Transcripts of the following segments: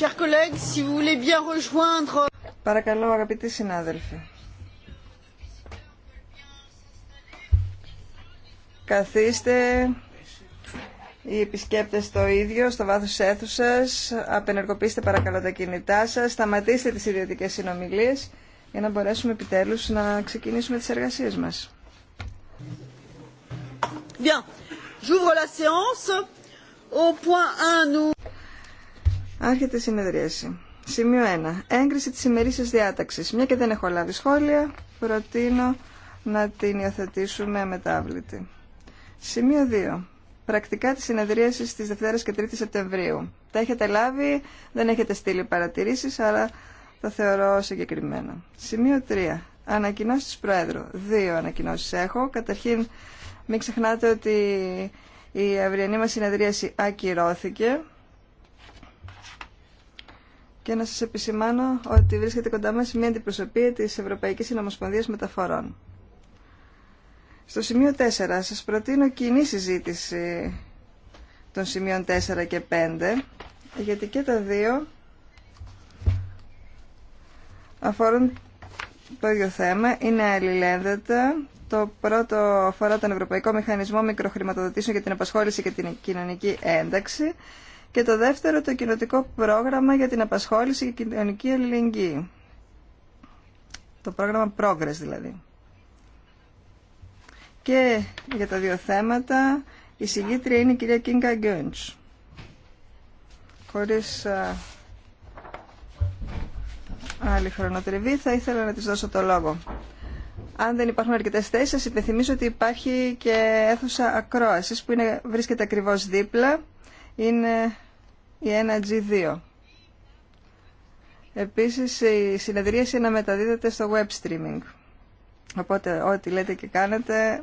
Chers collègues, si vous voulez bien rejoindre... Παρακαλώ αγαπητοί συνάδελφοι. Καθίστε οι επισκέπτες το ίδιο στο βάθος της αίθουσας. Απενεργοποιήστε παρακαλώ τα κινητά σας. Σταματήστε τις ιδιωτικές συνομιλίες για να μπορέσουμε επιτέλους να ξεκινήσουμε τις εργασίες μας. Bien. J'ouvre la séance. Au point 1, nous... Άρχεται η συνεδρίαση. Σημείο 1. Έγκριση της ημερήσια διάταξης. Μια και δεν έχω λάβει σχόλια, προτείνω να την υιοθετήσουμε μετάβλητη. Σημείο 2. Πρακτικά της συνεδρίασης της Δευτέρας και 3ης Σεπτεμβρίου. Τα έχετε λάβει, δεν έχετε στείλει παρατηρήσεις, αλλά τα θεωρώ συγκεκριμένα. Σημείο 3. σεπτεμβριου τα εχετε λαβει δεν εχετε στειλει παρατηρησεις αλλα τα θεωρω συγκεκριμενα σημειο 3 ανακοινωσεις της Προέδρου. Δύο ανακοινώσεις έχω. Καταρχήν, μην ξεχνάτε ότι η αυριανή μας συνεδρίαση ακυρώθηκε και να σας επισημάνω ότι βρίσκεται κοντά μας μια αντιπροσωπή της Ευρωπαϊκής Συνομοσπονδίας Μεταφορών. Στο σημείο 4 σας προτείνω κοινή συζήτηση των σημείων 4 και 5 γιατί και τα δύο αφορούν το ίδιο θέμα, είναι αλληλένδετα. Το πρώτο αφορά τον Ευρωπαϊκό Μηχανισμό Μικροχρηματοδοτήσεων για την Απασχόληση και την Κοινωνική Ένταξη και το δεύτερο το κοινοτικό πρόγραμμα για την απασχόληση και κοινωνική αλληλεγγύη. Το πρόγραμμα Progress δηλαδή. Και για τα δύο θέματα η συγγήτρια είναι η κυρία Κίνκα Γκέντς. Χωρίς άλλη χρονοτριβή θα ήθελα να της δώσω το λόγο. Αν δεν υπάρχουν αρκετές θέσεις, σας υπενθυμίζω ότι υπάρχει και αίθουσα ακρόασης που είναι, βρίσκεται ακριβώς δίπλα είναι η 1G2. Επίσης η συνεδρίαση να μεταδίδεται στο web streaming. Οπότε ό,τι λέτε και κάνετε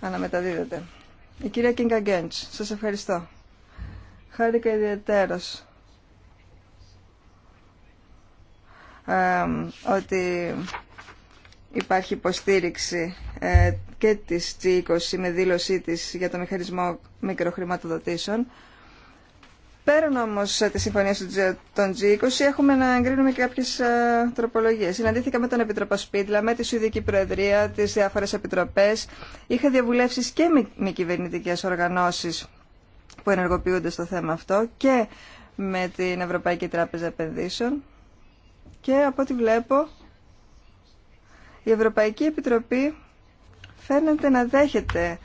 αναμεταδίδεται. Η κυρία Κίνκα Γκέντς, σας ευχαριστώ. Χάρηκα ιδιαιτέρως ε, ότι υπάρχει υποστήριξη ε, και της G20 με δήλωσή της για το μηχανισμό μικροχρηματοδοτήσεων. Πέραν όμω ε, τη συμφωνία των G20, έχουμε να εγκρίνουμε και κάποιε τροπολογίε. Συναντήθηκα με τον Επιτροπό Σπίτλα, με τη Σουηδική Προεδρία, τι διάφορε επιτροπέ. Είχα διαβουλεύσει και με μη κυβερνητικέ οργανώσει που ενεργοποιούνται στο θέμα αυτό και με την Ευρωπαϊκή Τράπεζα Επενδύσεων. Και από ό,τι βλέπω, η Ευρωπαϊκή Επιτροπή φαίνεται να δέχεται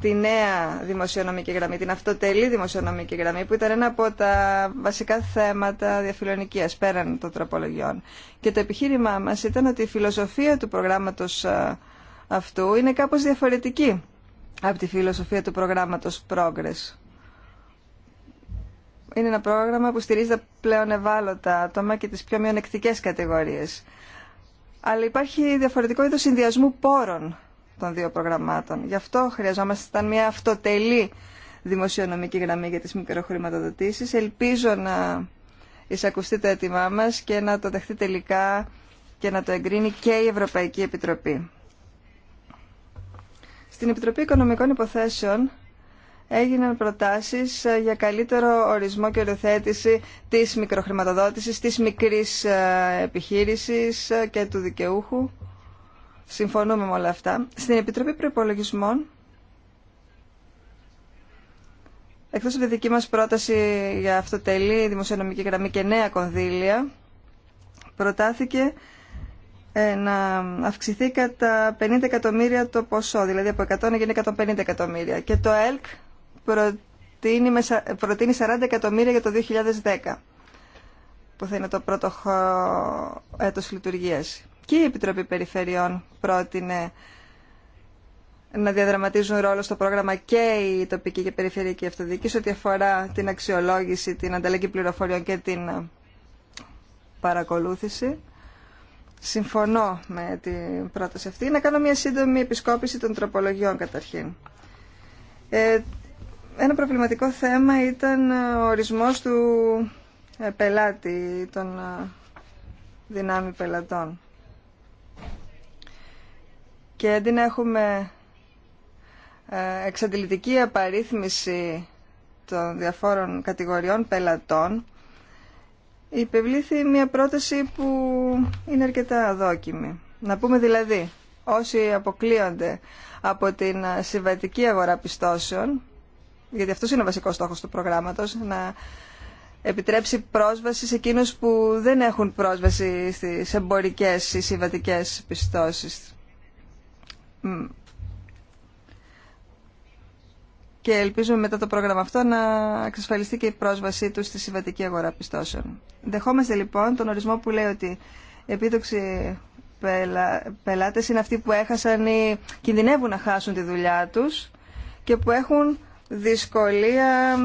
τη νέα δημοσιονομική γραμμή, την αυτοτελή δημοσιονομική γραμμή, που ήταν ένα από τα βασικά θέματα διαφιλονικίας πέραν των τροπολογιών. Και το επιχείρημά μας ήταν ότι η φιλοσοφία του προγράμματος ε, αυτού είναι κάπως διαφορετική από τη φιλοσοφία του προγράμματος Progress. Είναι ένα πρόγραμμα που στηρίζει τα πλέον ευάλωτα άτομα και τις πιο μειονεκτικές κατηγορίες αλλά υπάρχει διαφορετικό είδος συνδυασμού πόρων των δύο προγραμμάτων. Γι' αυτό χρειαζόμαστε μια αυτοτελή δημοσιονομική γραμμή για τις μικροχρηματοδοτήσεις. Ελπίζω να εισακουστεί το έτοιμά μας και να το δεχτεί τελικά και να το εγκρίνει και η Ευρωπαϊκή Επιτροπή. Στην Επιτροπή Οικονομικών Υποθέσεων έγιναν προτάσεις ε, για καλύτερο ορισμό και οριοθέτηση της μικροχρηματοδότησης, της μικρής ε, επιχείρησης ε, και του δικαιούχου. Συμφωνούμε με όλα αυτά. Στην Επιτροπή Προϋπολογισμών, εκτός από τη δική μας πρόταση για αυτοτελή, δημοσιονομική γραμμή και νέα κονδύλια, προτάθηκε να αυξηθεί κατά 50 εκατομμύρια το ποσό, δηλαδή από 100 να γίνει 150 εκατομμύρια. Και το ΕΛΚ προτείνει, προτείνει 40 εκατομμύρια για το 2010 που θα είναι το πρώτο έτος λειτουργίας. Και η Επιτροπή Περιφερειών πρότεινε να διαδραματίζουν ρόλο στο πρόγραμμα και η τοπική και περιφερειακή αυτοδιοίκηση ό,τι αφορά την αξιολόγηση, την ανταλλαγή πληροφοριών και την ε, παρακολούθηση. Συμφωνώ με την πρόταση αυτή. Να κάνω μια σύντομη επισκόπηση των τροπολογιών καταρχήν. Ε, ένα προβληματικό θέμα ήταν ε, ο ορισμός του ε, πελάτη, των ε, δυνάμει πελατών. Και αντί να έχουμε εξαντλητική απαρίθμηση των διαφόρων κατηγοριών πελατών, υπευλήθη μια πρόταση που είναι αρκετά αδόκιμη. Να πούμε δηλαδή, όσοι αποκλείονται από την συμβατική αγορά πιστώσεων, γιατί αυτό είναι ο βασικός στόχος του προγράμματος, να επιτρέψει πρόσβαση σε εκείνους που δεν έχουν πρόσβαση στι εμπορικές ή συμβατικέ πιστώσεις. Και ελπίζουμε μετά το πρόγραμμα αυτό να εξασφαλιστεί και η πρόσβασή του στη συμβατική αγορά πιστώσεων. Δεχόμαστε λοιπόν τον ορισμό που λέει ότι η επίδοξη πελάτες είναι αυτοί που έχασαν ή κινδυνεύουν να χάσουν τη δουλειά τους και που έχουν δυσκολία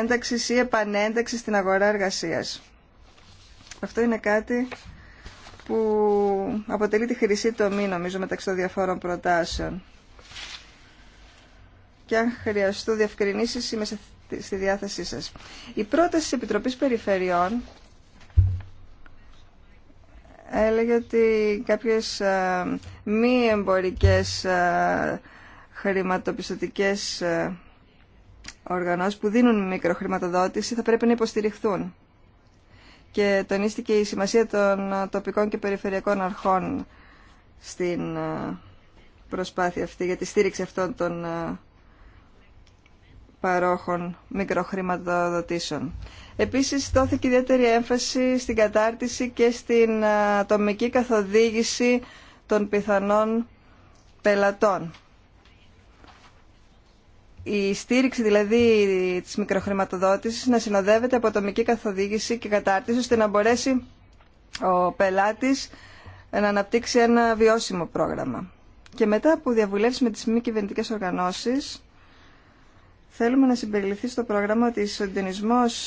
ένταξης ή επανένταξης στην αγορά εργασίας. Αυτό είναι κάτι που αποτελεί τη χρυσή τομή νομίζω μεταξύ των διαφόρων προτάσεων. Και αν χρειαστούν διευκρινήσεις είμαι στη διάθεσή σας. Η πρόταση της Επιτροπής Περιφερειών έλεγε ότι κάποιες ε, μη εμπορικές ε, χρηματοπιστωτικές ε, οργανώσεις που δίνουν μικροχρηματοδότηση θα πρέπει να υποστηριχθούν. Και τονίστηκε η σημασία των τοπικών και περιφερειακών αρχών στην ε, προσπάθεια αυτή για τη στήριξη αυτών των ε, παρόχων μικροχρηματοδοτήσεων. Επίσης, δόθηκε ιδιαίτερη έμφαση στην κατάρτιση και στην ε, ατομική καθοδήγηση των πιθανών πελατών η στήριξη δηλαδή της μικροχρηματοδότησης να συνοδεύεται από τομική καθοδήγηση και κατάρτιση ώστε να μπορέσει ο πελάτης να αναπτύξει ένα βιώσιμο πρόγραμμα. Και μετά από διαβουλεύσεις με τις μη κυβερνητικέ οργανώσεις θέλουμε να συμπεριληφθεί στο πρόγραμμα ότι ο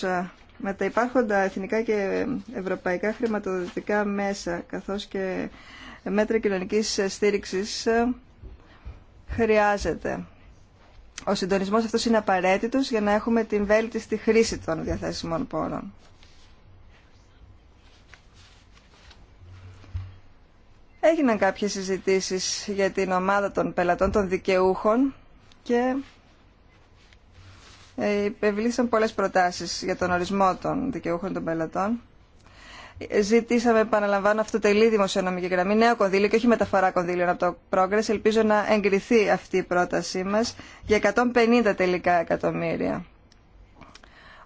ε, με τα υπάρχοντα εθνικά και ευρωπαϊκά χρηματοδοτικά μέσα καθώς και μέτρα κοινωνικής ε, στήριξης ε, χρειάζεται ο συντονισμός αυτός είναι απαραίτητος για να έχουμε την βέλτιστη χρήση των διαθέσιμων πόρων. Έγιναν κάποιες συζητήσεις για την ομάδα των πελατών των δικαιούχων και ε, υπευλήσαν πολλές προτάσεις για τον ορισμό των δικαιούχων των πελατών. Ζητήσαμε, επαναλαμβάνω, αυτοτελή δημοσιονομική γραμμή, νέο κονδύλιο και όχι μεταφορά κονδύλιων από το Progress. Ελπίζω να εγκριθεί αυτή η πρότασή μας για 150 τελικά εκατομμύρια.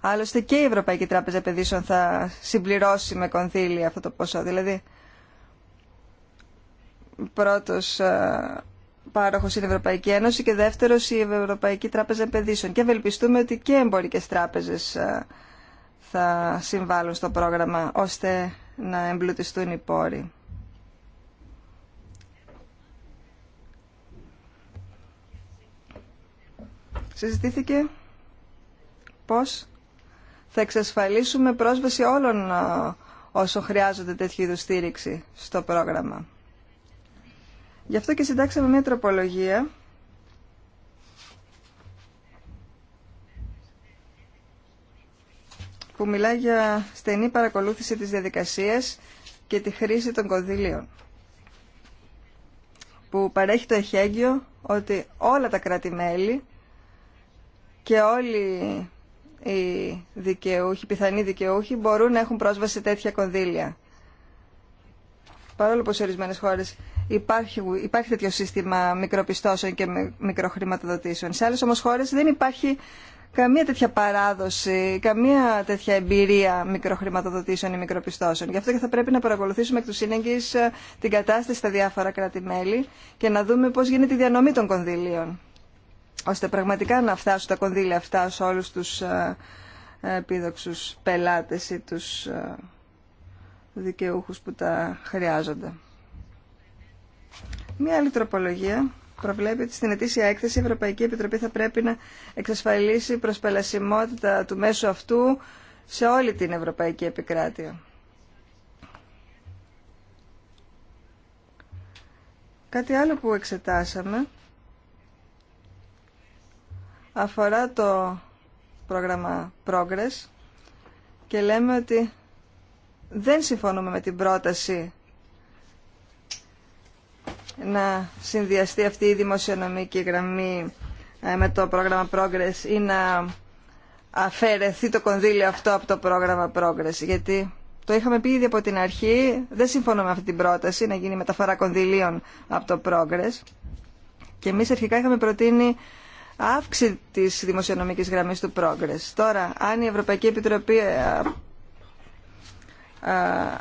Άλλωστε και η Ευρωπαϊκή Τράπεζα Επενδύσεων θα συμπληρώσει με κονδύλια αυτό το ποσό. Δηλαδή, πρώτος ε, πάροχο είναι η Ευρωπαϊκή Ένωση και δεύτερος η Ευρωπαϊκή Τράπεζα Επενδύσεων. Και ευελπιστούμε ότι και εμπορικές τράπεζε. Ε, θα συμβάλλουν στο πρόγραμμα ώστε να εμπλουτιστούν οι πόροι. Συζητήθηκε πώς θα εξασφαλίσουμε πρόσβαση όλων όσων χρειάζονται τέτοιου είδους στήριξη στο πρόγραμμα. Γι' αυτό και συντάξαμε μια τροπολογία που μιλά για στενή παρακολούθηση της διαδικασίας και τη χρήση των κονδυλίων που παρέχει το εχέγγυο ότι όλα τα κράτη-μέλη και όλοι οι δικαιούχοι, οι πιθανοί δικαιούχοι μπορούν να έχουν πρόσβαση σε τέτοια κονδύλια. Παρόλο που σε ορισμένε χώρε υπάρχει, υπάρχει τέτοιο σύστημα μικροπιστώσεων και μικροχρηματοδοτήσεων. Σε άλλε όμω χώρε δεν υπάρχει καμία τέτοια παράδοση, καμία τέτοια εμπειρία μικροχρηματοδοτήσεων ή μικροπιστώσεων. Γι' αυτό και θα πρέπει να παρακολουθήσουμε εκ του σύνεγγυ ε, την κατάσταση στα διάφορα κράτη-μέλη και να δούμε πώς γίνεται η διανομή των κονδυλίων, ώστε πραγματικά να φτάσουν τα κονδύλια αυτά σε όλους τους ε, ε, επίδοξου πελάτε ή του δικαιούχου που τα χρειάζονται. Μία άλλη τροπολογία προβλέπει ότι στην ετήσια έκθεση η Ευρωπαϊκή Επιτροπή θα πρέπει να εξασφαλίσει προσπελασιμότητα του μέσου αυτού σε όλη την Ευρωπαϊκή Επικράτεια. Κάτι άλλο που εξετάσαμε αφορά το πρόγραμμα Progress και λέμε ότι δεν συμφωνούμε με την πρόταση να συνδυαστεί αυτή η δημοσιονομική γραμμή ε, με το πρόγραμμα Progress ή να αφαιρεθεί το κονδύλιο αυτό από το πρόγραμμα Progress. Γιατί το είχαμε πει ήδη από την αρχή, δεν συμφωνώ με αυτή την πρόταση να γίνει μεταφορά κονδυλίων από το Progress. Και εμείς αρχικά είχαμε προτείνει αύξηση της δημοσιονομικής γραμμής του Progress. Τώρα, αν η Ευρωπαϊκή Επιτροπή ε,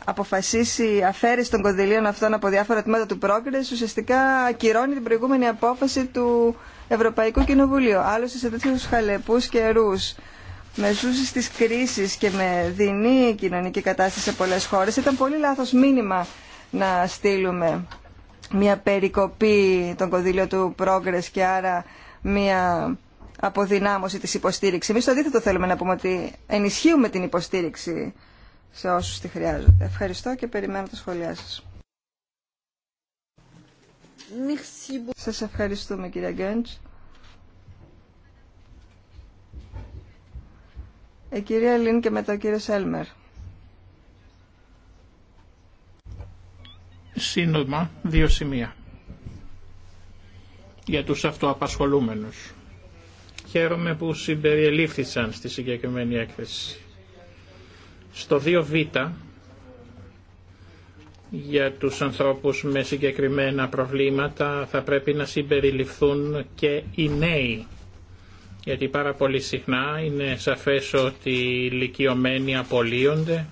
αποφασίσει αφαίρεση των κονδυλίων αυτών από διάφορα τμήματα του Progress ουσιαστικά ακυρώνει την προηγούμενη απόφαση του Ευρωπαϊκού Κοινοβουλίου. Άλλωστε σε τέτοιου χαλεπού καιρού, με ζούσει τη κρίση και με δεινή κοινωνική κατάσταση σε πολλέ χώρε, ήταν πολύ λάθο μήνυμα να στείλουμε μια περικοπή των κονδυλίων του Progress και άρα μια αποδυνάμωση της υποστήριξης. Εμείς το αντίθετο θέλουμε να πούμε ότι ενισχύουμε την υποστήριξη σε όσους τη χρειάζονται. Ευχαριστώ και περιμένω τα σχόλιά σας. Σας ευχαριστούμε κυρία Γκέντς. Η ε, κυρία Λίν και μετά ο κύριος Έλμερ. Σύνομα δύο σημεία για τους αυτοαπασχολούμενους. Χαίρομαι που συμπεριελήφθησαν στη συγκεκριμένη έκθεση. Στο 2β για τους ανθρώπους με συγκεκριμένα προβλήματα θα πρέπει να συμπεριληφθούν και οι νέοι. Γιατί πάρα πολύ συχνά είναι σαφές ότι οι ηλικιωμένοι απολύονται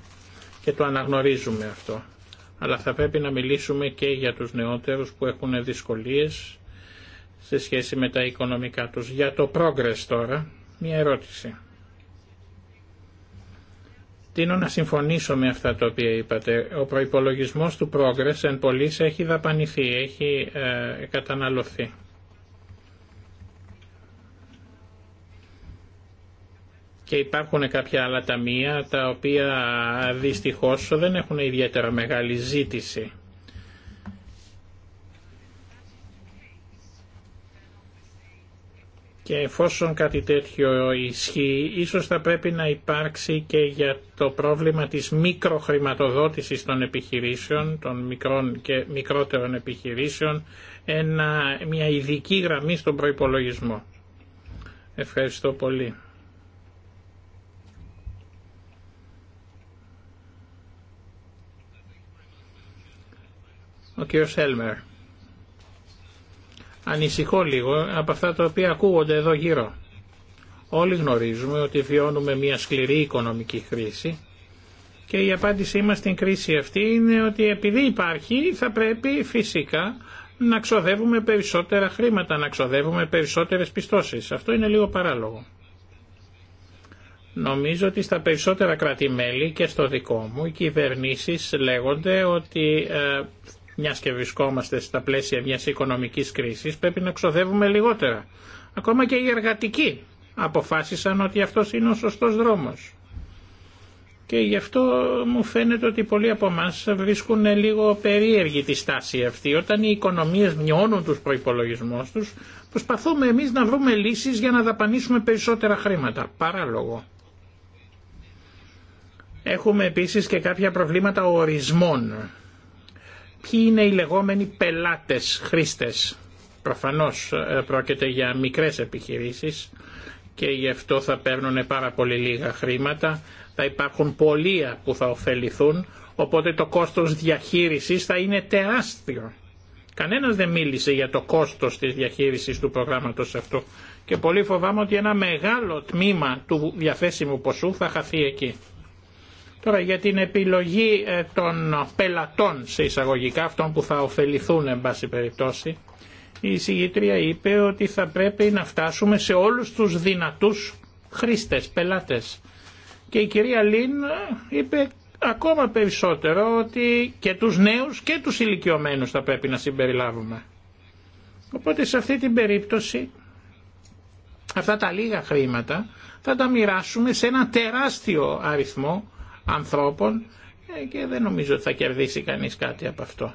και το αναγνωρίζουμε αυτό. Αλλά θα πρέπει να μιλήσουμε και για τους νεότερους που έχουν δυσκολίες σε σχέση με τα οικονομικά τους. Για το progress τώρα, μια ερώτηση. Τίνω να συμφωνήσω με αυτά τα οποία είπατε. Ο προϋπολογισμός του Progress εν πωλής έχει δαπανηθεί, έχει ε, καταναλωθεί. Και υπάρχουν κάποια άλλα ταμεία τα οποία ε, δυστυχώς δεν έχουν ιδιαίτερα μεγάλη ζήτηση. Και εφόσον κάτι τέτοιο ισχύει, ίσως θα πρέπει να υπάρξει και για το πρόβλημα της μικροχρηματοδότησης των επιχειρήσεων, των μικρών και μικρότερων επιχειρήσεων, ένα, μια ειδική γραμμή στον προϋπολογισμό. Ευχαριστώ πολύ. Ο κύριος Έλμερ ανησυχώ λίγο από αυτά τα οποία ακούγονται εδώ γύρω. Όλοι γνωρίζουμε ότι βιώνουμε μια σκληρή οικονομική κρίση και η απάντησή μας στην κρίση αυτή είναι ότι επειδή υπάρχει θα πρέπει φυσικά να ξοδεύουμε περισσότερα χρήματα, να ξοδεύουμε περισσότερες πιστώσεις. Αυτό είναι λίγο παράλογο. Νομίζω ότι στα περισσότερα και στο δικό μου οι κυβερνήσεις λέγονται ότι ε, μια και βρισκόμαστε στα πλαίσια μια οικονομική κρίση πρέπει να ξοδεύουμε λιγότερα. Ακόμα και οι εργατικοί αποφάσισαν ότι αυτό είναι ο σωστό δρόμο. Και γι' αυτό μου φαίνεται ότι πολλοί από εμά βρίσκουν λίγο περίεργη τη στάση αυτή. Όταν οι οικονομίε μειώνουν του προπολογισμού του. προσπαθούμε εμεί να βρούμε λύσει για να δαπανίσουμε περισσότερα χρήματα. Παράλογο. Έχουμε επίσης και κάποια προβλήματα ορισμών Ποιοι είναι οι λεγόμενοι πελάτες, χρήστες. Προφανώς ε, πρόκειται για μικρές επιχειρήσεις και γι' αυτό θα παίρνουν πάρα πολύ λίγα χρήματα. Θα υπάρχουν πολλοί που θα ωφεληθούν, οπότε το κόστος διαχείρισης θα είναι τεράστιο. Κανένας δεν μίλησε για το κόστος της διαχείρισης του προγράμματος αυτού και πολύ φοβάμαι ότι ένα μεγάλο τμήμα του διαθέσιμου ποσού θα χαθεί εκεί. Τώρα για την επιλογή ε, των πελατών σε εισαγωγικά, αυτών που θα ωφεληθούν εν πάση περιπτώσει, η εισηγήτρια είπε ότι θα πρέπει να φτάσουμε σε όλους τους δυνατούς χρήστες, πελάτες. Και η κυρία Λίν ε, είπε ακόμα περισσότερο ότι και τους νέους και τους ηλικιωμένους θα πρέπει να συμπεριλάβουμε. Οπότε σε αυτή την περίπτωση αυτά τα λίγα χρήματα θα τα μοιράσουμε σε ένα τεράστιο αριθμό ανθρώπων ε, και δεν νομίζω ότι θα κερδίσει κανείς κάτι από αυτό.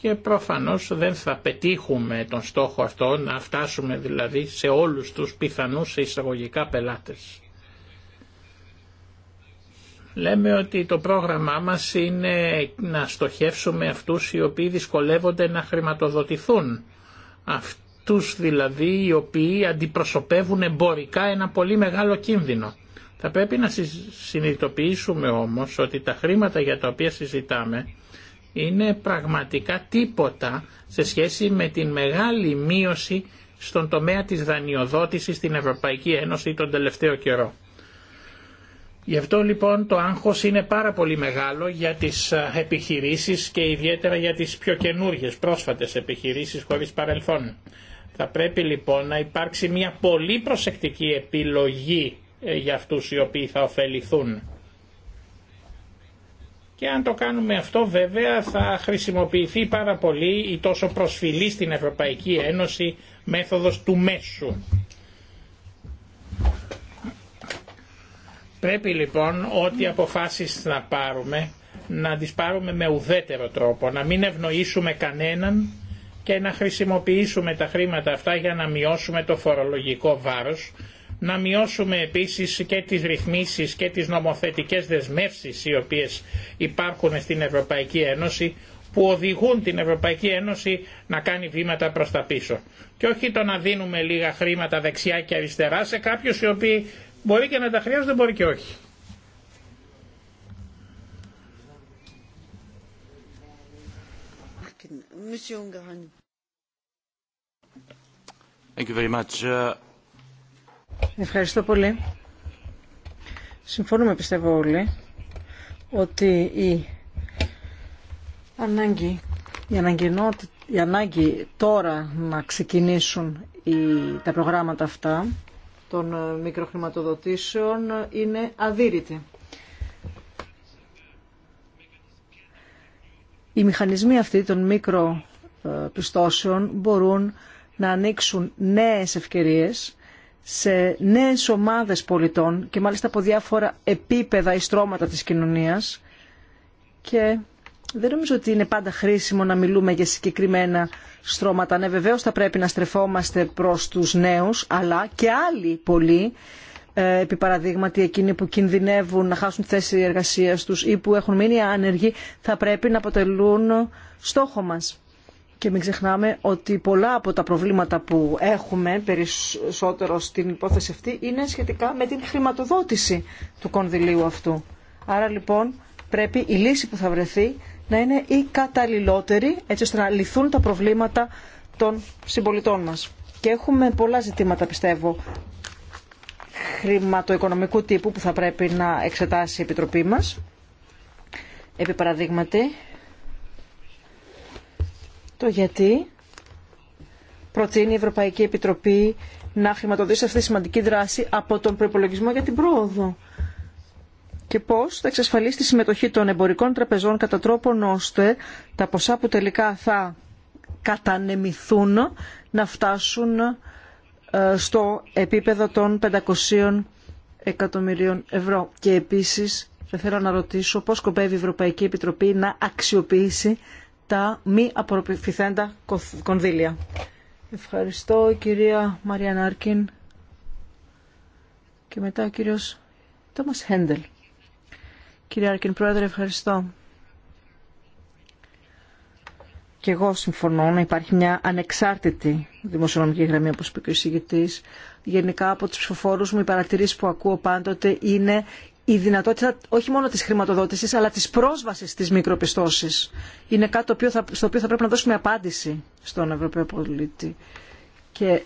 Και προφανώς δεν θα πετύχουμε τον στόχο αυτό να φτάσουμε δηλαδή σε όλους τους πιθανούς εισαγωγικά πελάτες. Λέμε ότι το πρόγραμμά μας είναι να στοχεύσουμε αυτούς οι οποίοι δυσκολεύονται να χρηματοδοτηθούν. Αυτούς δηλαδή οι οποίοι αντιπροσωπεύουν εμπορικά ένα πολύ μεγάλο κίνδυνο. Θα πρέπει να συνειδητοποιήσουμε όμως ότι τα χρήματα για τα οποία συζητάμε είναι πραγματικά τίποτα σε σχέση με την μεγάλη μείωση στον τομέα της δανειοδότησης στην Ευρωπαϊκή Ένωση τον τελευταίο καιρό. Γι' αυτό λοιπόν το άγχος είναι πάρα πολύ μεγάλο για τις ε, επιχειρήσεις και ιδιαίτερα για τις πιο καινούργιες πρόσφατες επιχειρήσεις χωρίς παρελθόν. Θα πρέπει λοιπόν να υπάρξει μια πολύ προσεκτική επιλογή ε, για αυτούς οι οποίοι θα ωφεληθούν. Και αν το κάνουμε αυτό βέβαια θα χρησιμοποιηθεί πάρα πολύ η τόσο προσφυλή στην Ευρωπαϊκή Ένωση μέθοδος του μέσου. Πρέπει λοιπόν ό,τι αποφάσεις να πάρουμε να τις πάρουμε με ουδέτερο τρόπο, να μην ευνοήσουμε κανέναν και να χρησιμοποιήσουμε τα χρήματα αυτά για να μειώσουμε το φορολογικό βάρος να μειώσουμε επίσης και τις ρυθμίσεις και τις νομοθετικές δεσμεύσεις οι οποίες υπάρχουν στην Ευρωπαϊκή Ένωση που οδηγούν την Ευρωπαϊκή Ένωση να κάνει βήματα προς τα πίσω. Και όχι το να δίνουμε λίγα χρήματα δεξιά και αριστερά σε κάποιους οι οποίοι μπορεί και να τα χρειάζονται, μπορεί και όχι. Thank you uh, Ευχαριστώ πολύ. Συμφωνούμε πιστεύω όλοι ότι η ανάγκη, η, η ανάγκη τώρα να ξεκινήσουν οι, τα προγράμματα αυτά των ε, μικροχρηματοδοτήσεων είναι αδύρυτη. Οι μηχανισμοί αυτοί των μικροπιστώσεων ε, μπορούν να ανοίξουν νέες ευκαιρίες σε νέες ομάδες πολιτών και μάλιστα από διάφορα επίπεδα ή στρώματα της κοινωνίας και δεν νομίζω ότι είναι πάντα χρήσιμο να μιλούμε για συγκεκριμένα στρώματα. Ναι, βεβαίως θα πρέπει να στρεφόμαστε προς τους νέους, αλλά και άλλοι πολλοί, ε, επί παραδείγματι εκείνοι που κινδυνεύουν να χάσουν τη θέση εργασίας τους ή που έχουν μείνει ανεργοί, θα πρέπει να αποτελούν στόχο μας. Και μην ξεχνάμε ότι πολλά από τα προβλήματα που έχουμε περισσότερο στην υπόθεση αυτή είναι σχετικά με την χρηματοδότηση του κονδυλίου αυτού. Άρα λοιπόν πρέπει η λύση που θα βρεθεί να είναι η καταλληλότερη έτσι ώστε να λυθούν τα προβλήματα των συμπολιτών μας. Και έχουμε πολλά ζητήματα πιστεύω χρηματοοικονομικού τύπου που θα πρέπει να εξετάσει η Επιτροπή μας. Επί παραδείγματι, το γιατί προτείνει η Ευρωπαϊκή Επιτροπή να χρηματοδοτήσει αυτή τη σημαντική δράση από τον προπολογισμό για την πρόοδο και πώς θα εξασφαλίσει τη συμμετοχή των εμπορικών τραπεζών κατά τρόπον ώστε τα ποσά που τελικά θα κατανεμηθούν να φτάσουν ε, στο επίπεδο των 500 εκατομμυρίων ευρώ. Και επίσης θα θέλω να ρωτήσω πώς σκοπεύει η Ευρωπαϊκή Επιτροπή να αξιοποιήσει τα μη απορροφηθέντα κονδύλια. Ευχαριστώ η κυρία Μαρία Νάρκιν και μετά ο κύριος Τόμας Χέντελ. Κυρία Άρκιν Πρόεδρε, ευχαριστώ. Και εγώ συμφωνώ να υπάρχει μια ανεξάρτητη δημοσιονομική γραμμή, όπως είπε ο Γενικά από τους ψηφοφόρους μου οι παρατηρήσεις που ακούω πάντοτε είναι η δυνατότητα όχι μόνο της χρηματοδότησης αλλά της πρόσβασης στις μικροπιστώσεις είναι κάτι στο οποίο θα πρέπει να δώσουμε απάντηση στον Ευρωπαίο πολίτη. Και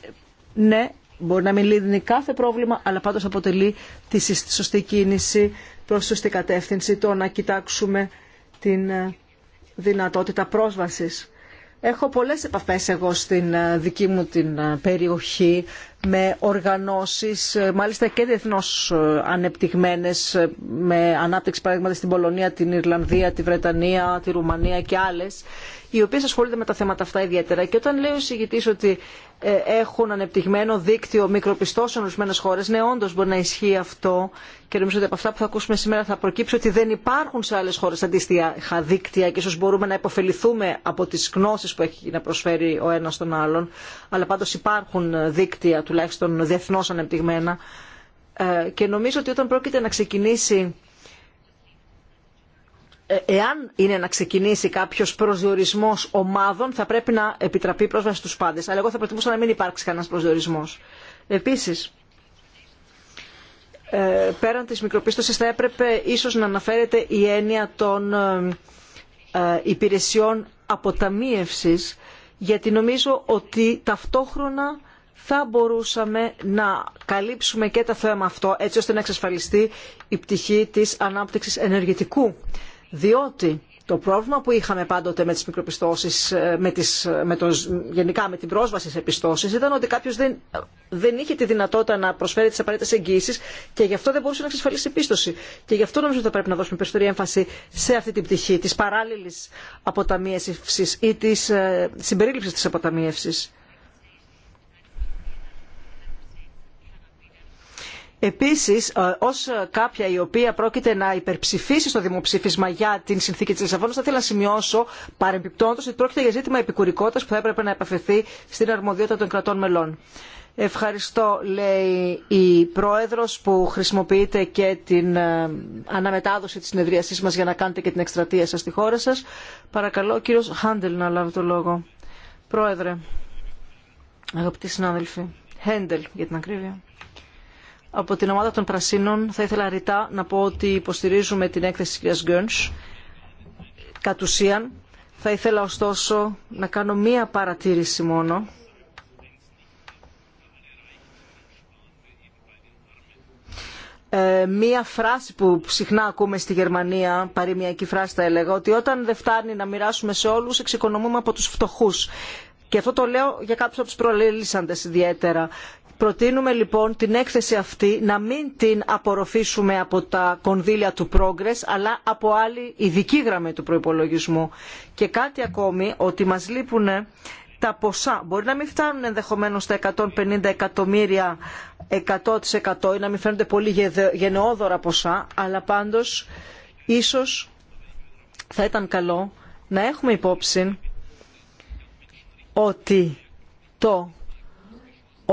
ναι, μπορεί να μην λύνει κάθε πρόβλημα αλλά πάντως αποτελεί τη σωστή κίνηση προς τη σωστή κατεύθυνση το να κοιτάξουμε την ε, δυνατότητα πρόσβασης. Έχω πολλές επαφές εγώ στην ε, δική μου την ε, περιοχή με οργανώσεις, ε, μάλιστα και διεθνώς ε, ανεπτυγμένες, ε, με ανάπτυξη παραδείγματα στην Πολωνία, την Ιρλανδία, τη Βρετανία, τη Ρουμανία και άλλες, οι οποίες ασχολούνται με τα θέματα αυτά ιδιαίτερα. Και όταν λέει ο συγητής ότι έχουν ανεπτυγμένο δίκτυο μικροπιστώσεων ορισμένε χώρε. Ναι, όντω μπορεί να ισχύει αυτό και νομίζω ότι από αυτά που θα ακούσουμε σήμερα θα προκύψει ότι δεν υπάρχουν σε άλλε χώρε αντίστοιχα δίκτυα και ίσω μπορούμε να υποφεληθούμε από τι γνώσει που έχει να προσφέρει ο ένα τον άλλον. Αλλά πάντω υπάρχουν δίκτυα τουλάχιστον διεθνώς ανεπτυγμένα. Ε, και νομίζω ότι όταν πρόκειται να ξεκινήσει ε, εάν είναι να ξεκινήσει κάποιο προσδιορισμό ομάδων, θα πρέπει να επιτραπεί πρόσβαση στου πάντε. Αλλά εγώ θα προτιμούσα να μην υπάρξει κανένα προσδιορισμό. Επίση, ε, πέραν τη μικροπίστωση, θα έπρεπε ίσω να αναφέρεται η έννοια των υπηρεσιών αποταμίευση, γιατί νομίζω ότι ταυτόχρονα θα μπορούσαμε να καλύψουμε και το θέμα αυτό έτσι ώστε να εξασφαλιστεί η πτυχή της ανάπτυξης ενεργητικού. Διότι το πρόβλημα που είχαμε πάντοτε με τις μικροπιστώσεις, ε, με ε, με γενικά με την πρόσβαση σε πιστώσεις, ήταν ότι κάποιος δεν, δεν είχε τη δυνατότητα να προσφέρει τις απαραίτητες εγγύησεις και γι' αυτό δεν μπορούσε να εξασφαλίσει πίστοση. Και γι' αυτό νομίζω ότι θα πρέπει να δώσουμε περισσότερη έμφαση σε αυτή την πτυχή της παράλληλης αποταμίευσης ή της ε, συμπερίληψης τη αποταμίευσης. Επίσης, ε, ως ε, κάποια η οποία πρόκειται να υπερψηφίσει στο δημοψήφισμα για την συνθήκη της Λισαβόνας, θα ήθελα να σημειώσω παρεμπιπτόντως ότι πρόκειται για ζήτημα επικουρικότητας που θα έπρεπε να επαφευθεί στην αρμοδιότητα των κρατών μελών. Ευχαριστώ, λέει η Πρόεδρος που χρησιμοποιείτε και την ε, αναμετάδοση της συνεδρίασής μας για να κάνετε και την εκστρατεία σας στη χώρα σας. Παρακαλώ, κύριος Χάντελ να λάβει το λόγο. Πρόεδρε, αγαπητοί συνάδελφοι, Χέντελ για την ακρίβεια. Από την ομάδα των Πρασίνων θα ήθελα ρητά να πω ότι υποστηρίζουμε την έκθεση της κυρίας Γκέρνς κατ' ουσίαν. Θα ήθελα ωστόσο να κάνω μία παρατήρηση μόνο. Ε, μία φράση που συχνά ακούμε στη Γερμανία, παροιμιακή φράση θα έλεγα, ότι όταν δεν φτάνει να μοιράσουμε σε όλους, εξοικονομούμε από τους φτωχούς. Και αυτό το λέω για κάποιους από τους ιδιαίτερα προτείνουμε λοιπόν την έκθεση αυτή να μην την απορροφήσουμε από τα κονδύλια του progress αλλά από άλλη ειδική γραμμή του προϋπολογισμού. Και κάτι ακόμη ότι μας λείπουν τα ποσά. Μπορεί να μην φτάνουν ενδεχομένως τα 150 εκατομμύρια 100% ή να μην φαίνονται πολύ γενναιόδωρα ποσά αλλά πάντως ίσως θα ήταν καλό να έχουμε υπόψη ότι το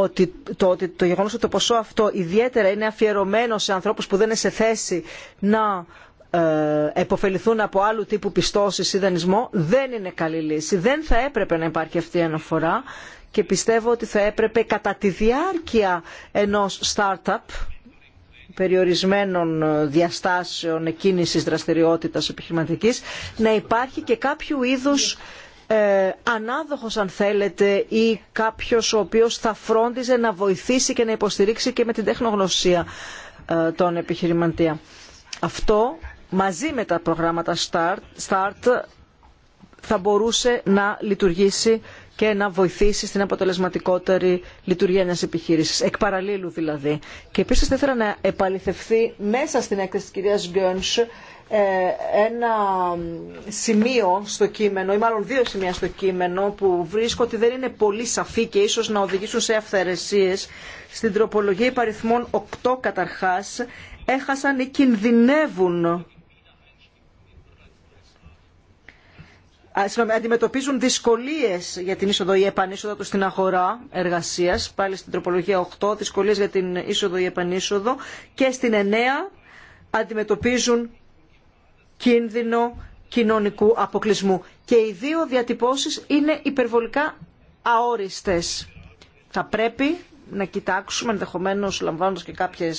ότι το, ότι το γεγονός ότι το ποσό αυτό ιδιαίτερα είναι αφιερωμένο σε ανθρώπους που δεν είναι σε θέση να ε, επωφεληθούν από άλλου τύπου πιστώσεις ή δανεισμό δεν είναι καλή λύση. Δεν θα έπρεπε να υπάρχει αυτή η αναφορά και πιστεύω ότι θα έπρεπε κατά τη διάρκεια ενός startup περιορισμένων ε, διαστάσεων εκκίνησης δραστηριότητας επιχειρηματικής να υπάρχει και κάποιο είδους ε, ανάδοχος αν θέλετε ή κάποιος ο οποίος θα φρόντιζε να βοηθήσει και να υποστηρίξει και με την τεχνογνωσία των ε, τον επιχειρηματία. Αυτό μαζί με τα προγράμματα START, start θα μπορούσε να λειτουργήσει και να βοηθήσει στην αποτελεσματικότερη λειτουργία μιας επιχείρησης, εκ παραλίλου δηλαδή. Και επίσης θα ήθελα να επαληθευθεί μέσα στην έκθεση της κυρίας ε, ένα σημείο στο κείμενο ή μάλλον δύο σημεία στο κείμενο που βρίσκω ότι δεν είναι πολύ σαφή και ίσως να οδηγήσουν σε αυθαιρεσίες στην τροπολογία υπαριθμών 8 καταρχάς έχασαν ή κινδυνεύουν αντιμετωπίζουν δυσκολίες για την είσοδο ή επανείσοδο του στην αγορά εργασίας, πάλι στην τροπολογία 8, δυσκολίες για την είσοδο ή επανείσοδο και στην 9 αντιμετωπίζουν κίνδυνο κοινωνικού αποκλεισμού. Και οι δύο διατυπώσεις είναι υπερβολικά αόριστες. Θα πρέπει να κοιτάξουμε, ενδεχομένω λαμβάνοντα και κάποιε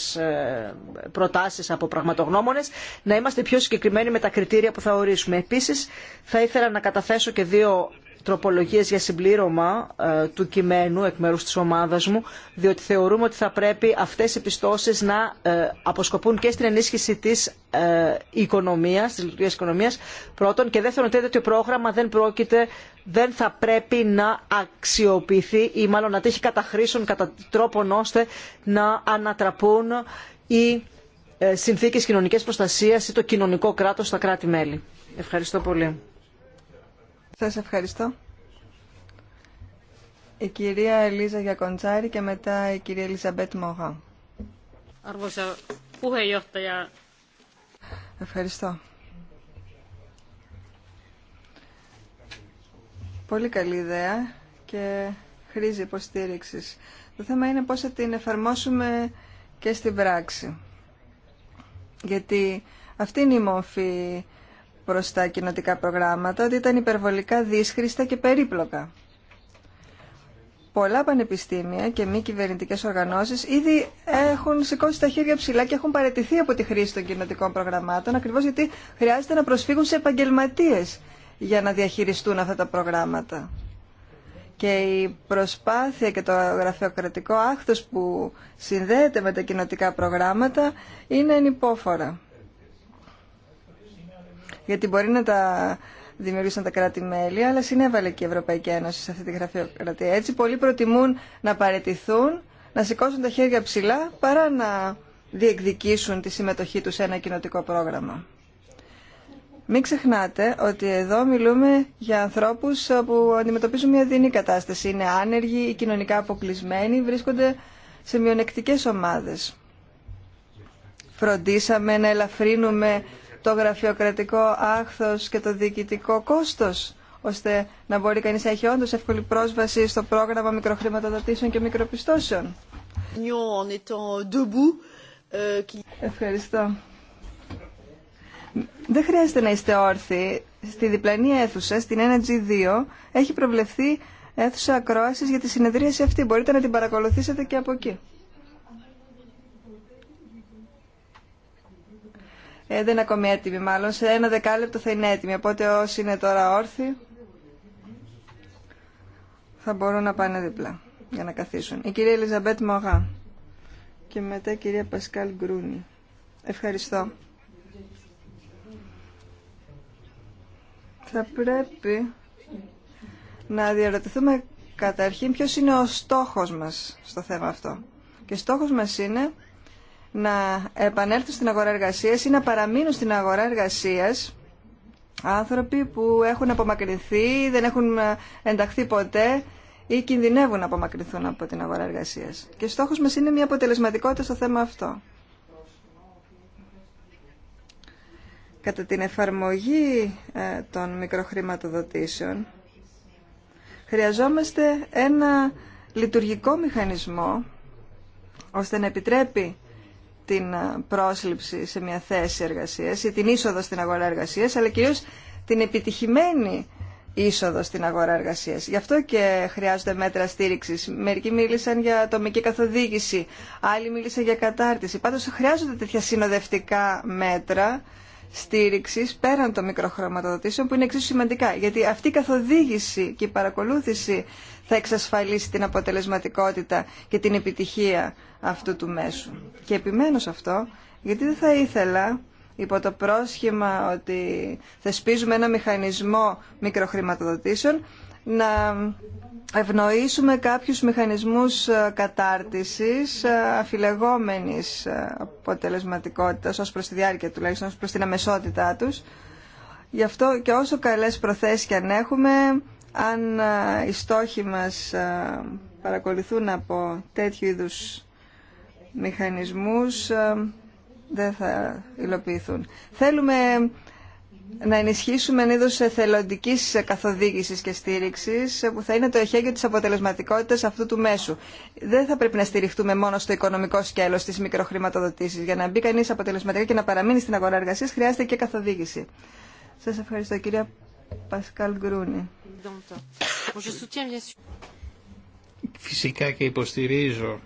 προτάσει από πραγματογνώμονε, να είμαστε πιο συγκεκριμένοι με τα κριτήρια που θα ορίσουμε. Επίση, θα ήθελα να καταθέσω και δύο τροπολογίες για συμπλήρωμα ε, του κειμένου εκ μέρους της ομάδας μου, διότι θεωρούμε ότι θα πρέπει αυτές οι πιστώσεις να ε, αποσκοπούν και στην ενίσχυση της ε, οικονομίας, της λειτουργίας οικονομίας πρώτον και δεύτερον ότι το πρόγραμμα δεν πρόκειται, δεν θα πρέπει να αξιοποιηθεί ή μάλλον να τύχει καταχρήσεων κατά τρόπον ώστε να ανατραπούν οι συνθήκες κοινωνικής προστασία ή το κοινωνικό κράτος στα κράτη-μέλη. Ευχαριστώ πολύ. Σας ευχαριστώ. Η κυρία Ελίζα Γιακοντσάρη και μετά η κυρία Ελισαμπέτ Μόγα. Ευχαριστώ. Πολύ καλή ιδέα και χρήζει υποστήριξη. Το θέμα είναι πώς θα την εφαρμόσουμε και στην πράξη. Γιατί αυτή είναι η μοφή προς τα κοινοτικά προγράμματα ότι ήταν υπερβολικά δύσχρηστα και περίπλοκα. Πολλά πανεπιστήμια και μη κυβερνητικέ οργανώσει ήδη έχουν σηκώσει τα χέρια ψηλά και έχουν παρετηθεί από τη χρήση των κοινοτικών προγραμμάτων, ακριβώ γιατί χρειάζεται να προσφύγουν σε επαγγελματίε για να διαχειριστούν αυτά τα προγράμματα. Και η προσπάθεια και το γραφειοκρατικό άχθος που συνδέεται με τα κοινοτικά προγράμματα είναι ενυπόφορα γιατί μπορεί να τα δημιουργήσουν τα κράτη-μέλη, αλλά συνέβαλε και η Ευρωπαϊκή Ένωση σε αυτή τη γραφειοκρατία. Έτσι, πολλοί προτιμούν να παρετηθούν, να σηκώσουν τα χέρια ψηλά, παρά να διεκδικήσουν τη συμμετοχή τους σε ένα κοινοτικό πρόγραμμα. Μην ξεχνάτε ότι εδώ μιλούμε για ανθρώπους που αντιμετωπίζουν μια δινή κατάσταση. Είναι άνεργοι ή κοινωνικά αποκλεισμένοι, βρίσκονται σε μειονεκτικές ομάδες. Φροντίσαμε να ελαφρύνουμε το γραφειοκρατικό άχθος και το διοικητικό κόστος ώστε να μπορεί κανείς να έχει όντως εύκολη πρόσβαση στο πρόγραμμα μικροχρηματοδοτήσεων και μικροπιστώσεων. Ευχαριστώ. Δεν χρειάζεται να είστε όρθιοι. Στη διπλανή αίθουσα, στην 1G2, έχει προβλεφθεί αίθουσα ακρόασης για τη συνεδρίαση αυτή. Μπορείτε να την παρακολουθήσετε και από εκεί. Ε, δεν είναι ακόμη έτοιμη μάλλον. Σε ένα δεκάλεπτο θα είναι έτοιμη. Οπότε όσοι είναι τώρα όρθιοι θα μπορούν να πάνε δίπλα για να καθίσουν. Η κυρία Ελιζαμπέτ Μογά και μετά η κυρία Πασκάλ Γκρούνη. Ευχαριστώ. Θα πρέπει να διαρωτηθούμε καταρχήν ποιος είναι ο στόχος μας στο θέμα αυτό. Και στόχος μας είναι να επανέλθουν στην αγορά εργασίας ή να παραμείνουν στην αγορά εργασίας άνθρωποι που έχουν απομακρυνθεί, δεν έχουν ενταχθεί ποτέ ή κινδυνεύουν να απομακρυνθούν από την αγορά εργασίας. Και στόχος μας είναι μια αποτελεσματικότητα στο θέμα αυτό. Κατά την εφαρμογή ε, των μικροχρηματοδοτήσεων χρειαζόμαστε ένα λειτουργικό μηχανισμό ώστε να επιτρέπει την πρόσληψη σε μια θέση εργασίας ή την είσοδο στην αγορά εργασίας, αλλά κυρίως την επιτυχημένη είσοδο στην αγορά εργασίας. Γι' αυτό και χρειάζονται μέτρα στήριξης. Μερικοί μίλησαν για ατομική καθοδήγηση, άλλοι μίλησαν για κατάρτιση. Πάντως χρειάζονται τέτοια συνοδευτικά μέτρα στήριξης πέραν των μικροχρηματοδοτήσεων που είναι εξίσου σημαντικά. Γιατί αυτή η την εισοδο στην αγορα εργασιας αλλα κυριως την επιτυχημενη εισοδο στην αγορα εργασιας γι αυτο και χρειαζονται μετρα στηριξης μερικοι μιλησαν για ατομικη καθοδηγηση αλλοι μιλησαν για καταρτιση παντως χρειαζονται τετοια συνοδευτικα μετρα στηριξης περαν των μικροχρωματοδοτησεων που ειναι εξισου σημαντικα γιατι αυτη η καθοδηγηση και η παρακολούθηση θα εξασφαλίσει την αποτελεσματικότητα και την επιτυχία αυτού του μέσου. Και επιμένω σε αυτό, γιατί δεν θα ήθελα υπό το πρόσχημα ότι θεσπίζουμε ένα μηχανισμό μικροχρηματοδοτήσεων να ευνοήσουμε κάποιους μηχανισμούς ε, κατάρτισης ε, αφιλεγόμενης ε, αποτελεσματικότητας ως προς τη διάρκεια τουλάχιστον, ως προς την αμεσότητά τους. Γι' αυτό και όσο καλές προθέσεις και αν έχουμε, αν ε, οι στόχοι μας ε, παρακολουθούν από τέτοιου είδους μηχανισμούς, ε, δεν θα υλοποιηθούν. Θέλουμε να ενισχύσουμε ένα είδος εθελοντικής καθοδήγησης και στήριξης που θα είναι το εχέγιο της αποτελεσματικότητας αυτού του μέσου. Δεν θα πρέπει να στηριχτούμε μόνο στο οικονομικό σκέλος της μικροχρηματοδοτήσης. Για να μπει κανείς αποτελεσματικά και να παραμείνει στην αγορά εργασίας χρειάζεται και καθοδήγηση. Σας ευχαριστώ κυρία Φυσικά και υποστηρίζω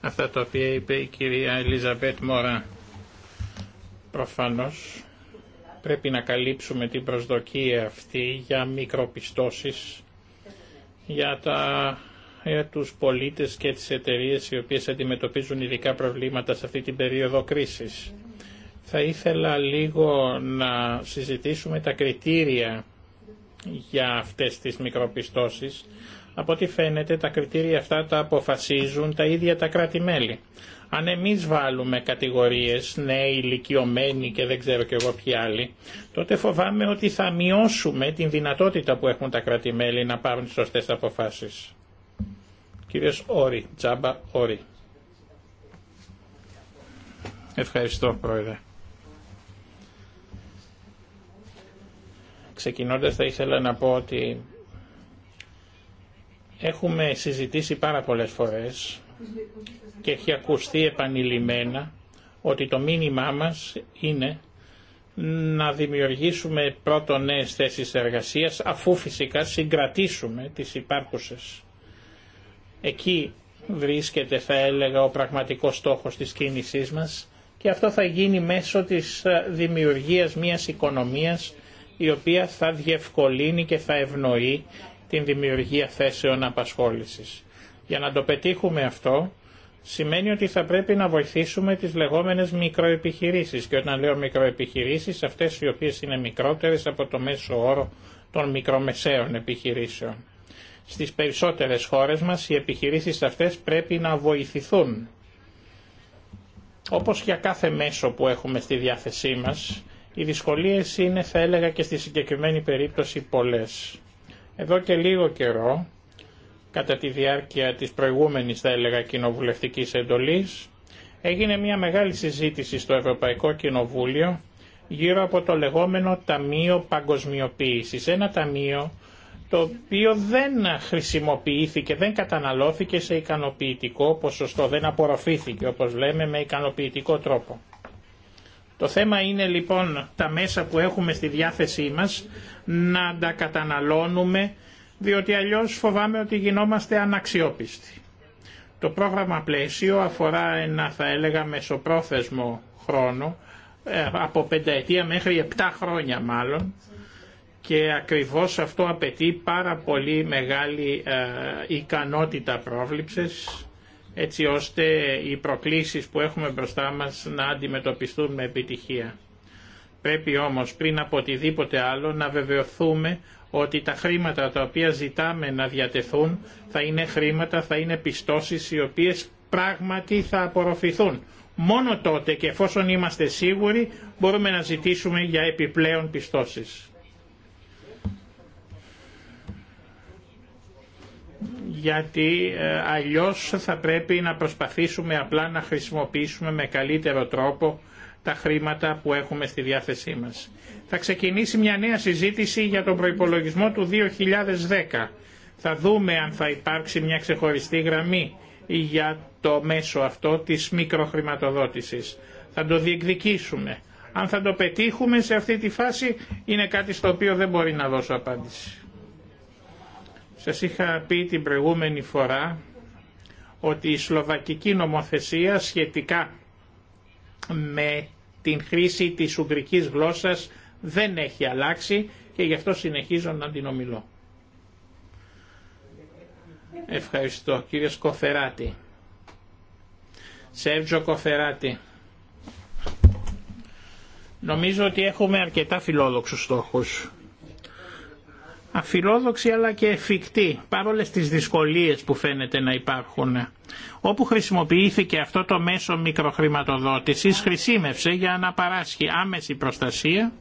αυτά τα οποία είπε η κυρία Μπέτ Μωρά. Προφανώς πρέπει να καλύψουμε την προσδοκία αυτή για μικροπιστώσεις για, τα, για τους πολίτες και τις εταιρείες οι οποίες αντιμετωπίζουν ειδικά προβλήματα σε αυτή την περίοδο κρίσης. Θα ήθελα λίγο να συζητήσουμε τα κριτήρια για αυτές τις μικροπιστώσεις. Από ό,τι φαίνεται τα κριτήρια αυτά τα αποφασίζουν τα ίδια τα κράτη-μέλη. Αν εμείς βάλουμε κατηγορίες νέοι, ηλικιωμένοι και δεν ξέρω κι εγώ ποιοι άλλοι, τότε φοβάμαι ότι θα μειώσουμε την δυνατότητα που έχουν τα κράτη-μέλη να πάρουν τις σωστές αποφάσεις. Κύριος Όρη, Τζάμπα Όρη. Ευχαριστώ Πρόεδρε. Ξεκινώντας θα ήθελα να πω ότι έχουμε συζητήσει πάρα πολλές φορές και έχει ακουστεί επανειλημμένα ότι το μήνυμά μας είναι να δημιουργήσουμε πρώτο νέες θέσεις εργασίας αφού φυσικά συγκρατήσουμε τις υπάρχουσες. Εκεί βρίσκεται θα έλεγα ο πραγματικός στόχος της κίνησής μας και αυτό θα γίνει μέσω της ε, δημιουργίας μιας οικονομίας η οποία θα διευκολύνει και θα ευνοεί την δημιουργία θέσεων απασχόλησης. Για να το πετύχουμε αυτό, σημαίνει ότι θα πρέπει να βοηθήσουμε τις λεγόμενες μικροεπιχειρήσεις και όταν λέω μικροεπιχειρήσεις αυτές οι οποίες είναι μικρότερες από το μέσο όρο των μικρομεσαίων επιχειρήσεων. Στις περισσότερες χώρες μας οι επιχειρήσεις αυτές πρέπει να βοηθηθούν. Όπως για κάθε μέσο που έχουμε στη διάθεσή μας, οι δυσκολίες είναι θα έλεγα και στη συγκεκριμένη περίπτωση πολλές. Εδώ και λίγο καιρό, κατά τη διάρκεια της προηγούμενης θα έλεγα κοινοβουλευτικής εντολής, έγινε μια μεγάλη συζήτηση στο Ευρωπαϊκό Κοινοβούλιο γύρω από το λεγόμενο Ταμείο Παγκοσμιοποίησης. Ένα ταμείο το οποίο δεν χρησιμοποιήθηκε, δεν καταναλώθηκε σε ικανοποιητικό ποσοστό, δεν απορροφήθηκε όπως λέμε με ικανοποιητικό τρόπο. Το θέμα είναι λοιπόν τα μέσα που έχουμε στη διάθεσή μας να τα καταναλώνουμε διότι αλλιώς φοβάμαι ότι γινόμαστε αναξιόπιστοι. Το πρόγραμμα πλαίσιο αφορά ένα θα έλεγα μεσοπρόθεσμο χρόνο ε, από πενταετία μέχρι επτά χρόνια μάλλον και ακριβώς αυτό απαιτεί πάρα πολύ μεγάλη ε, ικανότητα πρόβληψης έτσι ώστε οι προκλήσεις που έχουμε μπροστά μας να αντιμετωπιστούν με επιτυχία. Πρέπει όμως πριν από οτιδήποτε άλλο να βεβαιωθούμε ότι τα χρήματα τα οποία ζητάμε να διατεθούν θα είναι χρήματα, θα είναι πιστώσεις οι οποίες πράγματι θα απορροφηθούν. Μόνο τότε και εφόσον είμαστε σίγουροι μπορούμε να ζητήσουμε για επιπλέον πιστώσεις. γιατί ε, αλλιώς θα πρέπει να προσπαθήσουμε απλά να χρησιμοποιήσουμε με καλύτερο τρόπο τα χρήματα που έχουμε στη διάθεσή μας. Θα ξεκινήσει μια νέα συζήτηση για τον προϋπολογισμό του 2010. Θα δούμε αν θα υπάρξει μια ξεχωριστή γραμμή για το μέσο αυτό της μικροχρηματοδότησης. Θα το διεκδικήσουμε. Αν θα το πετύχουμε σε αυτή τη φάση είναι κάτι στο οποίο δεν μπορεί να δώσω απάντηση. Σας είχα πει την προηγούμενη φορά ότι η σλοβακική νομοθεσία σχετικά με την χρήση της ουγγρικής γλώσσας δεν έχει αλλάξει και γι' αυτό συνεχίζω να την ομιλώ. Ευχαριστώ κύριε Σκοφεράτη. Σεύτζο Κοφεράτη. Νομίζω ότι έχουμε αρκετά φιλόδοξους στόχους αφιλόδοξη αλλά και εφικτή παρόλες τις δυσκολίες που φαίνεται να υπάρχουν. Όπου χρησιμοποιήθηκε αυτό το μέσο μικροχρηματοδότησης χρησιμεύσε για να παράσχει άμεση προστασία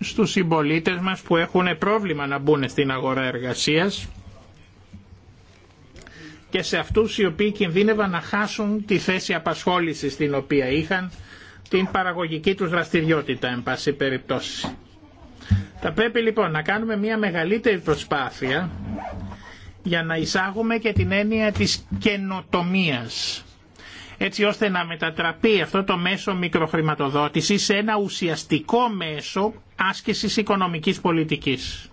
στους συμπολίτε μας που έχουν πρόβλημα να μπουν στην αγορά εργασίας και σε αυτούς οι οποίοι κινδύνευαν να χάσουν τη θέση απασχόλησης την οποία είχαν την παραγωγική τους δραστηριότητα εν πάση περιπτώσει. Θα πρέπει λοιπόν να κάνουμε μια μεγαλύτερη προσπάθεια για να εισάγουμε και την έννοια της καινοτομίας έτσι ώστε να μετατραπεί αυτό το μέσο μικροχρηματοδότηση σε ένα ουσιαστικό μέσο άσκησης οικονομικής πολιτικής.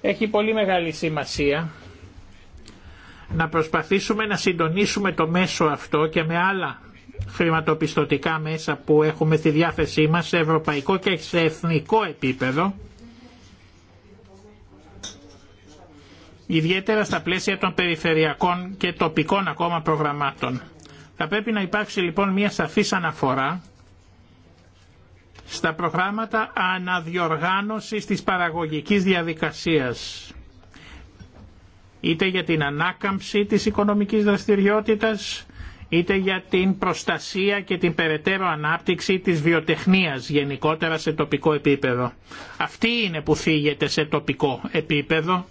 Έχει πολύ μεγάλη σημασία να προσπαθήσουμε να συντονίσουμε το μέσο αυτό και με άλλα χρηματοπιστωτικά μέσα που έχουμε στη διάθεσή μας σε ευρωπαϊκό και σε εθνικό επίπεδο ιδιαίτερα στα πλαίσια των περιφερειακών και τοπικών ακόμα προγραμμάτων. Θα πρέπει να υπάρξει λοιπόν μια σαφής αναφορά στα προγράμματα αναδιοργάνωσης της παραγωγικής διαδικασίας είτε για την ανάκαμψη της οικονομικής δραστηριότητας είτε για την προστασία και την περαιτέρω ανάπτυξη της βιοτεχνίας γενικότερα σε τοπικό επίπεδο. Αυτή είναι που φύγεται σε τοπικό επίπεδο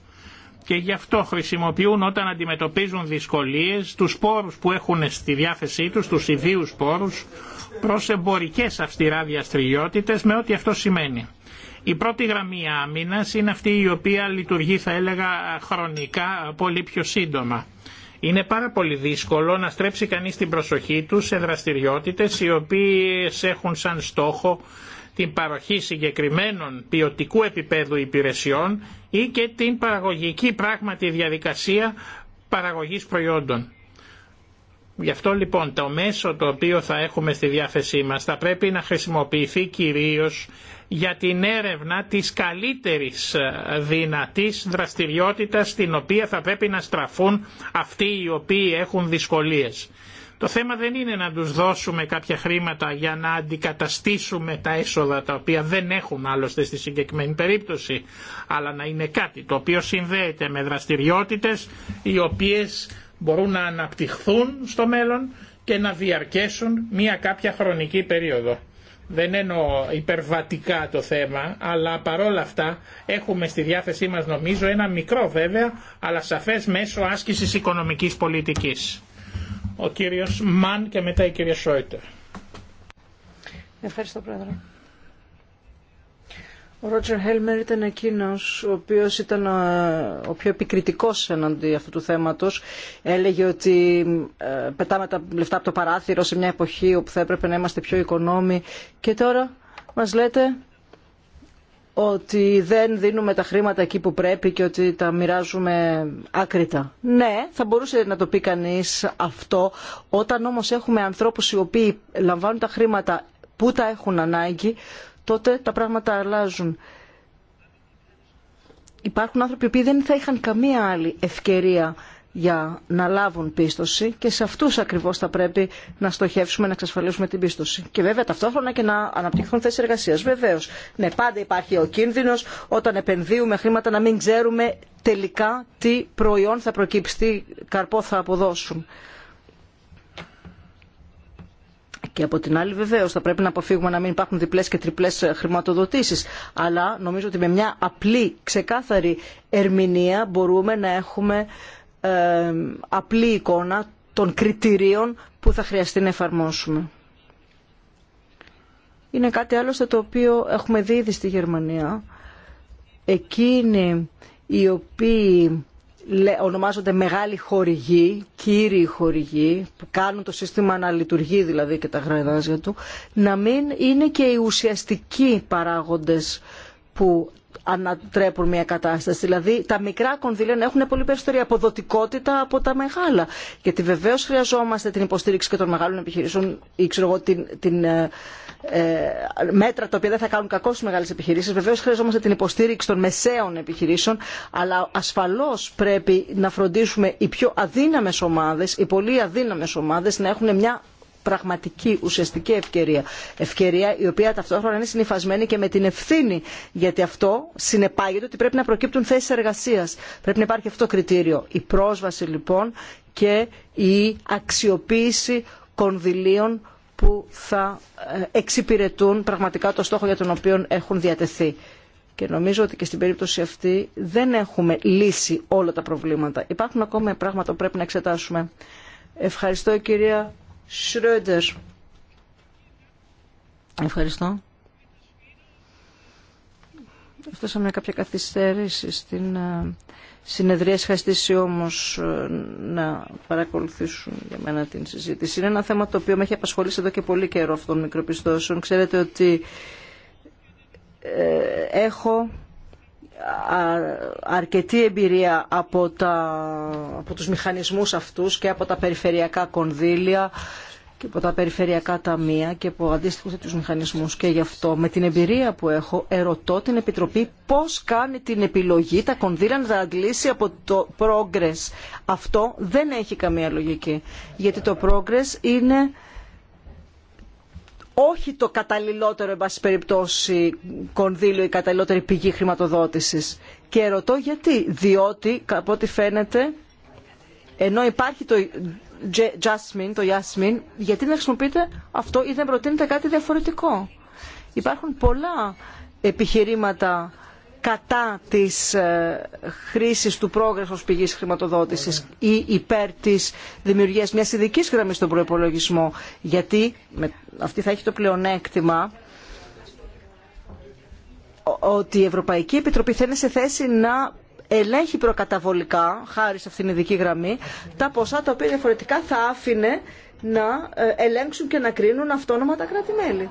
και γι' αυτό χρησιμοποιούν όταν αντιμετωπίζουν δυσκολίες τους πόρους που έχουν στη διάθεσή τους, τους ιδίους πόρους, προς εμπορικές αυστηρά διαστηριότητες με ό,τι αυτό σημαίνει. Η πρώτη γραμμή άμυνας είναι αυτή η οποία λειτουργεί θα έλεγα χρονικά πολύ πιο σύντομα είναι πάρα πολύ δύσκολο να στρέψει κανείς την προσοχή του σε δραστηριότητες οι οποίες έχουν σαν στόχο την παροχή συγκεκριμένων ποιοτικού επίπεδου υπηρεσιών ή και την παραγωγική πράγματι διαδικασία παραγωγής προϊόντων. Γι' αυτό λοιπόν το μέσο το οποίο θα έχουμε στη διάθεσή μας θα πρέπει να χρησιμοποιηθεί κυρίως για την έρευνα της καλύτερης ε, δυνατής δραστηριότητας στην οποία θα πρέπει να στραφούν αυτοί οι οποίοι έχουν δυσκολίες. Το θέμα δεν είναι να τους δώσουμε κάποια χρήματα για να αντικαταστήσουμε τα έσοδα τα οποία δεν έχουν άλλωστε στη συγκεκριμένη περίπτωση αλλά να είναι κάτι το οποίο συνδέεται με δραστηριότητες οι οποίες μπορούν να αναπτυχθούν στο μέλλον και να διαρκέσουν μία κάποια χρονική περίοδο. Δεν εννοώ υπερβατικά το θέμα, αλλά παρόλα αυτά έχουμε στη διάθεσή μας νομίζω ένα μικρό βέβαια, αλλά σαφές μέσο άσκησης οικονομικής πολιτικής. Ο κύριος Μαν και μετά η κυρία Σόιτερ. Ευχαριστώ πρόεδρε. Ο Ρότζερ Χέλμερ ήταν εκείνο ο οποίο ήταν ο πιο επικριτικό εναντί αυτού του θέματος. Έλεγε ότι ε, πετάμε τα λεφτά από το παράθυρο σε μια εποχή όπου θα έπρεπε να είμαστε πιο οικονόμοι. Και τώρα μα λέτε ότι δεν δίνουμε τα χρήματα εκεί που πρέπει και ότι τα μοιράζουμε άκρητα. Ναι, θα μπορούσε να το πει κανείς αυτό, όταν όμως έχουμε ανθρώπους οι οποίοι λαμβάνουν τα χρήματα που τα έχουν ανάγκη, τότε τα πράγματα αλλάζουν. Υπάρχουν άνθρωποι που δεν θα είχαν καμία άλλη ευκαιρία για να λάβουν πίστοση και σε αυτούς ακριβώς θα πρέπει να στοχεύσουμε να εξασφαλίσουμε την πίστοση. Και βέβαια ταυτόχρονα και να αναπτυχθούν θέσεις εργασίας. Βεβαίως, ναι, πάντα υπάρχει ο κίνδυνος όταν επενδύουμε χρήματα να μην ξέρουμε τελικά τι προϊόν θα προκύψει, τι καρπό θα αποδώσουν. Και από την άλλη βεβαίω θα πρέπει να αποφύγουμε να μην υπάρχουν διπλές και τριπλές χρηματοδοτήσεις. Αλλά νομίζω ότι με μια απλή, ξεκάθαρη ερμηνεία μπορούμε να έχουμε ε, απλή εικόνα των κριτηρίων που θα χρειαστεί να εφαρμόσουμε. Είναι κάτι άλλο το οποίο έχουμε δει ήδη στη Γερμανία. Εκείνοι οι οποίοι ονομάζονται μεγάλοι χορηγοί, κύριοι χορηγοί, που κάνουν το σύστημα να λειτουργεί δηλαδή και τα γρανάζια του, να μην είναι και οι ουσιαστικοί παράγοντες που ανατρέπουν μια κατάσταση. Δηλαδή τα μικρά κονδύλια να έχουν πολύ περισσότερη αποδοτικότητα από τα μεγάλα. Γιατί βεβαίως χρειαζόμαστε την υποστήριξη και των μεγάλων επιχειρήσεων ή ξέρω εγώ, την ε, ε, μέτρα τα οποία δεν θα κάνουν κακό στις μεγάλες επιχειρήσεις. Βεβαίως χρειαζόμαστε την υποστήριξη των μεσαίων επιχειρήσεων, αλλά ασφαλώς πρέπει να φροντίσουμε οι πιο αδύναμες ομάδες, οι πολύ αδύναμες ομάδες να έχουν μια πραγματική ουσιαστική ευκαιρία. Ευκαιρία η οποία ταυτόχρονα είναι συνειφασμένη και με την ευθύνη. Γιατί αυτό συνεπάγεται ότι πρέπει να προκύπτουν θέσει εργασία. Πρέπει να υπάρχει αυτό το κριτήριο. Η πρόσβαση λοιπόν και η αξιοποίηση κονδυλίων που θα ε, εξυπηρετούν πραγματικά το στόχο για τον οποίο έχουν διατεθεί. Και νομίζω ότι και στην περίπτωση αυτή δεν έχουμε λύσει όλα τα προβλήματα. Υπάρχουν ακόμα πράγματα που πρέπει να εξετάσουμε. Ευχαριστώ κυρία Σρόντερ. Ευχαριστώ. Φτάσαμε κάποια καθυστέρηση στην ε, συνεδρίες χαστήσει όμως ε, να παρακολουθήσουν για μένα την συζήτηση. Είναι ένα θέμα το οποίο με έχει απασχολήσει εδώ και πολύ καιρό αυτών των μικροπιστώσεων. Ξέρετε ότι ε, έχω αρκετή εμπειρία από, τα, από τους μηχανισμούς αυτούς και από τα περιφερειακά κονδύλια και από τα περιφερειακά ταμεία και από αντίστοιχου τέτοιου μηχανισμού. Και γι' αυτό, με την εμπειρία που έχω, ερωτώ την Επιτροπή πώ κάνει την επιλογή, τα κονδύλια να τα αντλήσει από το Progress. Αυτό δεν έχει καμία λογική. Γιατί το Progress είναι όχι το καταλληλότερο, εν περιπτώσει, κονδύλιο ή καταλληλότερη πηγή χρηματοδότηση Και ερωτώ γιατί. Διότι, από ό,τι φαίνεται, ενώ υπάρχει το το Jasmine, γιατί να χρησιμοποιείτε αυτό ή δεν προτείνετε κάτι διαφορετικό. Υπάρχουν πολλά επιχειρήματα κατά της ε, χρήσης του πρόγραμματος ως πηγής χρηματοδότησης ή υπέρ της δημιουργίας μιας ειδικής γραμμής στον προϋπολογισμό. Γιατί αυτή θα έχει το πλεονέκτημα ότι η δεν προτεινετε κατι διαφορετικο υπαρχουν πολλα επιχειρηματα κατα της χρησης του προγραμμα ως Επιτροπή θα είναι σε θέση να ελέγχει προκαταβολικά, χάρη σε αυτήν την ειδική γραμμή, τα ποσά τα οποία διαφορετικά θα άφηνε να ε, ελέγξουν και να κρίνουν αυτόνομα τα κράτη-μέλη.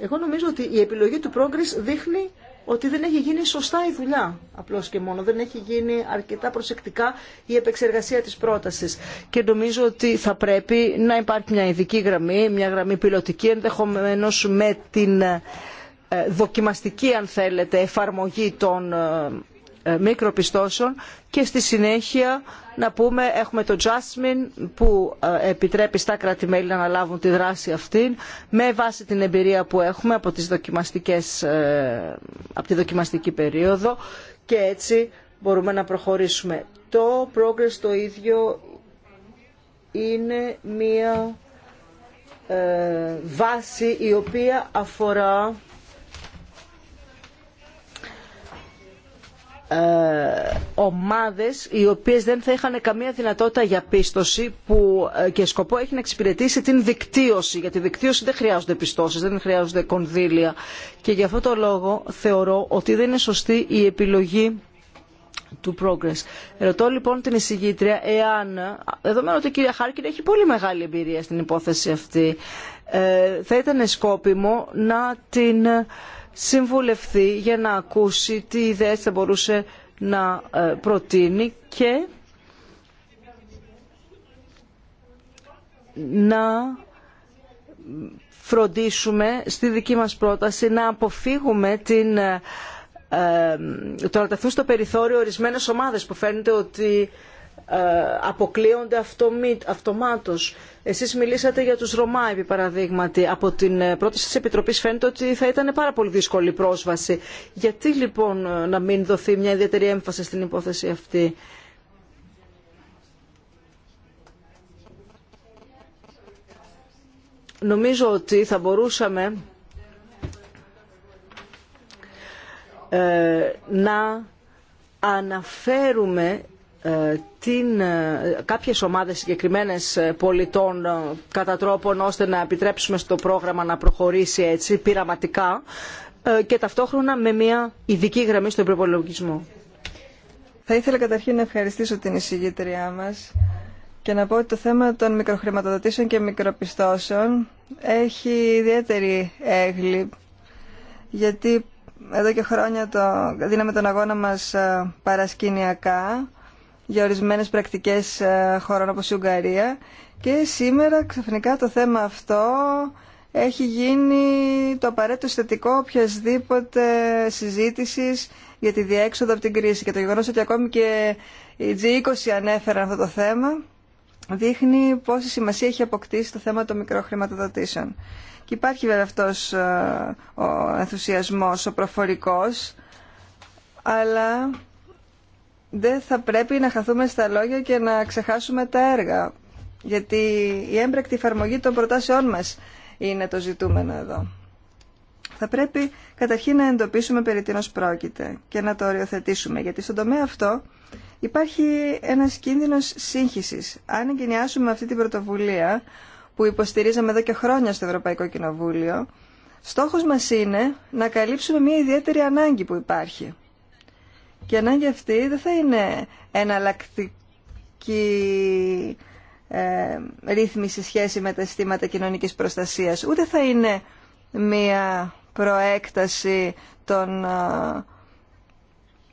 Εγώ νομίζω ότι η επιλογή του Progress δείχνει ότι δεν έχει γίνει σωστά η δουλειά, απλώς και μόνο. Δεν έχει γίνει αρκετά προσεκτικά η επεξεργασία της πρότασης. Και νομίζω ότι θα πρέπει να υπάρχει μια ειδική γραμμή, μια γραμμή πιλωτική ενδεχομένως με την ε, δοκιμαστική, αν θέλετε, εφαρμογή των ε, ε, μικροπιστώσεων και στη συνέχεια να πούμε έχουμε το Jasmine που ε, επιτρέπει στα κράτη-μέλη να αναλάβουν τη δράση αυτή με βάση την εμπειρία που έχουμε από, τις δοκιμαστικές, ε, από τη δοκιμαστική περίοδο και έτσι μπορούμε να προχωρήσουμε. Το progress το ίδιο είναι μία βάση η οποία αφορά Ε, ομάδες οι οποίες δεν θα είχαν καμία δυνατότητα για πίστοση που ε, και σκοπό έχει να εξυπηρετήσει την δικτύωση. γιατί δικτύωση δεν χρειάζονται πιστώσεις, δεν χρειάζονται κονδύλια και γι' αυτό το λόγο θεωρώ ότι δεν είναι σωστή η επιλογή του Progress. Ρωτώ λοιπόν την εισηγήτρια εάν, δεδομένου ότι η κυρία Χάρκιν έχει πολύ μεγάλη εμπειρία στην υπόθεση αυτή, ε, θα ήταν σκόπιμο να την συμβουλευθεί για να ακούσει τι ιδέες θα μπορούσε να ε, προτείνει και να φροντίσουμε στη δική μας πρόταση να αποφύγουμε την, ε, ε, το να τεθούν στο περιθώριο ορισμένες ομάδες που φαίνεται ότι ε, αποκλείονται αυτομάτως. Εσείς μιλήσατε για τους Ρωμά, επί παραδείγματι. Από την ε, πρόταση της Επιτροπής φαίνεται ότι θα ήταν πάρα πολύ δύσκολη πρόσβαση. Γιατί λοιπόν ε, να μην δοθεί μια ιδιαίτερη έμφαση στην υπόθεση αυτή. Νομίζω ότι θα μπορούσαμε να αναφέρουμε ε, την, ε, κάποιες ομάδες συγκεκριμένες ε, πολιτών κατά τρόπον ώστε να επιτρέψουμε στο πρόγραμμα να προχωρήσει έτσι πειραματικά και ταυτόχρονα με μια ειδική γραμμή στον προπολογισμό. Θα ήθελα καταρχήν να ευχαριστήσω την εισηγήτριά μας και να πω ότι το θέμα των μικροχρηματοδοτήσεων και μικροπιστώσεων έχει ιδιαίτερη έγκλη γιατί εδώ και χρόνια δίναμε τον αγώνα μας παρασκηνιακά για ορισμένες πρακτικές ε, χωρών όπω η Ουγγαρία και σήμερα ξαφνικά το θέμα αυτό έχει γίνει το απαραίτητο συστατικό οποιασδήποτε συζήτηση για τη διέξοδο από την κρίση. Και το γεγονό ότι ακόμη και η G20 ανέφεραν αυτό το θέμα δείχνει πόση σημασία έχει αποκτήσει το θέμα των μικροχρηματοδοτήσεων. Και υπάρχει βέβαια αυτός ε, ο ενθουσιασμός, ο προφορικός, αλλά δεν θα πρέπει να χαθούμε στα λόγια και να ξεχάσουμε τα έργα. Γιατί η έμπρακτη εφαρμογή των προτάσεών μας είναι το ζητούμενο εδώ. Θα πρέπει καταρχήν να εντοπίσουμε περί τίνος πρόκειται και να το οριοθετήσουμε. Γιατί στον τομέα αυτό υπάρχει ένας κίνδυνος σύγχυσης. Αν εγκαινιάσουμε αυτή την πρωτοβουλία που υποστηρίζαμε εδώ και χρόνια στο Ευρωπαϊκό Κοινοβούλιο, στόχος μας είναι να καλύψουμε μια ιδιαίτερη ανάγκη που υπάρχει. Και η ανάγκη αυτή δεν θα είναι εναλλακτική ε, ρύθμιση σχέση με τα αισθήματα κοινωνικής προστασίας, ούτε θα είναι μία προέκταση των ε,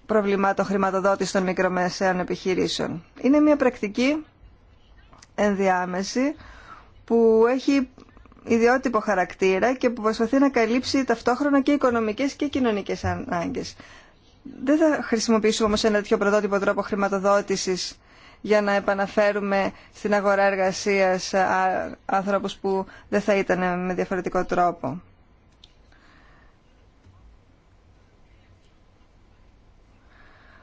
προβλημάτων χρηματοδότηση των μικρομεσαίων επιχειρήσεων. Είναι μια πρακτική ενδιάμεση που έχει ιδιότυπο χαρακτήρα και που προσπαθεί να καλύψει ταυτόχρονα και οικονομικές και κοινωνικές ανάγκες. Δεν θα χρησιμοποιήσουμε όμως ένα τέτοιο πρωτότυπο τρόπο χρηματοδότησης για να επαναφέρουμε στην αγορά εργασίας άνθρωπους που δεν θα ήταν με διαφορετικό τρόπο.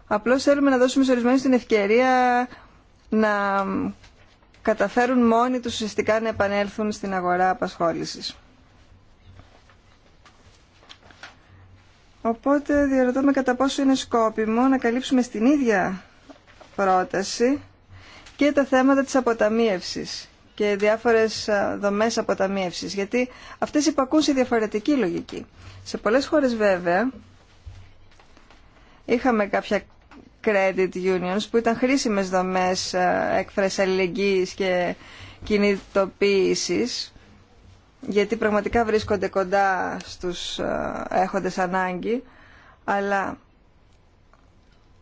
Απλώς θέλουμε να δώσουμε σε ορισμένους την ευκαιρία να καταφέρουν μόνοι τους ουσιαστικά να επανέλθουν στην αγορά απασχόλησης. Οπότε διαρωτώ με κατά πόσο είναι σκόπιμο να καλύψουμε στην ίδια πρόταση και τα θέματα της αποταμίευσης και διάφορες ε, δομές αποταμίευσης, γιατί αυτές υπακούν σε διαφορετική λογική. Σε πολλές χώρες βέβαια είχαμε κάποια credit unions που ήταν χρήσιμες δομές ε, έκφρασης αλληλεγγύης και κινητοποίησης γιατί πραγματικά βρίσκονται κοντά στους ε, έχοντες ανάγκη, αλλά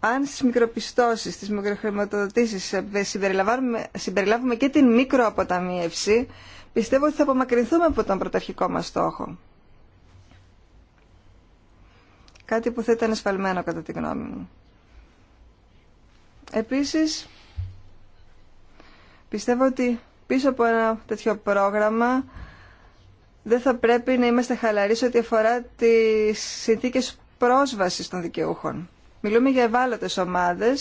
αν στις μικροπιστώσεις, στις μικροχρηματοδοτήσεις ε, συμπεριλάβουμε και την μικροαποταμίευση, πιστεύω ότι θα απομακρυνθούμε από τον πρωταρχικό μας στόχο. Κάτι που θα ήταν εσφαλμένο κατά τη γνώμη μου. Επίσης, πιστεύω ότι πίσω από ένα τέτοιο πρόγραμμα δεν θα πρέπει να είμαστε χαλαροί σε ό,τι αφορά τι συνθήκε πρόσβαση των δικαιούχων. Μιλούμε για ευάλωτε ομάδε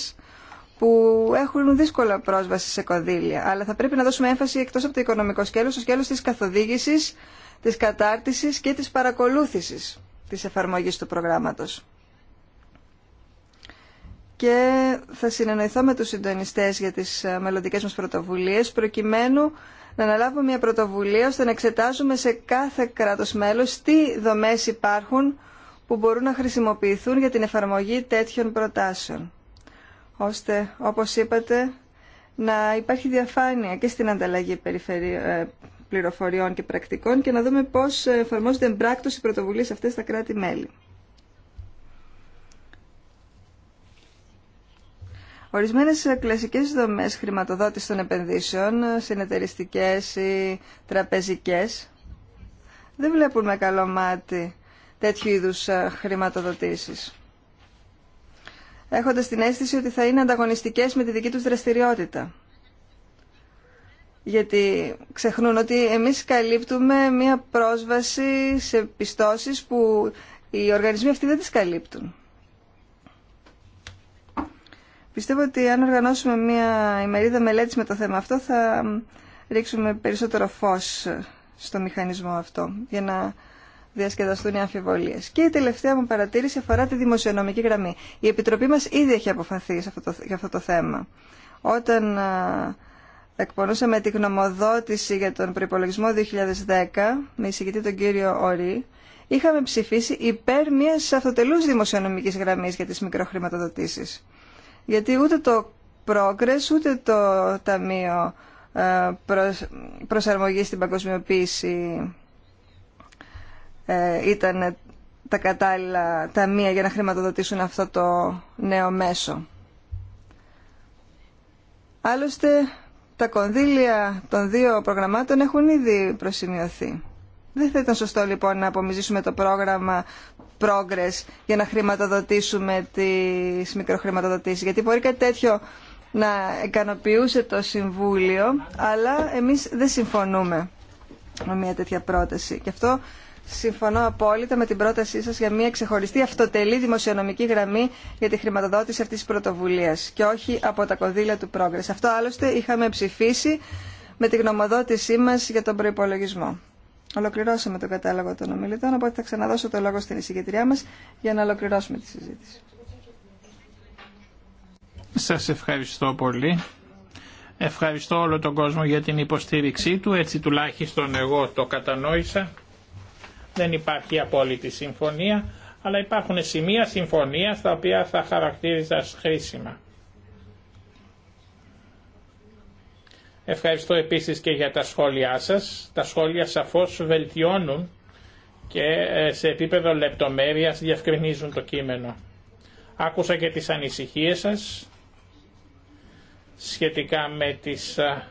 που έχουν δύσκολα πρόσβαση σε κονδύλια, αλλά θα πρέπει να δώσουμε έμφαση εκτό από το οικονομικό σκέλος, στο σκέλο τη καθοδήγηση, τη κατάρτιση και τη παρακολούθηση τη εφαρμογή του προγράμματο. Και θα συνεννοηθώ με τους συντονιστές για τις ε, μελλοντικές μας πρωτοβουλίες, προκειμένου να αναλάβουμε μια πρωτοβουλία ώστε να εξετάζουμε σε κάθε κράτος μέλος τι δομές υπάρχουν που μπορούν να χρησιμοποιηθούν για την εφαρμογή τέτοιων προτάσεων. Ώστε, όπως είπατε, να υπάρχει διαφάνεια και στην ανταλλαγή ε, πληροφοριών και πρακτικών και να δούμε πώς εφαρμόζονται εμπράκτως οι πρωτοβουλίε αυτές στα κράτη-μέλη. Ορισμένε κλασικές δομές χρηματοδότηση των επενδύσεων, συνεταιριστικέ ή τραπεζικές, δεν βλέπουν με καλό μάτι τέτοιου είδους ε, χρηματοδοτήσει, Έχοντα την αίσθηση ότι θα είναι ανταγωνιστικές με τη δική τους δραστηριότητα. Γιατί ξεχνούν ότι εμείς καλύπτουμε μία πρόσβαση σε πιστώσεις που οι οργανισμοί αυτοί δεν τις καλύπτουν. Πιστεύω ότι αν οργανώσουμε μια ημερίδα μελέτης με το θέμα αυτό θα ρίξουμε περισσότερο φως στο μηχανισμό αυτό για να διασκεδαστούν οι αμφιβολίες. Και η τελευταία μου παρατήρηση αφορά τη δημοσιονομική γραμμή. Η Επιτροπή μας ήδη έχει αποφαθεί για αυτό το θέμα. Όταν εκπονούσαμε την γνωμοδότηση για τον προϋπολογισμό 2010 με εισηγητή τον κύριο Ορή, είχαμε ψηφίσει υπέρ μιας αυτοτελούς δημοσιονομικής γραμμής για τις μικροχρηματοδοτήσεις γιατί ούτε το Progress ούτε το Ταμείο ε, Προσαρμογής στην Παγκοσμιοποίηση ε, ήταν τα κατάλληλα ταμεία για να χρηματοδοτήσουν αυτό το νέο μέσο. Άλλωστε, τα κονδύλια των δύο προγραμμάτων έχουν ήδη προσημειωθεί. Δεν θα ήταν σωστό λοιπόν να απομυζήσουμε το πρόγραμμα Progress για να χρηματοδοτήσουμε τις μικροχρηματοδοτήσεις. Γιατί μπορεί κάτι τέτοιο να ικανοποιούσε το Συμβούλιο, αλλά εμείς δεν συμφωνούμε με μια τέτοια πρόταση. Και αυτό συμφωνώ απόλυτα με την πρότασή σας για μια ξεχωριστή αυτοτελή δημοσιονομική γραμμή για τη χρηματοδότηση αυτής της πρωτοβουλίας και όχι από τα κονδύλια του Progress. Αυτό άλλωστε είχαμε ψηφίσει με τη γνωμοδότησή μας για τον προϋπολογισμό. Ολοκληρώσαμε το κατάλογο των ομιλητών, οπότε θα ξαναδώσω το λόγο στην εισηγητριά μας για να ολοκληρώσουμε τη συζήτηση. Σας ευχαριστώ πολύ. Ευχαριστώ όλο τον κόσμο για την υποστήριξή του, έτσι τουλάχιστον εγώ το κατανόησα. Δεν υπάρχει απόλυτη συμφωνία, αλλά υπάρχουν σημεία συμφωνίας τα οποία θα χαρακτήριζα χρήσιμα. Ευχαριστώ επίσης και για τα σχόλιά σας. Τα σχόλια σαφώς βελτιώνουν και ε, σε επίπεδο λεπτομέρειας διευκρινίζουν το κείμενο. Άκουσα και τις ανησυχίες σας σχετικά με τις ε,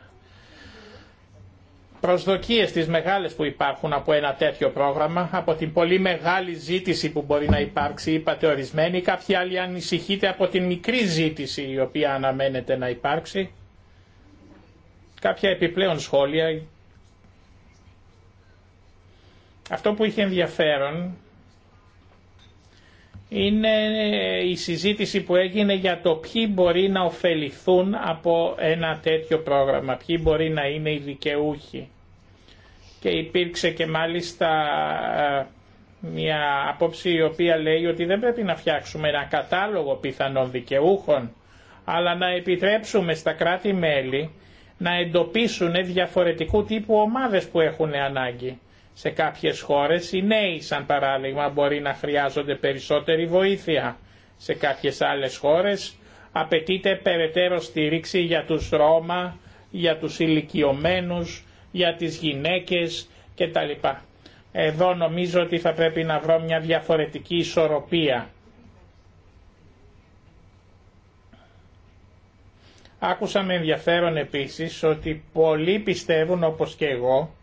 προσδοκίες τις μεγάλες που υπάρχουν από ένα τέτοιο πρόγραμμα, από την πολύ μεγάλη ζήτηση που μπορεί να υπάρξει, είπατε ορισμένη, κάποιοι άλλοι ανησυχείτε από την μικρή ζήτηση η οποία αναμένεται να υπάρξει κάποια επιπλέον σχόλια. Αυτό που είχε ενδιαφέρον είναι η συζήτηση που έγινε για το ποιοι μπορεί να ωφεληθούν από ένα τέτοιο πρόγραμμα, ποιοι μπορεί να είναι οι δικαιούχοι. Και υπήρξε και μάλιστα ε, μια απόψη η οποία λέει ότι δεν πρέπει να φτιάξουμε ένα κατάλογο πιθανών δικαιούχων, αλλά να επιτρέψουμε στα κράτη-μέλη να εντοπίσουν διαφορετικού τύπου ομάδες που έχουν ανάγκη. Σε κάποιες χώρες οι νέοι σαν παράδειγμα μπορεί να χρειάζονται περισσότερη βοήθεια. Σε κάποιες άλλες χώρες απαιτείται περαιτέρω στήριξη για τους Ρώμα, για τους ηλικιωμένου, για τις γυναίκες κτλ. Εδώ νομίζω ότι θα πρέπει να βρω μια διαφορετική ισορροπία Άκουσα με ενδιαφέρον επίσης ότι πολλοί πιστεύουν όπως και εγώ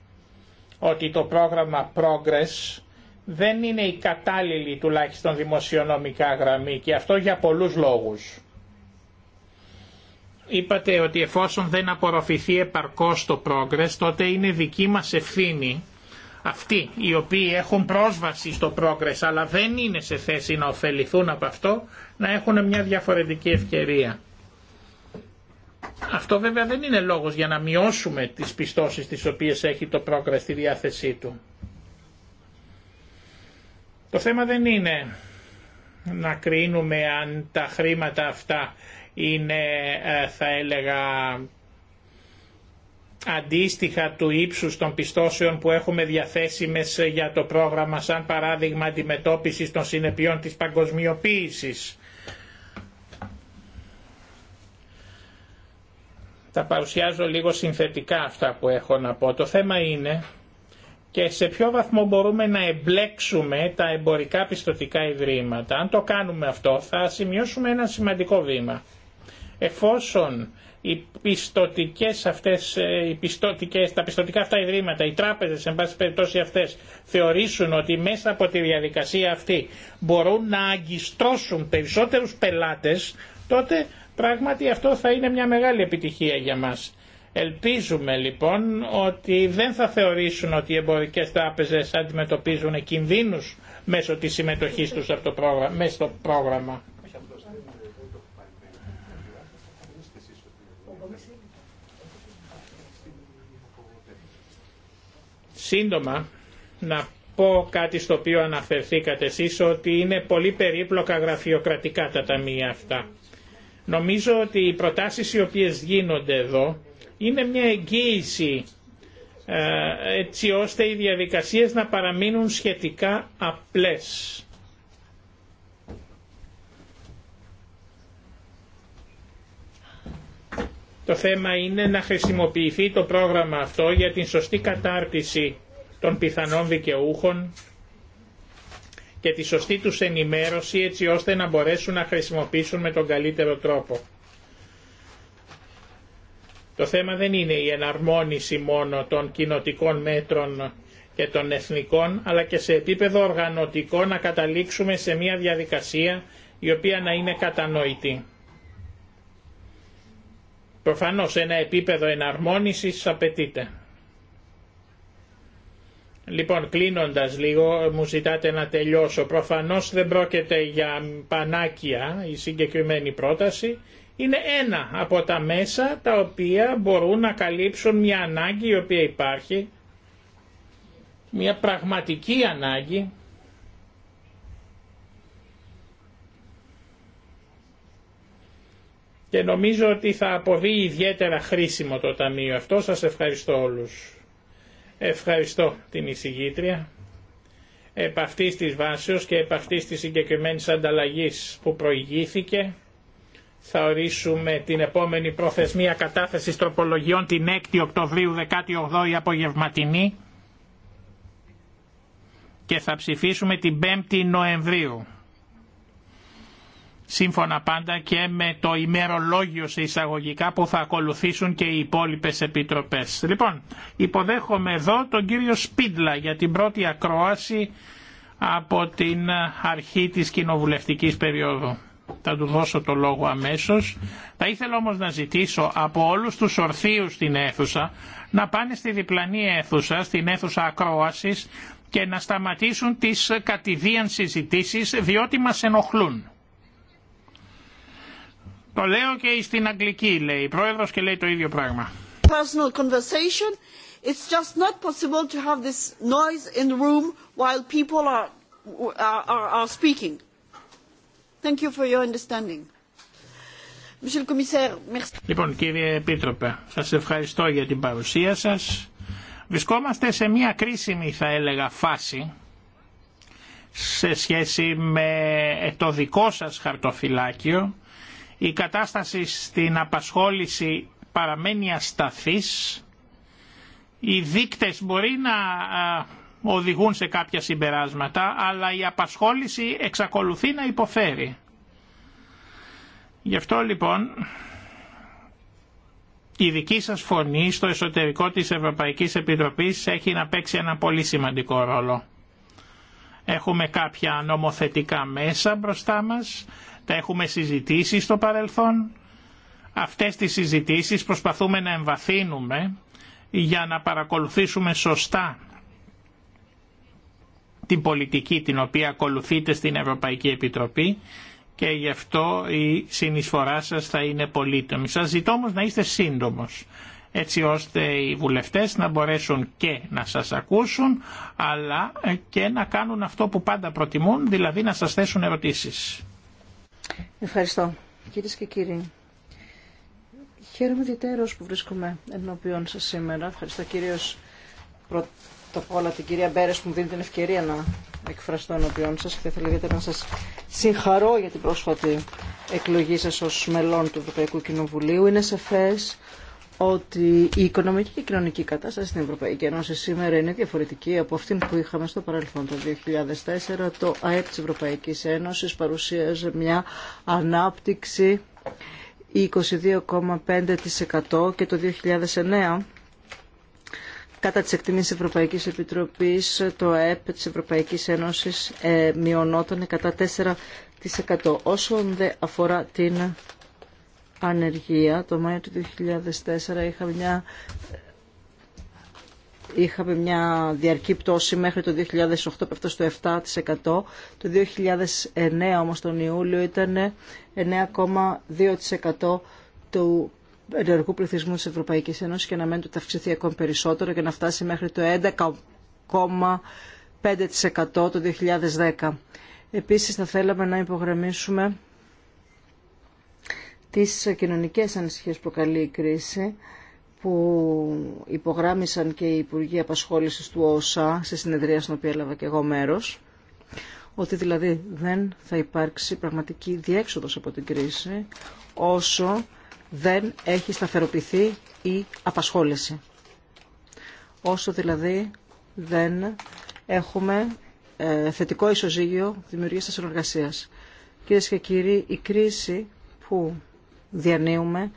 ότι το πρόγραμμα Progress δεν είναι η κατάλληλη τουλάχιστον δημοσιονομικά γραμμή και αυτό για πολλούς λόγους. Είπατε ότι εφόσον δεν απορροφηθεί επαρκώς το Progress τότε είναι δική μας ευθύνη αυτοί οι οποίοι έχουν πρόσβαση στο Progress αλλά δεν είναι σε θέση να ωφεληθούν από αυτό να έχουν μια διαφορετική ευκαιρία. Αυτό βέβαια δεν είναι λόγος για να μειώσουμε τις πιστώσεις τις οποίες έχει το πρόγραμμα στη διάθεσή του. Το θέμα δεν είναι να κρίνουμε αν τα χρήματα αυτά είναι ε, θα έλεγα αντίστοιχα του ύψους των πιστώσεων που έχουμε διαθέσιμες για το πρόγραμμα σαν παράδειγμα αντιμετώπισης των συνεπειών της παγκοσμιοποίησης Τα παρουσιάζω λίγο συνθετικά αυτά που έχω να πω. Το θέμα είναι και σε ποιο βαθμό μπορούμε να εμπλέξουμε τα εμπορικά πιστοτικά ιδρύματα. Αν το κάνουμε αυτό θα σημειώσουμε ένα σημαντικό βήμα. Εφόσον οι πιστωτικές, αυτές, ε, οι πιστωτικές, τα πιστοτικά αυτά ιδρύματα, οι τράπεζες, εν πάση περιπτώσει αυτές, θεωρήσουν ότι μέσα από τη διαδικασία αυτή μπορούν να αγκιστρώσουν περισσότερους πελάτες, τότε Πράγματι αυτό θα είναι μια μεγάλη επιτυχία για μας. Ελπίζουμε λοιπόν ότι δεν θα θεωρήσουν ότι οι εμπορικές τράπεζες αντιμετωπίζουν κινδύνους μέσω της συμμετοχής τους από το πρόγραμμα, μέσα στο πρόγραμμα. Σύντομα, να πω κάτι στο οποίο αναφερθήκατε εσείς, ότι είναι πολύ περίπλοκα γραφειοκρατικά τα ταμεία αυτά. Νομίζω ότι οι προτάσεις οι οποίες γίνονται εδώ είναι μια εγγύηση ε, έτσι ώστε οι διαδικασίες να παραμείνουν σχετικά απλές. Το θέμα είναι να χρησιμοποιηθεί το πρόγραμμα αυτό για την σωστή κατάρτιση των πιθανών δικαιούχων και τη σωστή τους ενημέρωση έτσι ώστε να μπορέσουν να χρησιμοποιήσουν με τον καλύτερο τρόπο. Το θέμα δεν είναι η εναρμόνιση μόνο των κοινοτικών μέτρων και των εθνικών, αλλά και σε επίπεδο οργανωτικό να καταλήξουμε σε μια διαδικασία η οποία να είναι κατανοητή. Προφανώς ένα επίπεδο εναρμόνισης απαιτείται. Λοιπόν, κλείνοντα λίγο, μου ζητάτε να τελειώσω. Προφανώς δεν πρόκειται για πανάκια η συγκεκριμένη πρόταση. Είναι ένα από τα μέσα τα οποία μπορούν να καλύψουν μια ανάγκη η οποία υπάρχει, μια πραγματική ανάγκη, και νομίζω ότι θα αποβεί ιδιαίτερα χρήσιμο το Ταμείο αυτό. Σας ευχαριστώ όλους. Ευχαριστώ την εισηγήτρια. Επ' αυτή τη βάσεως και επ' αυτή τη συγκεκριμένη ανταλλαγής που προηγήθηκε θα ορίσουμε την επόμενη προθεσμία κατάθεση τροπολογιών την 6η Οκτωβρίου 18η απογευματινή και θα ψηφίσουμε την 5η Νοεμβρίου σύμφωνα πάντα και με το ημερολόγιο σε εισαγωγικά που θα ακολουθήσουν και οι υπόλοιπε επιτροπές. Λοιπόν, υποδέχομαι εδώ τον κύριο Σπίτλα για την πρώτη ακρόαση από την αρχή της κοινοβουλευτικής περίοδου. Θα του δώσω το λόγο αμέσως. Θα ήθελα όμως να ζητήσω από όλους τους ορθίους στην αίθουσα να πάνε στη διπλανή αίθουσα, στην αίθουσα ακρόασης και να σταματήσουν τις κατηδίαν συζητήσεις διότι μας ενοχλούν. Το λέω και στην Αγγλική λέει η Πρόεδρος και λέει το ίδιο πράγμα. Personal conversation. It's just not possible to have this noise in the room while people are, are, are speaking. Thank you for your understanding. Monsieur le Commissaire, merci. Λοιπόν κύριε Επίτροπε, σας ευχαριστώ για την παρουσία σας. Βρισκόμαστε σε μια κρίσιμη θα έλεγα φάση σε σχέση με το δικό σας χαρτοφυλάκιο η κατάσταση στην απασχόληση παραμένει ασταθής, οι δείκτες μπορεί να οδηγούν σε κάποια συμπεράσματα, αλλά η απασχόληση εξακολουθεί να υποφέρει. Γι' αυτό λοιπόν η δική σας φωνή στο εσωτερικό της Ευρωπαϊκής Επιτροπής έχει να παίξει ένα πολύ σημαντικό ρόλο. Έχουμε κάποια νομοθετικά μέσα μπροστά μας, τα έχουμε συζητήσει στο παρελθόν. Αυτές τις συζητήσεις προσπαθούμε να εμβαθύνουμε για να παρακολουθήσουμε σωστά την πολιτική την οποία ακολουθείτε στην Ευρωπαϊκή Επιτροπή και γι' αυτό η συνεισφορά σας θα είναι πολύτιμη. Σας ζητώ όμως να είστε σύντομος έτσι ώστε οι βουλευτές να μπορέσουν και να σας ακούσουν αλλά και να κάνουν αυτό που πάντα προτιμούν, δηλαδή να σας θέσουν ερωτήσεις. Ευχαριστώ. Κυρίε και κύριοι, χαίρομαι ιδιαίτερω που βρίσκομαι ενώπιον σα σήμερα. Ευχαριστώ κυρίω πρώτα απ' όλα την κυρία Μπέρε που μου δίνει την ευκαιρία να εκφραστώ ενώπιον σας και θα ήθελα ιδιαίτερα να σας συγχαρώ για την πρόσφατη εκλογή σας ως μελών του Ευρωπαϊκού Κοινοβουλίου. Είναι σαφέ ότι η οικονομική και η κοινωνική κατάσταση στην Ευρωπαϊκή Ένωση σήμερα είναι διαφορετική από αυτήν που είχαμε στο παρελθόν. Το 2004 το ΑΕΠ της Ευρωπαϊκής Ένωσης παρουσίαζε μια ανάπτυξη 22,5% και το 2009 κατά τις εκτιμήσεις Ευρωπαϊκής Επιτροπής το ΑΕΠ της Ευρωπαϊκής Ένωσης ε, μειωνόταν κατά 4%. Όσον δε αφορά την ανεργία. Το Μάιο του 2004 είχα μια είχαμε μια διαρκή πτώση μέχρι το 2008 πέφτω στο 7%. Το 2009 όμως τον Ιούλιο ήταν 9,2% του ενεργού πληθυσμού της Ευρωπαϊκής Ένωσης και να ότι θα αυξηθεί ακόμη περισσότερο και να φτάσει μέχρι το 11,5% το 2010. Επίσης θα θέλαμε να υπογραμμίσουμε τις κοινωνικές ανησυχίες προκαλεί η κρίση που υπογράμμισαν και οι Υπουργοί Απασχόλησης του όσα σε συνεδρία στην οποία έλαβα και εγώ μέρος ότι δηλαδή δεν θα υπάρξει πραγματική διέξοδος από την κρίση όσο δεν έχει σταθεροποιηθεί η απασχόληση. Όσο δηλαδή δεν έχουμε ε, θετικό ισοζύγιο δημιουργίας της συνεργασίας. Κυρίε και κύριοι, η κρίση που διανύουμε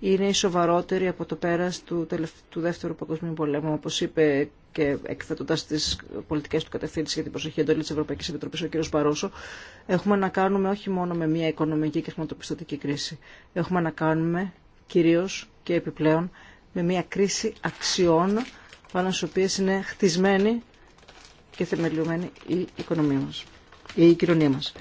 είναι η σοβαρότερη από το πέρας του, του Δεύτερου Παγκοσμίου Πολέμου. Όπως είπε και εκθέτοντας τις πολιτικές του κατευθύνσεις για την προσοχή εντολή της Ευρωπαϊκής Επιτροπής ο κ. Παρόσο, έχουμε να κάνουμε όχι μόνο με μια οικονομική και χρηματοπιστωτική κρίση. Έχουμε να κάνουμε κυρίως και επιπλέον με μια κρίση αξιών πάνω στις οποίες είναι χτισμένη και θεμελιωμένη η οικονομία μας, η κοινωνία μας.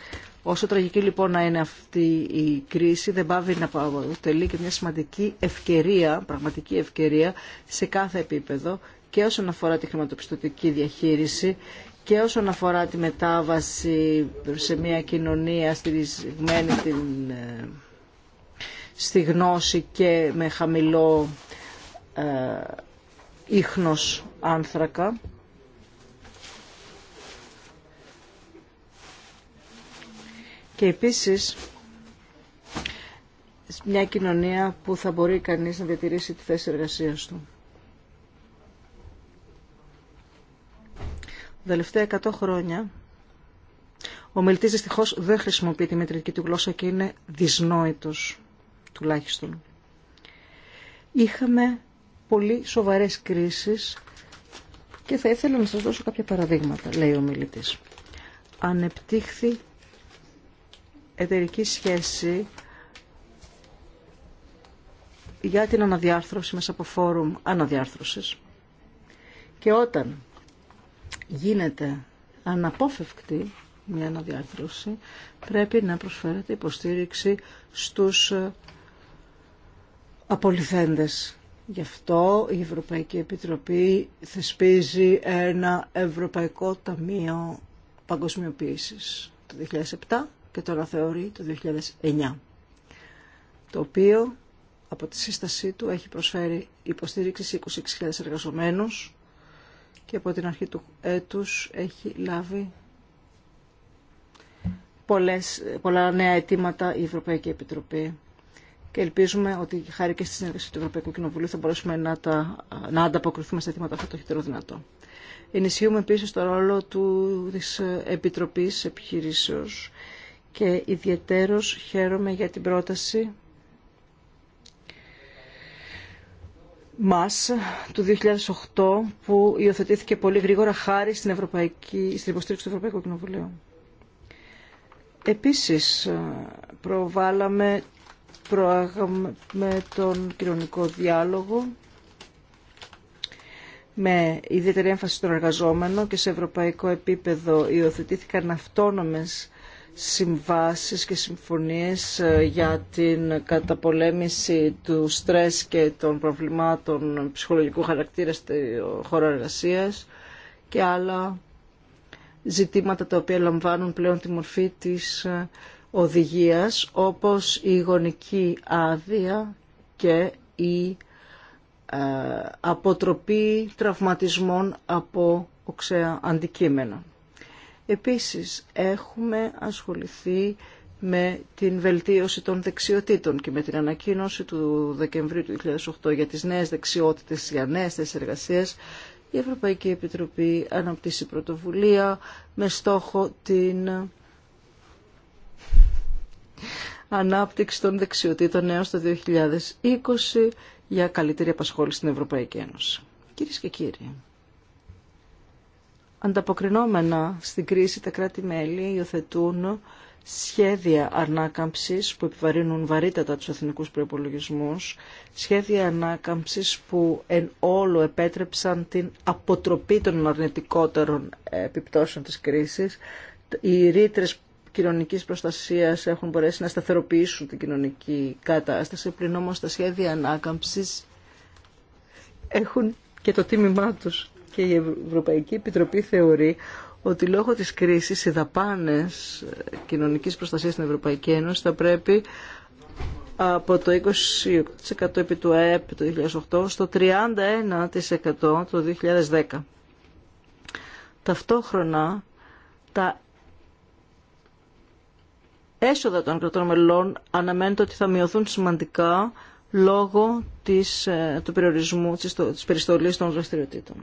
Όσο τραγική λοιπόν να είναι αυτή η κρίση, δεν πάβει να αποτελεί και μια σημαντική ευκαιρία, πραγματική ευκαιρία, σε κάθε επίπεδο και όσον αφορά τη χρηματοπιστωτική διαχείριση και όσον αφορά τη μετάβαση σε μια κοινωνία στηρισμένη την ε, στη γνώση και με χαμηλό ε, ίχνος άνθρακα και επίσης μια κοινωνία που θα μπορεί κανείς να διατηρήσει τη θέση εργασίας του. Τα τελευταία 100 χρόνια ο μιλητή δυστυχώς δεν χρησιμοποιεί τη μετρική του γλώσσα και είναι δυσνόητος τουλάχιστον. Είχαμε πολύ σοβαρές κρίσεις και θα ήθελα να σας δώσω κάποια παραδείγματα, λέει ο μιλητή. Ανεπτύχθη εταιρική σχέση για την αναδιάρθρωση μέσα από φόρουμ αναδιάρθρωσης. Και όταν γίνεται αναπόφευκτη μια αναδιάρθρωση, πρέπει να προσφέρεται υποστήριξη στους ε, απολυθέντες. Γι' αυτό η Ευρωπαϊκή Επιτροπή θεσπίζει ένα Ευρωπαϊκό Ταμείο Παγκοσμιοποίησης το 2007 και το αναθεωρεί το 2009, το οποίο από τη σύστασή του έχει προσφέρει υποστήριξη σε 26.000 εργαζομένους και από την αρχή του έτους έχει λάβει πολλές, πολλά νέα αιτήματα η Ευρωπαϊκή Επιτροπή και ελπίζουμε ότι χάρη και στη συνεργασία του Ευρωπαϊκού Κοινοβουλίου θα μπορέσουμε να, τα, να ανταποκριθούμε στα αιτήματα αυτά το χειρότερο δυνατό. Ενισχύουμε επίσης το ρόλο του, της Επιτροπής Επιχειρήσεως και ιδιαιτέρως χαίρομαι για την πρόταση μας του 2008 που υιοθετήθηκε πολύ γρήγορα χάρη στην, Ευρωπαϊκή, στην υποστήριξη του Ευρωπαϊκού Κοινοβουλίου. Επίσης ε, προβάλαμε, προάγαμε τον κοινωνικό διάλογο με ιδιαίτερη έμφαση στον εργαζόμενο και σε ευρωπαϊκό επίπεδο υιοθετήθηκαν αυτόνομες συμβάσεις και συμφωνίες ε, για την καταπολέμηση του στρες και των προβλημάτων ψυχολογικού χαρακτήρα στη χώρα εργασία και άλλα ζητήματα τα οποία λαμβάνουν πλέον τη μορφή της ε, οδηγίας όπως η γονική άδεια και η ε, αποτροπή τραυματισμών από οξέα αντικείμενα. Επίσης έχουμε ασχοληθεί με την βελτίωση των δεξιοτήτων και με την ανακοίνωση του Δεκεμβρίου του 2008 για τις νέες δεξιότητες, για νέες θέσεις εργασίας, η Ευρωπαϊκή Επιτροπή αναπτύσσει πρωτοβουλία με στόχο την ανάπτυξη των δεξιοτήτων έως το 2020 για καλύτερη απασχόληση στην Ευρωπαϊκή Ένωση. Κυρίες και κύριοι, ανταποκρινόμενα στην κρίση τα κράτη-μέλη υιοθετούν σχέδια ανάκαμψης που επιβαρύνουν βαρύτατα τους εθνικούς προϋπολογισμούς, σχέδια ανάκαμψης που εν όλο επέτρεψαν την αποτροπή των αρνητικότερων επιπτώσεων της κρίσης. Οι ρήτρε κοινωνικής προστασίας έχουν μπορέσει να σταθεροποιήσουν την κοινωνική κατάσταση, πριν όμως τα σχέδια ανάκαμψης έχουν και το τίμημά τους και η Ευρωπαϊκή Επιτροπή θεωρεί ότι λόγω της κρίσης οι δαπάνες ε, κοινωνικής προστασίας στην Ευρωπαϊκή Ένωση θα πρέπει από το 20% επί του ΑΕΠ το 2008 στο 31% το 2010. Ταυτόχρονα τα έσοδα των κρατών μελών αναμένεται ότι θα μειωθούν σημαντικά λόγω της, ε, του περιορισμού της, της περιστολής των δραστηριοτήτων.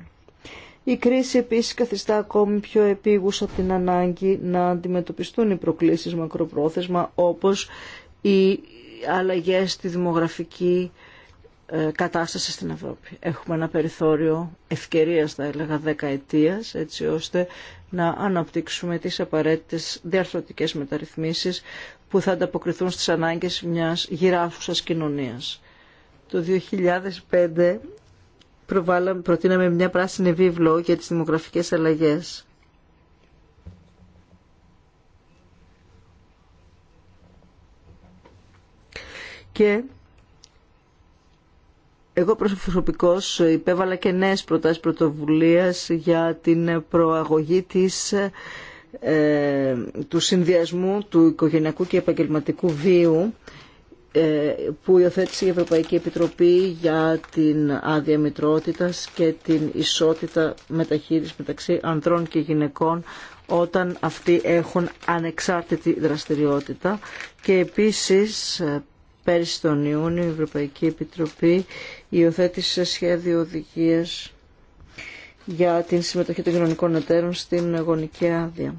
Η κρίση επίσης καθιστά ακόμη πιο επίγουσα την ανάγκη να αντιμετωπιστούν οι προκλήσεις μακροπρόθεσμα όπως οι αλλαγές στη δημογραφική ε, κατάσταση στην Ευρώπη. Έχουμε ένα περιθώριο ευκαιρίας, θα έλεγα, δεκαετίας, έτσι ώστε να αναπτύξουμε τις απαραίτητες διαρθρωτικές μεταρρυθμίσεις που θα ανταποκριθούν στις ανάγκες μιας γυράφουσας κοινωνίας. Το 2005 προτείναμε μια πράσινη βίβλο για τις δημογραφικές αλλαγές. Και εγώ προσωπικώς υπέβαλα και νέες προτάσεις πρωτοβουλίας για την προαγωγή της, ε, του συνδυασμού του οικογενειακού και επαγγελματικού βίου ε, που υιοθέτησε η Ευρωπαϊκή Επιτροπή για την άδεια μητρότητας και την ισότητα μεταχείρισης μεταξύ ανδρών και γυναικών όταν αυτοί έχουν ανεξάρτητη δραστηριότητα και επίσης ε, πέρυσι τον Ιούνιο η Ευρωπαϊκή Επιτροπή υιοθέτησε σχέδιο οδηγίας για την συμμετοχή των κοινωνικών εταίρων στην γονική άδεια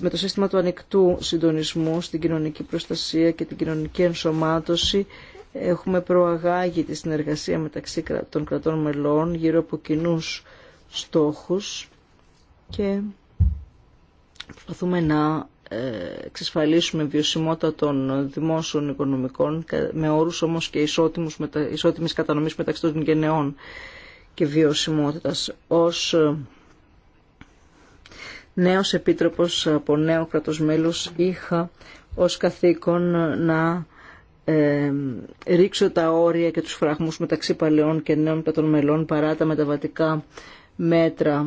με το σύστημα του ανοιχτού συντονισμού στην κοινωνική προστασία και την κοινωνική ενσωμάτωση έχουμε προαγάγει τη συνεργασία μεταξύ των κρατών μελών γύρω από κοινού στόχους και προσπαθούμε να ε, εξασφαλίσουμε βιωσιμότητα των δημόσιων οικονομικών με όρους όμως και ισότιμους, ισότιμης κατανομής μεταξύ των γενεών και βιωσιμότητας ως ε, νέος επίτροπος από νέο κρατος μέλος είχα ως καθήκον να ε, ρίξω τα όρια και τους φραγμούς μεταξύ παλαιών και νέων κρατών μελών παρά τα μεταβατικά μέτρα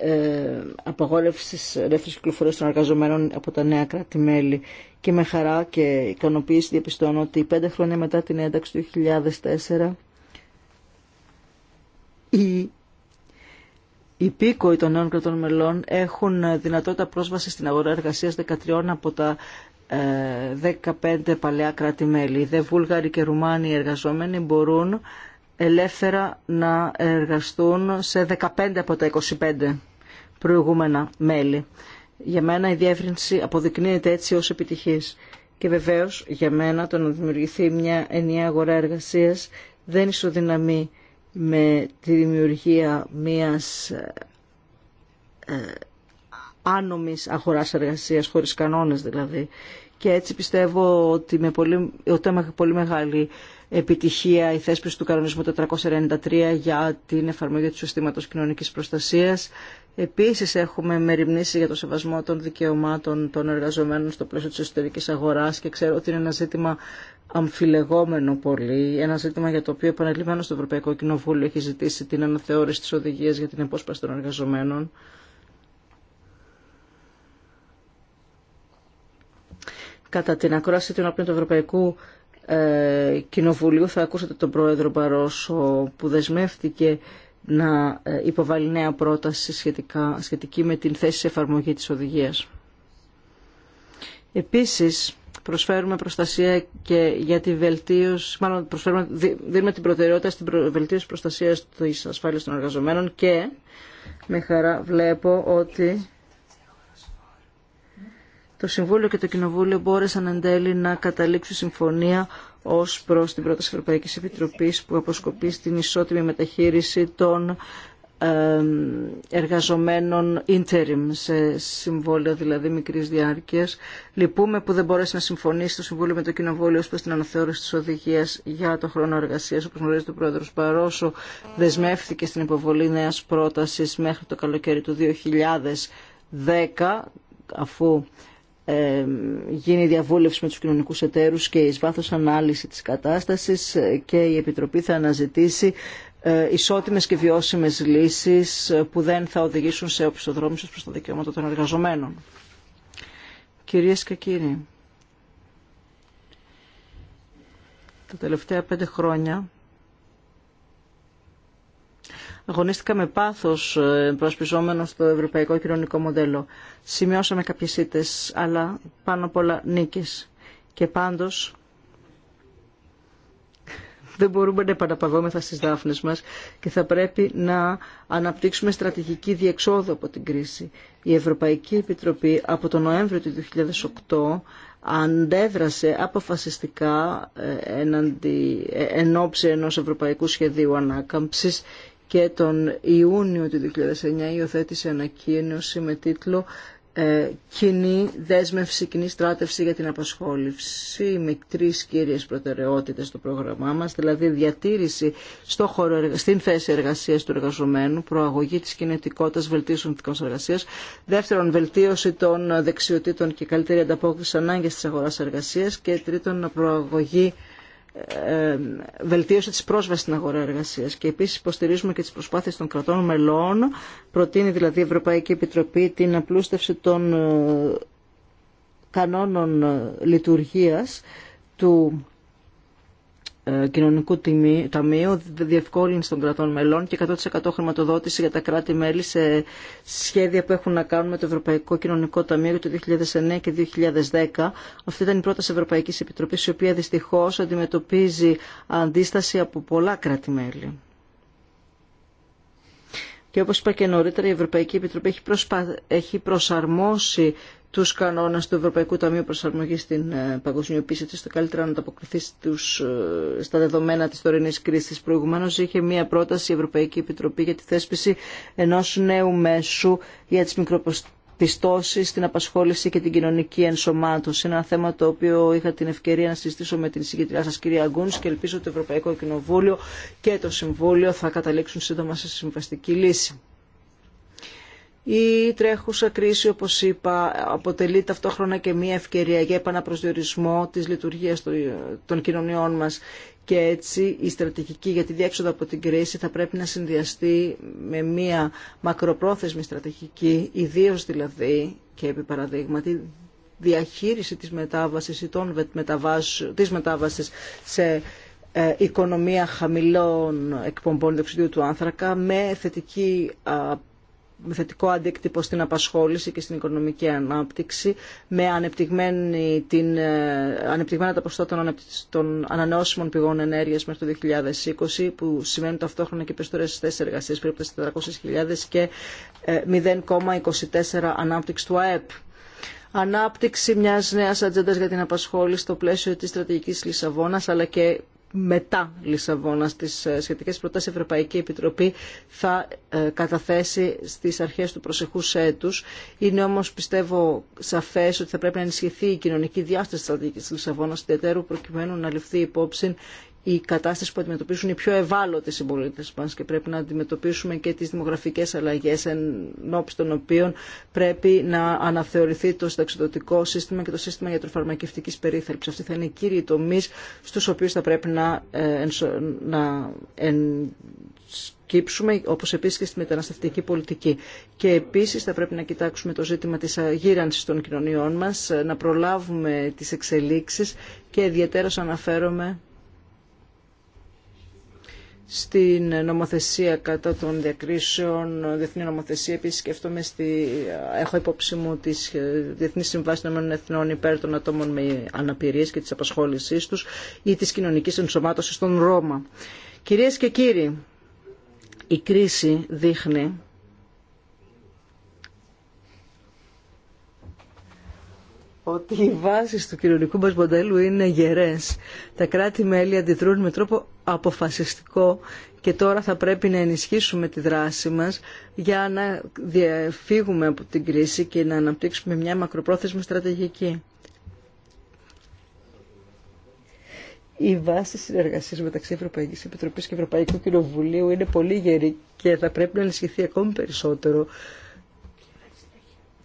ε, απαγόρευσης ρεύθυνσης κυκλοφορίας των εργαζομένων από τα νέα κράτη-μέλη και με χαρά και ικανοποίηση διαπιστώνω ότι πέντε χρόνια μετά την ένταξη του 2004 η οι πήκοοι των νέων κρατών μελών έχουν δυνατότητα πρόσβαση στην αγορά εργασίας 13 από τα 15 ε, παλαιά κράτη-μέλη. Οι δε Βούλγαροι και Ρουμάνοι εργαζόμενοι μπορούν ελεύθερα να εργαστούν σε 15 από τα 25 προηγούμενα μέλη. Για μένα η διεύρυνση αποδεικνύεται έτσι ως επιτυχής. Και βεβαίως για μένα το να δημιουργηθεί μια ενιαία αγορά εργασίας δεν ισοδυναμεί με τη δημιουργία μιας ε, άνομης αγοράς εργασίας, χωρίς κανόνες δηλαδή. Και έτσι πιστεύω ότι με πολύ, ότι με πολύ μεγάλη επιτυχία η θέσπιση του κανονισμού 493 για την εφαρμογή του συστήματος κοινωνικής προστασίας Επίσης έχουμε μεριμνήσει για το σεβασμό των δικαιωμάτων των εργαζομένων στο πλαίσιο της εσωτερικής αγοράς και ξέρω ότι είναι ένα ζήτημα αμφιλεγόμενο πολύ, ένα ζήτημα για το οποίο επαναλημμένο στο Ευρωπαϊκό Κοινοβούλιο έχει ζητήσει την αναθεώρηση της οδηγίας για την απόσπαση των εργαζομένων. Κατά την ακρόαση του Ευρωπαϊκού ε, Κοινοβουλίου θα ακούσατε τον πρόεδρο Μπαρόσο που δεσμεύτηκε να ε, υποβάλει νέα πρόταση σχετικά, σχετική με την θέση σε εφαρμογή της οδηγίας. Επίσης, προσφέρουμε προστασία και για τη βελτίωση, μάλλον προσφέρουμε, δίνουμε την προτεραιότητα στην βελτίωση προστασίας της ασφάλειας των εργαζομένων και με χαρά βλέπω ότι το Συμβούλιο και το Κοινοβούλιο μπόρεσαν εν τέλει να καταλήξουν συμφωνία Ω προ την πρόταση Ευρωπαϊκή Επιτροπή που αποσκοπεί στην ισότιμη μεταχείριση των εργαζομένων interim σε συμβόλαιο, δηλαδή μικρή διάρκεια. Λυπούμε που δεν μπορέσει να συμφωνήσει το Συμβούλιο με το Κοινοβούλιο ω προ την αναθεώρηση τη οδηγία για το χρόνο εργασία, όπω γνωρίζετε ο Πρόεδρος Παρόσο δεσμεύθηκε στην υποβολή νέα πρόταση μέχρι το καλοκαίρι του 2010 αφού γίνει διαβούλευση με τους κοινωνικούς εταίρους και εις βάθος ανάλυση της κατάστασης και η Επιτροπή θα αναζητήσει ε, ισότιμες και βιώσιμες λύσεις ε, που δεν θα οδηγήσουν σε οπισθοδρόμησης προς τα δικαιώματα των εργαζομένων. Κυρίες και κύριοι, τα τελευταία πέντε χρόνια αγωνίστηκα με πάθος ε, προσπιζόμενος το ευρωπαϊκό κοινωνικό μοντέλο. Σημειώσαμε κάποιε ήττε, αλλά πάνω απ' όλα νίκε. Και πάντω, δεν μπορούμε να επαναπαυόμεθα στις δάφνες μας και θα πρέπει να αναπτύξουμε στρατηγική διεξόδου από την κρίση. Η Ευρωπαϊκή Επιτροπή από τον Νοέμβριο του 2008 αντέδρασε αποφασιστικά ε, ενώψη ε, ενός ευρωπαϊκού σχεδίου ανάκαμψης και τον Ιούνιο του 2009 υιοθέτησε ανακοίνωση με τίτλο ε, κοινή δέσμευση, κοινή στράτευση για την απασχόληση με τρεις κύριες προτεραιότητες στο πρόγραμμά μας, δηλαδή διατήρηση στο χώρο, στην θέση εργασίας του εργαζομένου, προαγωγή της κινητικότητας, βελτίωση της εργασίας, δεύτερον βελτίωση των δεξιοτήτων και καλύτερη ανταπόκριση ανάγκες της αγοράς εργασίας και τρίτον προαγωγή ε, βελτίωση της πρόσβασης στην αγορά εργασίας και επίσης υποστηρίζουμε και τις προσπάθειες των κρατών μελών προτείνει δηλαδή η Ευρωπαϊκή Επιτροπή την απλούστευση των ε, κανόνων ε, λειτουργίας του ε, κοινωνικού Ταμείου, διευκόλυνση των κρατών μελών και 100% χρηματοδότηση για τα κράτη-μέλη σε σχέδια που έχουν να κάνουν με το Ευρωπαϊκό Κοινωνικό Ταμείο για το 2009 και 2010. Αυτή ήταν η πρόταση Ευρωπαϊκή Επιτροπή, η οποία δυστυχώ αντιμετωπίζει αντίσταση από πολλά κράτη-μέλη. Και όπως είπα και νωρίτερα, η Ευρωπαϊκή Επιτροπή έχει προσαρμόσει τους κανόνες του Ευρωπαϊκού Ταμείου Προσαρμογής στην ε, παγκοσμιοποίηση της, το καλύτερα να ανταποκριθεί στους, ε, στα δεδομένα της τωρινής κρίσης. Προηγουμένως είχε μία πρόταση η Ευρωπαϊκή Επιτροπή για τη θέσπιση ενός νέου μέσου για τις μικροπιστώσεις, την απασχόληση και την κοινωνική ενσωμάτωση. Ένα θέμα το οποίο είχα την ευκαιρία να συζητήσω με την συγκεκριά σας κυρία Αγκούνς και ελπίζω ότι το Ευρωπαϊκό Κοινοβούλιο και το Συμβούλιο θα καταλήξουν σύντομα σε συμβαστική λύση. Η τρέχουσα κρίση, όπως είπα, αποτελεί ταυτόχρονα και μια ευκαιρία για επαναπροσδιορισμό της λειτουργίας των κοινωνιών μας και έτσι η στρατηγική για τη διέξοδο από την κρίση θα πρέπει να συνδυαστεί με μια μακροπρόθεσμη στρατηγική, ιδίως δηλαδή και επί παραδείγματι διαχείριση της μετάβασης ή των της σε ε, οικονομία χαμηλών εκπομπών διοξιδίου του άνθρακα με θετική με θετικό αντίκτυπο στην απασχόληση και στην οικονομική ανάπτυξη, με ανεπτυγμένη την, ε, ανεπτυγμένα τα ποσοστά των, ανανεώσιμων πηγών ενέργειας μέχρι το 2020, που σημαίνουν ταυτόχρονα και περισσότερες θέσεις εργασίας, περίπου τα 400.000 και 0,24 ε, ανάπτυξη του ΑΕΠ. Ανάπτυξη μιας νέας ατζέντα για την απασχόληση στο πλαίσιο της στρατηγικής Λισαβόνας, αλλά και μετά Λισαβόνα στις ε, σχετικές προτάσεις η Ευρωπαϊκή Επιτροπή θα ε, καταθέσει στις αρχές του προσεχούς έτους. Είναι όμως πιστεύω σαφές ότι θα πρέπει να ενισχυθεί η κοινωνική διάσταση της στρατηγικής Λισαβόνας ιδιαίτερου προκειμένου να ληφθεί υπόψη οι κατάσταση που αντιμετωπίσουν οι πιο ευάλωτε συμπολίτε μα και πρέπει να αντιμετωπίσουμε και τι δημογραφικέ αλλαγέ εν των οποίων πρέπει να αναθεωρηθεί το συνταξιδοτικό σύστημα και το σύστημα γιατροφαρμακευτική περίθαλψη. Αυτή θα είναι οι κύριοι τομεί στου οποίου θα πρέπει να, ε, να σκύψουμε, όπως επίσης και στη μεταναστευτική πολιτική. Και επίσης θα πρέπει να κοιτάξουμε το ζήτημα της αγύρανσης των κοινωνιών μας, να προλάβουμε τις εξελίξεις και ιδιαίτερα αναφέρομαι στην νομοθεσία κατά των διακρίσεων, διεθνή νομοθεσία. Επίσης σκέφτομαι, στη, έχω υπόψη μου τις ε, Διεθνή Συμβάση των Εθνών υπέρ των ατόμων με αναπηρίες και τη απασχόλησή τους ή της κοινωνικής ενσωμάτωσης των Ρώμα. Κυρίες και κύριοι, η κρίση των δείχνει ότι οι βάσεις του κοινωνικού μας μοντέλου είναι γερές. Τα κράτη-μέλη αντιδρούν με τρόπο αποφασιστικό και τώρα θα πρέπει να ενισχύσουμε τη δράση μας για να διαφύγουμε από την κρίση και να αναπτύξουμε μια μακροπρόθεσμη στρατηγική. Η βάση συνεργασίας μεταξύ Ευρωπαϊκής Επιτροπής και Ευρωπαϊκού Κοινοβουλίου είναι πολύ γερή και θα πρέπει να ενισχυθεί ακόμη περισσότερο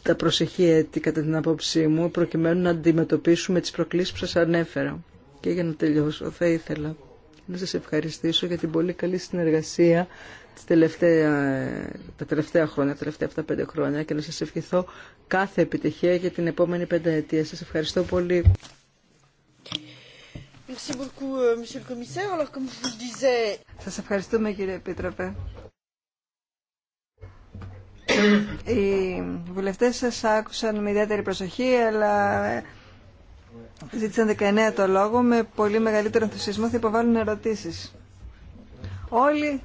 τα προσεχή έτη κατά την απόψή μου προκειμένου να αντιμετωπίσουμε τις προκλήσεις που σας ανέφερα. Και για να τελειώσω θα ήθελα να σας ευχαριστήσω για την πολύ καλή συνεργασία τις τελευταία, τα τελευταία χρόνια, τα τελευταια αυτά πέντε χρόνια και να σας ευχηθώ κάθε επιτυχία για την επόμενη πενταετία. Σας ευχαριστώ πολύ. Σας ευχαριστούμε κύριε Επίτροπε. Οι βουλευτές σας άκουσαν με ιδιαίτερη προσοχή, αλλά ζήτησαν 19 το λόγο με πολύ μεγαλύτερο ενθουσιασμό θα υποβάλουν ερωτήσεις. Όλοι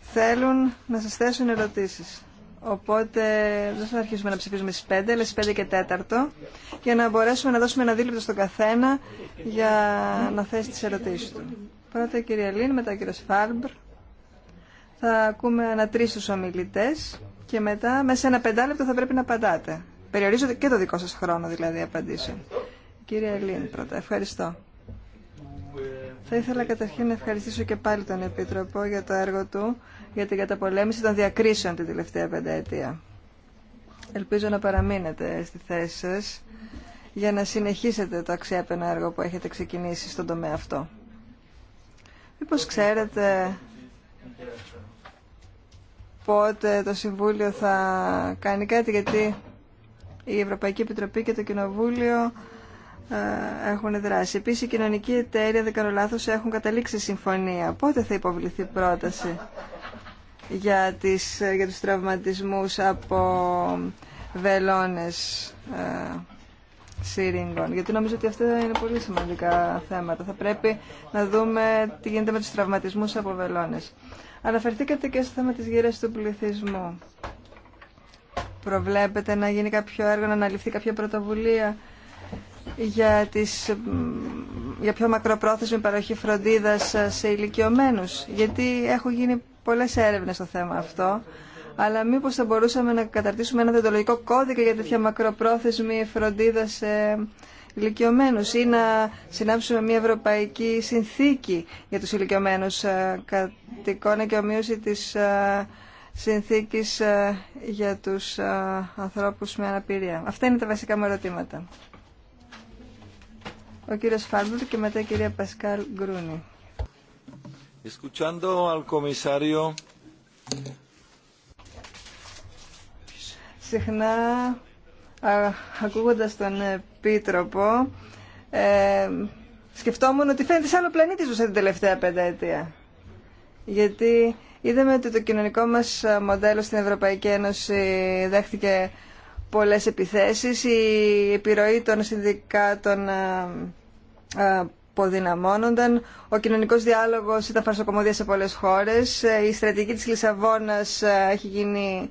θέλουν να σας θέσουν ερωτήσεις. Οπότε δεν θα αρχίσουμε να ψηφίζουμε στις 5, αλλά στις 5 και 4, για να μπορέσουμε να δώσουμε ένα δίλεπτο στον καθένα για να θέσει τις ερωτήσεις του. Πρώτα η κυρία Λίν, μετά ο κύριος Φάλμπρ. Θα ακούμε ένα τρεις τους ομιλητές και μετά μέσα σε ένα πεντάλεπτο θα πρέπει να απαντάτε. Περιορίζω και το δικό σας χρόνο δηλαδή απαντήσεων. Κύριε Ελλήν, πρώτα. Ευχαριστώ. Θα ήθελα καταρχήν να ευχαριστήσω και πάλι τον Επίτροπο για το έργο του για την καταπολέμηση των διακρίσεων την τελευταία πενταετία. Ελπίζω να παραμείνετε στη θέση σας για να συνεχίσετε το αξιέπαινο έργο που έχετε ξεκινήσει στον τομέα αυτό. Μήπως ξέρετε πότε το Συμβούλιο θα κάνει κάτι, γιατί η Ευρωπαϊκή Επιτροπή και το Κοινοβούλιο ε, έχουν δράσει. Επίσης, οι κοινωνικοί εταίροι, δεν κάνω λάθος, έχουν καταλήξει συμφωνία. Πότε θα υποβληθεί πρόταση για, τις, για τους τραυματισμούς από βελόνε ε, σύριγγων. Γιατί νομίζω ότι αυτά είναι πολύ σημαντικά θέματα. Θα πρέπει να δούμε τι γίνεται με τους τραυματισμούς από βελόνε. Αναφερθήκατε και στο θέμα της γύρας του πληθυσμού. Προβλέπετε να γίνει κάποιο έργο, να αναλυφθεί κάποια πρωτοβουλία για, τις, για πιο μακροπρόθεσμη παροχή φροντίδας σε ηλικιωμένους, γιατί έχουν γίνει πολλές έρευνες στο θέμα αυτό, αλλά μήπως θα μπορούσαμε να καταρτήσουμε ένα δεντολογικό κώδικα για τέτοια μακροπρόθεσμη φροντίδα σε ηλικιωμένους ή να συνάψουμε μια ευρωπαϊκή συνθήκη για τους ηλικιωμένους ε, κατ' εικόνα και ομοίωση της ε, συνθήκης ε, για τους ανθρώπους με αναπηρία. Αυτά είναι τα βασικά μου ερωτήματα. Ο κύριος Φάρμπλ και μετά η κυρία Πασκάλ Γκρούνη. Συχνά, α, ακούγοντας τον Επίτροπο, ε, σκεφτόμουν ότι φαίνεται σαν ο πλανήτης ζούσε την τελευταία πενταετία. Γιατί είδαμε ότι το κοινωνικό μας μοντέλο στην Ευρωπαϊκή Ένωση δέχτηκε πολλές επιθέσεις, η επιρροή των συνδικάτων αποδυναμώνονταν, ε, ε, ο κοινωνικός διάλογος ήταν φαρσοκομωδία σε πολλές χώρες, ε, η στρατηγική της Λισαβόνας έχει γίνει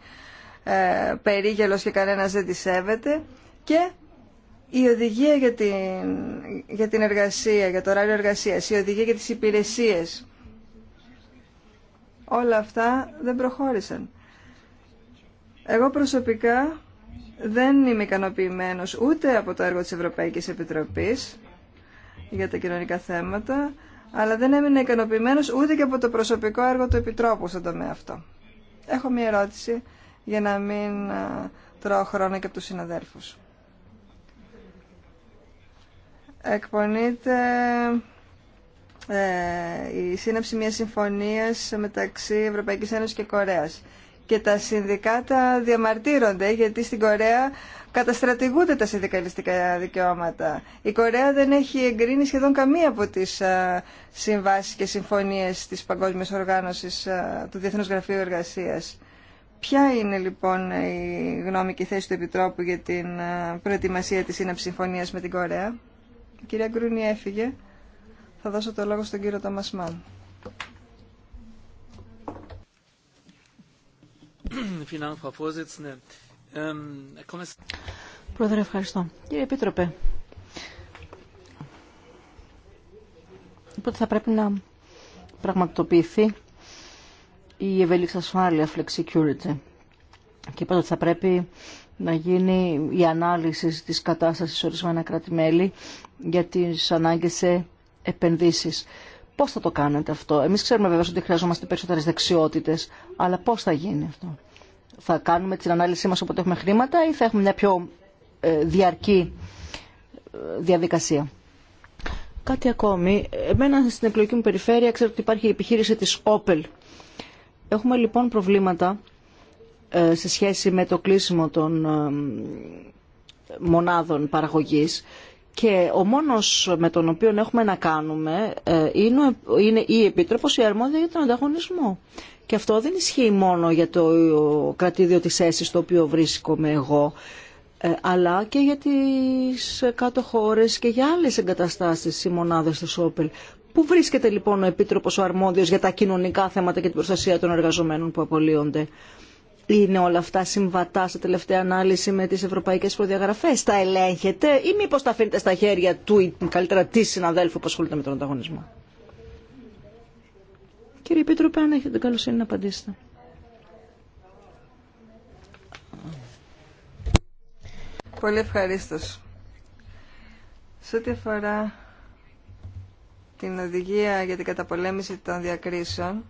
περίγελος και κανένας δεν τη σέβεται και η οδηγία για την, για την εργασία, για το ωράριο εργασίας, η οδηγία για τις υπηρεσίες, όλα αυτά δεν προχώρησαν. Εγώ προσωπικά δεν είμαι ικανοποιημένο ούτε από το έργο της Ευρωπαϊκής Επιτροπής για τα κοινωνικά θέματα, αλλά δεν έμεινα ικανοποιημένο ούτε και από το προσωπικό έργο του Επιτρόπου στον τομέα αυτό. Έχω μία ερώτηση για να μην τρώω χρόνο και από τους συναδέλφους. Εκπονείται ε, η σύναψη μιας συμφωνίας μεταξύ Ευρωπαϊκής Ένωσης και Κορέας και τα συνδικάτα διαμαρτύρονται γιατί στην Κορέα καταστρατηγούνται τα συνδικαλιστικά δικαιώματα. Η Κορέα δεν έχει εγκρίνει σχεδόν καμία από τις συμβάσεις και συμφωνίες της Παγκόσμιας Οργάνωσης του Διεθνούς Γραφείου Εργασίας. Ποια είναι λοιπόν η γνώμη και η θέση του Επιτρόπου για την προετοιμασία της σύναψης συμφωνίας με την Κορέα. Η κυρία Γκρούνη έφυγε. Θα δώσω το λόγο στον κύριο Τόμας Μάν. Ähm, Πρόεδρε, ευχαριστώ. Κύριε Επίτροπε, οπότε θα πρέπει να πραγματοποιηθεί η ευέλικτη ασφάλεια, flex security. Και είπατε θα πρέπει να γίνει η ανάλυση της κατάστασης ορισμένα κράτη-μέλη για τις ανάγκες σε επενδύσεις. Πώ θα το κάνετε αυτό. Εμείς ξέρουμε βέβαια ότι χρειαζόμαστε περισσότερες δεξιότητες, αλλά πώ θα γίνει αυτό. Θα κάνουμε την ανάλυση μας όποτε έχουμε χρήματα ή θα έχουμε μια πιο ε, διαρκή ε, διαδικασία. Κάτι ακόμη. Εμένα στην εκλογική μου περιφέρεια ξέρω ότι υπάρχει η επιχείρηση της Opel. Έχουμε λοιπόν προβλήματα ε, σε σχέση με το κλείσιμο των μονάδων παραγωγής και ο μόνος με τον οποίο έχουμε να κάνουμε ε, είναι η Επίτροπος η αρμόδια για τον ανταγωνισμό. Και αυτό δεν ισχύει μόνο για το κρατήδιο της ΕΣΥ στο οποίο βρίσκομαι εγώ, ε, αλλά και για τις κάτω χώρες και για άλλες εγκαταστάσεις οι μονάδες της Όπελ. Πού βρίσκεται λοιπόν ο Επίτροπος ο αρμόδιος για τα κοινωνικά θέματα και την προστασία των εργαζομένων που απολύονται είναι όλα αυτά συμβατά σε τελευταία ανάλυση με τις ευρωπαϊκές προδιαγραφές. Τα ελέγχετε ή μήπως τα αφήνετε στα χέρια του ή καλύτερα τη συναδέλφου που ασχολείται με τον ανταγωνισμό. Κύριε Επίτροπε, αν έχετε την καλοσύνη να απαντήσετε. Πολύ ευχαρίστω. Σε ό,τι αφορά την οδηγία για την καταπολέμηση των διακρίσεων,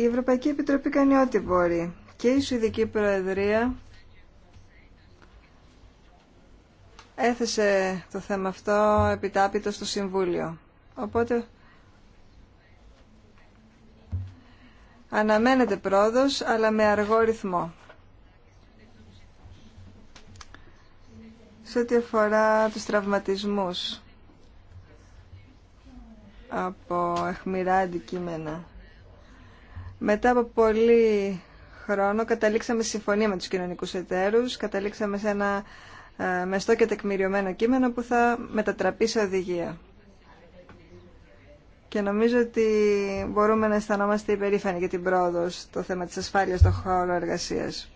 Η Ευρωπαϊκή Επιτροπή κάνει ό,τι μπορεί και η Σουηδική Προεδρία έθεσε το θέμα αυτό επιτάπητο στο Συμβούλιο. Οπότε αναμένεται πρόοδος αλλά με αργό ρυθμό. Σε ό,τι αφορά τους τραυματισμούς από αιχμηρά αντικείμενα. Μετά από πολύ χρόνο καταλήξαμε συμφωνία με τους κοινωνικούς εταίρους, καταλήξαμε σε ένα ε, μεστό και τεκμηριωμένο κείμενο που θα μετατραπεί σε οδηγία. Και νομίζω ότι μπορούμε να αισθανόμαστε υπερήφανοι για την πρόοδο στο θέμα της ασφάλειας στον χώρο εργασίας.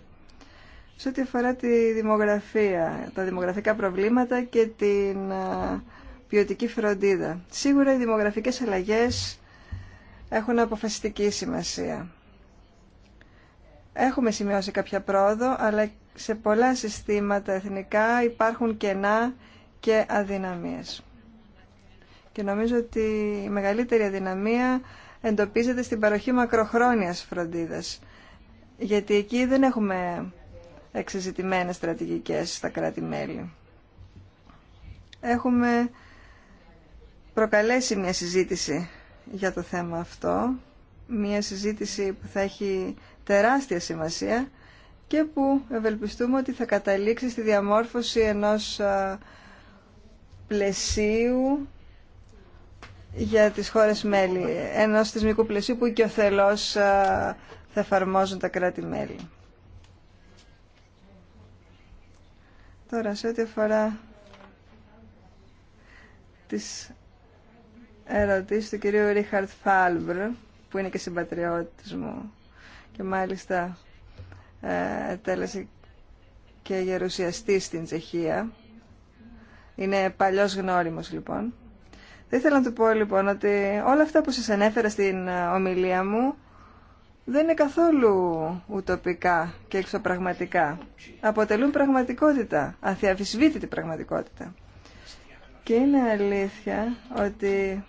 Σε ό,τι αφορά τη δημογραφία, τα δημογραφικά προβλήματα και την ε, ποιοτική φροντίδα. Σίγουρα οι δημογραφικές αλλαγές έχουν αποφασιστική σημασία. Έχουμε σημειώσει κάποια πρόοδο, αλλά σε πολλά συστήματα εθνικά υπάρχουν κενά και αδυναμίες. Και νομίζω ότι η μεγαλύτερη αδυναμία εντοπίζεται στην παροχή μακροχρόνιας φροντίδας. Γιατί εκεί δεν έχουμε εξεζητημένες στρατηγικές στα κράτη-μέλη. Έχουμε προκαλέσει μια συζήτηση για το θέμα αυτό, μια συζήτηση που θα έχει τεράστια σημασία και που ευελπιστούμε ότι θα καταλήξει στη διαμόρφωση ενός πλαισίου για τις χώρες μέλη, ενός θεσμικού πλαισίου που και ο θελός θα εφαρμόζουν τα κράτη-μέλη. Τώρα, σε ό,τι αφορά τις ερωτήσει του κυρίου Ρίχαρτ Φάλμπρ, που είναι και συμπατριώτης μου και μάλιστα ε, τέλεσε και γερουσιαστή στην Τσεχία. Είναι παλιός γνώριμος λοιπόν. Θα ήθελα να του πω λοιπόν ότι όλα αυτά που σας ανέφερα στην ε, ομιλία μου δεν είναι καθόλου ουτοπικά και εξωπραγματικά. Αποτελούν πραγματικότητα, αθιαφισβήτητη πραγματικότητα. Και είναι αλήθεια ότι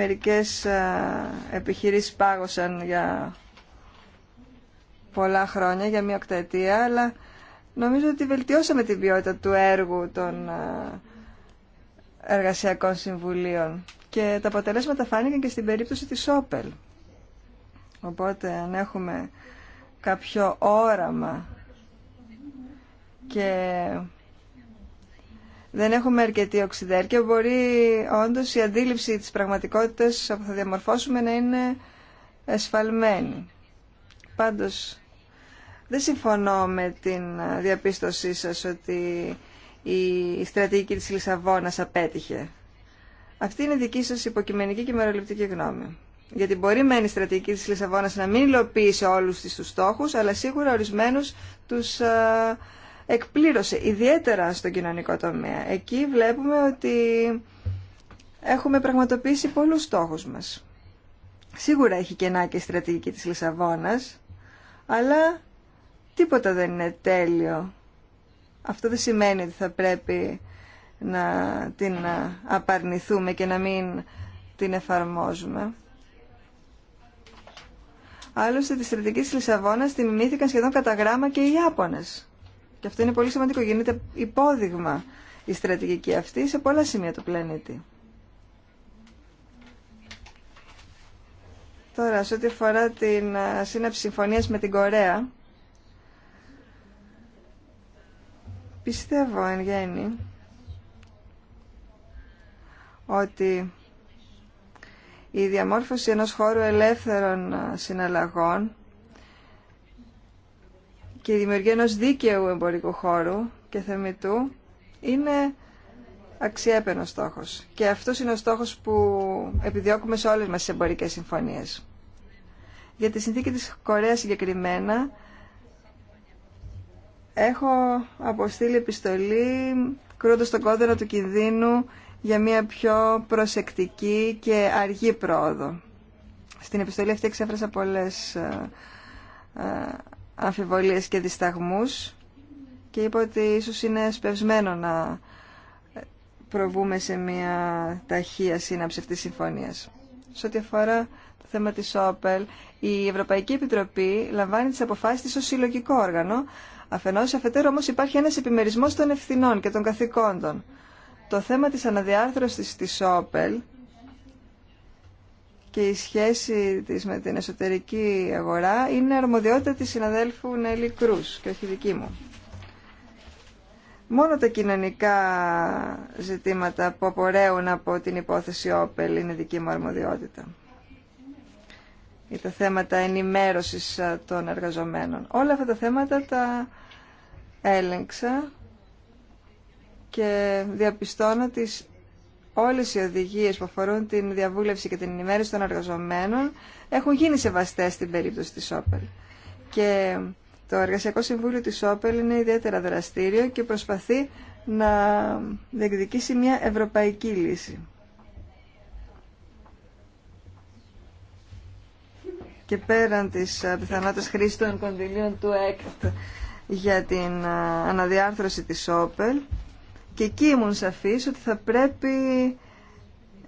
Μερικές ε, επιχειρήσεις πάγωσαν για πολλά χρόνια, για μία οκταετία, αλλά νομίζω ότι βελτιώσαμε την ποιότητα του έργου των ε, εργασιακών συμβουλίων και τα αποτελέσματα φάνηκαν και στην περίπτωση της Όπελ. Οπότε αν έχουμε κάποιο όραμα και δεν έχουμε αρκετή οξυδέρκεια, μπορεί όντως η αντίληψη της πραγματικότητας που θα διαμορφώσουμε να είναι εσφαλμένη. Πάντως, δεν συμφωνώ με την διαπίστωσή σας ότι η στρατηγική της Λισαβόνας απέτυχε. Αυτή είναι η δική σας υποκειμενική και μεροληπτική γνώμη. Γιατί μπορεί μεν η στρατηγική της Λισαβόνας να μην υλοποιήσει όλους τους στόχους, αλλά σίγουρα ορισμένους τους εκπλήρωσε, ιδιαίτερα στον κοινωνικό τομέα. Εκεί βλέπουμε ότι έχουμε πραγματοποιήσει πολλούς στόχους μας. Σίγουρα έχει κενά και η στρατηγική της Λισαβόνας, αλλά τίποτα δεν είναι τέλειο. Αυτό δεν σημαίνει ότι θα πρέπει να την απαρνηθούμε και να μην την εφαρμόζουμε. Άλλωστε, τη στρατηγική της Λισαβόνας τη μιμήθηκαν σχεδόν κατά γράμμα και οι Ιάπωνες. Και αυτό είναι πολύ σημαντικό. Γίνεται υπόδειγμα η στρατηγική αυτή σε πολλά σημεία του πλανήτη. Τώρα, σε ό,τι αφορά την ε, σύναψη συμφωνίας με την Κορέα, πιστεύω εν γέννη ότι η διαμόρφωση ενός χώρου ελεύθερων ε, συναλλαγών και η δημιουργία ενός δίκαιου εμπορικού χώρου και θεμητού είναι αξιέπαινο στόχος. Και αυτό είναι ο στόχος που επιδιώκουμε σε όλες μας τις εμπορικές συμφωνίες. Για τη συνθήκη της Κορέας συγκεκριμένα, έχω αποστείλει επιστολή κρούντας τον κόδωνα του κινδύνου για μια πιο προσεκτική και αργή πρόοδο. Στην επιστολή αυτή εξέφρασα πολλές ε, ε, αμφιβολίες και δισταγμούς και είπα ότι ίσως είναι σπευσμένο να προβούμε σε μια ταχεία σύναψη αυτής της συμφωνίας. Σε ό,τι αφορά το θέμα της Όπελ, η Ευρωπαϊκή Επιτροπή λαμβάνει τις αποφάσεις της ως συλλογικό όργανο, αφενός αφετέρου όμως υπάρχει ένας επιμερισμός των ευθυνών και των καθηκόντων. Το θέμα της αναδιάρθρωσης της Όπελ και η σχέση της με την εσωτερική αγορά είναι αρμοδιότητα της συναδέλφου Νέλη Κρούς και όχι δική μου. Μόνο τα κοινωνικά ζητήματα που απορρέουν από την υπόθεση Όπελ είναι δική μου αρμοδιότητα. Ή τα θέματα ενημέρωσης των εργαζομένων. Όλα αυτά τα θέματα τα έλεγξα και διαπιστώνω τις όλες οι οδηγίες που αφορούν την διαβούλευση και την ενημέρωση των εργαζομένων έχουν γίνει σεβαστές στην περίπτωση της Όπελ. Και το Εργασιακό Συμβούλιο της Όπελ είναι ιδιαίτερα δραστήριο και προσπαθεί να διεκδικήσει μια ευρωπαϊκή λύση. Και πέραν της ε, πιθανότητας χρήση των κονδυλίων του ΕΚΤ για την ε, αναδιάρθρωση της Όπελ, και εκεί ήμουν σαφής ότι θα πρέπει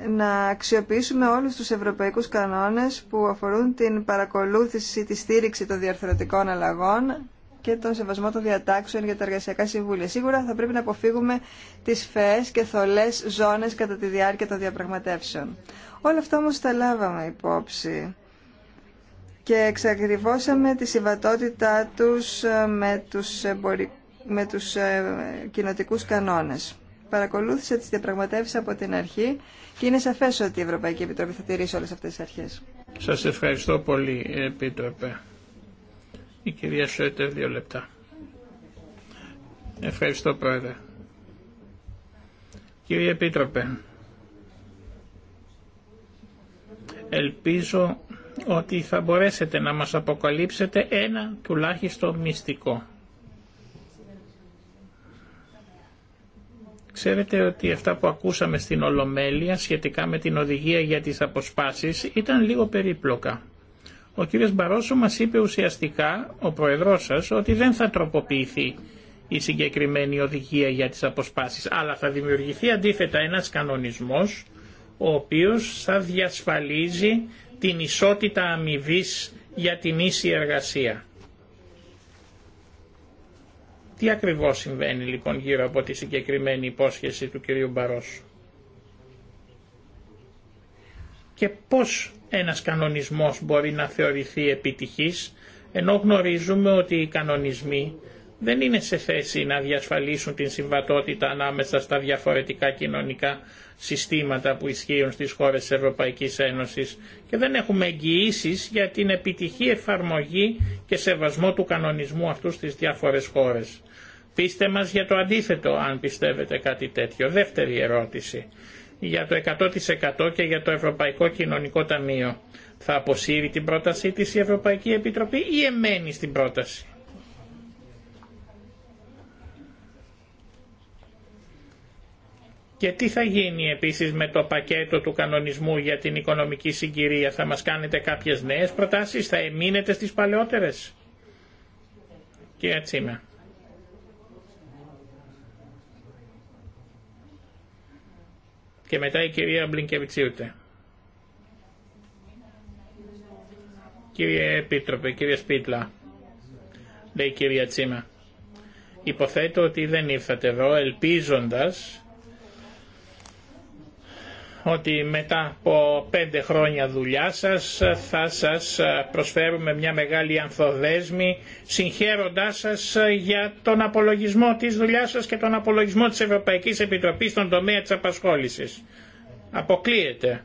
να αξιοποιήσουμε όλους τους ευρωπαϊκούς κανόνες που αφορούν την παρακολούθηση, τη στήριξη των διαρθρωτικών αλλαγών και τον σεβασμό των διατάξεων για τα εργασιακά συμβούλια. Σίγουρα θα πρέπει να αποφύγουμε τις φαιές και θολές ζώνες κατά τη διάρκεια των διαπραγματεύσεων. Όλα αυτά όμως τα λάβαμε υπόψη και εξακριβώσαμε τη συμβατότητά τους ε, με τους εμπορικούς με τους ε, κοινοτικούς κανόνες. Παρακολούθησε τις διαπραγματεύσεις από την αρχή και είναι σαφές ότι η Ευρωπαϊκή Επιτροπή θα τηρήσει όλες αυτές τις αρχές. Σας ευχαριστώ πολύ, Επίτροπε. Η κυρία Σόιτερ, δύο λεπτά. Ευχαριστώ, Πρόεδρε. Κύριε Επίτροπε, ελπίζω ότι θα μπορέσετε να μας αποκαλύψετε ένα τουλάχιστον μυστικό. Ξέρετε ότι αυτά που ακούσαμε στην Ολομέλεια σχετικά με την οδηγία για τις αποσπάσεις ήταν λίγο περίπλοκα. Ο κ. Μπαρόσο μας είπε ουσιαστικά, ο Προεδρός σας, ότι δεν θα τροποποιηθεί η συγκεκριμένη οδηγία για τις αποσπάσεις, αλλά θα δημιουργηθεί αντίθετα ένας κανονισμός, ο οποίος θα διασφαλίζει την ισότητα αμοιβή για την ίση εργασία. Τι ακριβώς συμβαίνει λοιπόν γύρω από τη συγκεκριμένη υπόσχεση του κυρίου Μπαρός. Και πώς ένας κανονισμός μπορεί να θεωρηθεί επιτυχής, ενώ γνωρίζουμε ότι οι κανονισμοί δεν είναι σε θέση να διασφαλίσουν την συμβατότητα ανάμεσα στα διαφορετικά κοινωνικά συστήματα που ισχύουν στις χώρες της Ευρωπαϊκής Ένωσης και δεν έχουμε εγγυήσει για την επιτυχή εφαρμογή και σεβασμό του κανονισμού αυτού στις διάφορες χώρες. Πείστε μας για το αντίθετο αν πιστεύετε κάτι τέτοιο. Δεύτερη ερώτηση. Για το 100% και για το Ευρωπαϊκό Κοινωνικό Ταμείο. Θα αποσύρει την πρότασή της η Ευρωπαϊκή Επιτροπή ή εμένει στην πρόταση. Και τι θα γίνει επίσης με το πακέτο του κανονισμού για την οικονομική συγκυρία. Θα μας κάνετε κάποιες νέες προτάσεις, θα εμείνετε στις παλαιότερες. Και έτσι είμαι. Και μετά η κυρία Μπλινκεβιτσίουτε. Κύριε Επίτροπε, κύριε Σπίτλα, λέει η κυρία Τσίμα. Υποθέτω ότι δεν ήρθατε εδώ ελπίζοντας ότι μετά από πέντε χρόνια δουλειά σας θα σας ε, προσφέρουμε μια μεγάλη ανθοδέσμη συγχαίροντάς σας ε, για τον απολογισμό της δουλειάς σας και τον απολογισμό της Ευρωπαϊκής Επιτροπής στον τομέα της απασχόλησης. Αποκλείεται.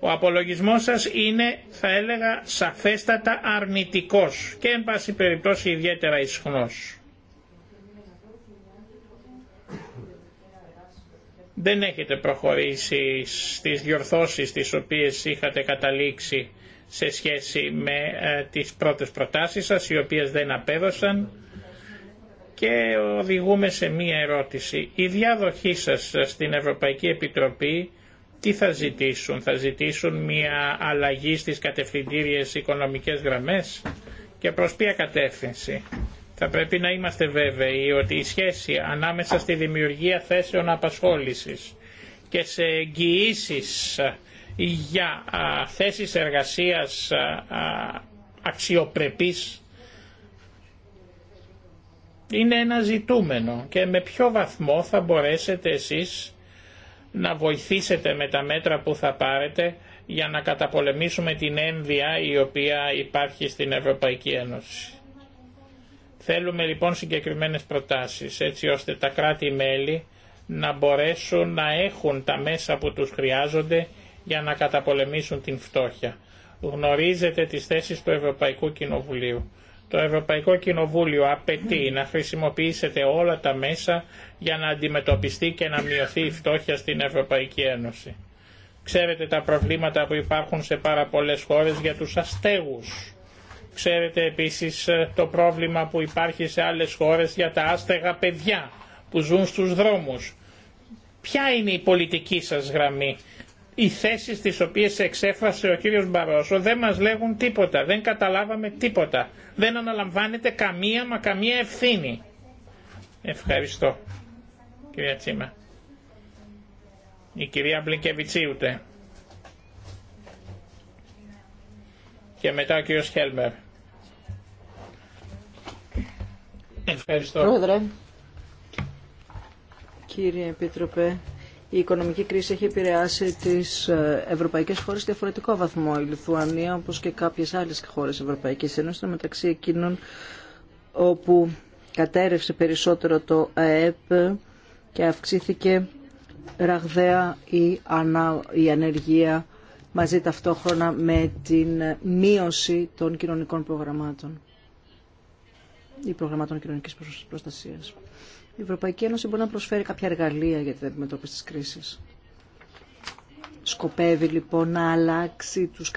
Ο απολογισμός σας είναι, θα έλεγα, σαφέστατα αρνητικός και, εν πάση περιπτώσει, ιδιαίτερα ισχνός. δεν έχετε προχωρήσει στις διορθώσεις τις οποίες είχατε καταλήξει σε σχέση με ε, τις πρώτες προτάσεις σας, οι οποίες δεν απέδωσαν και οδηγούμε σε μία ερώτηση. Η διάδοχή σας στην Ευρωπαϊκή Επιτροπή τι θα ζητήσουν, θα ζητήσουν μία αλλαγή στις κατευθυντήριες οικονομικές γραμμές και προς ποια κατεύθυνση. Θα πρέπει να είμαστε βέβαιοι ότι η σχέση ανάμεσα στη δημιουργία θέσεων απασχόλησης και σε εγγυήσει για θέσεις εργασίας αξιοπρεπής είναι ένα ζητούμενο και με ποιο βαθμό θα μπορέσετε εσείς να βοηθήσετε με τα μέτρα που θα πάρετε για να καταπολεμήσουμε την ένδυα η οποία υπάρχει στην Ευρωπαϊκή Ένωση. Θέλουμε λοιπόν συγκεκριμένες προτάσεις έτσι ώστε τα κράτη-μέλη να μπορέσουν να έχουν τα μέσα που τους χρειάζονται για να καταπολεμήσουν την φτώχεια. Γνωρίζετε τις θέσεις του Ευρωπαϊκού Κοινοβουλίου. Το Ευρωπαϊκό Κοινοβούλιο απαιτεί να χρησιμοποιήσετε όλα τα μέσα για να αντιμετωπιστεί και να μειωθεί η φτώχεια στην Ευρωπαϊκή Ένωση. Ξέρετε τα προβλήματα που υπάρχουν σε πάρα πολλές χώρες για τους αστέγους Ξέρετε επίσης ε, το πρόβλημα που υπάρχει σε άλλες χώρες για τα άστεγα παιδιά που ζουν στους δρόμους. Ποια είναι η πολιτική σας γραμμή. Οι θέσεις τις οποίες εξέφρασε ο κύριος Μπαρόσο δεν μας λέγουν τίποτα, δεν καταλάβαμε τίποτα. Δεν αναλαμβάνεται καμία μα καμία ευθύνη. Ευχαριστώ. Κυρία Τσίμα. Η κυρία Μπλικεβιτσίουτε. Και μετά ο κύριος Χέλμερ. Ευχαριστώ. Πρόεδρε, κύριε Επίτροπε, η οικονομική κρίση έχει επηρεάσει τις ε, ευρωπαϊκές χώρες σε διαφορετικό βαθμό. Η Λιθουανία, όπως και κάποιες άλλες χώρες Ευρωπαϊκής Ένωσης, μεταξύ εκείνων όπου κατέρευσε περισσότερο το ΑΕΠ και αυξήθηκε ραγδαία η, η ανεργία μαζί ταυτόχρονα με την μείωση των κοινωνικών προγραμμάτων ή προγραμμάτων κοινωνική προστασία. Η Ευρωπαϊκή Ένωση μπορεί να προσφέρει κάποια εργαλεία για την αντιμετώπιση τη κρίση. Σκοπεύει λοιπόν να αλλάξει τους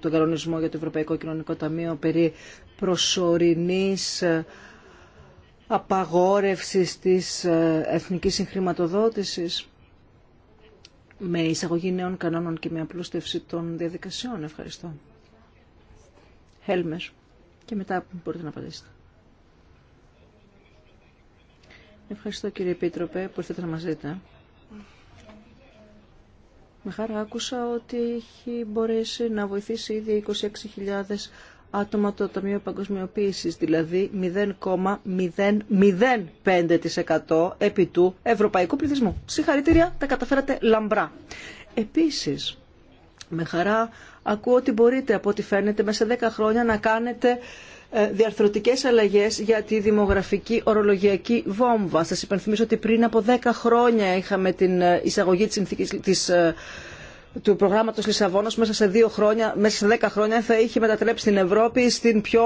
τον κανονισμό για το Ευρωπαϊκό Κοινωνικό Ταμείο περί προσωρινής ε, απαγόρευσης της ε, εθνικής συγχρηματοδότησης με εισαγωγή νέων κανόνων και με απλούστευση των διαδικασιών. Ευχαριστώ. Χέλμερ. Και μετά μπορείτε να απαντήσετε. Ευχαριστώ κύριε Επίτροπε που ήρθατε να μας δείτε. Με χαρά άκουσα ότι έχει μπορέσει να βοηθήσει ήδη 26.000 άτομα το Ταμείο Παγκοσμιοποίησης, δηλαδή 0,005% επί του ευρωπαϊκού πληθυσμού. Συγχαρητήρια, τα καταφέρατε λαμπρά. Επίσης, με χαρά ακούω ότι μπορείτε από ό,τι φαίνεται μέσα σε 10 χρόνια να κάνετε ε, διαρθρωτικές αλλαγές για τη δημογραφική ορολογιακή βόμβα. Σας υπενθυμίσω ότι πριν από 10 χρόνια είχαμε την ε, εισαγωγή της, συνθήκης, ε, του προγράμματος Λισαβόνος μέσα σε δύο χρόνια, μέσα σε δέκα χρόνια θα είχε μετατρέψει την Ευρώπη στην πιο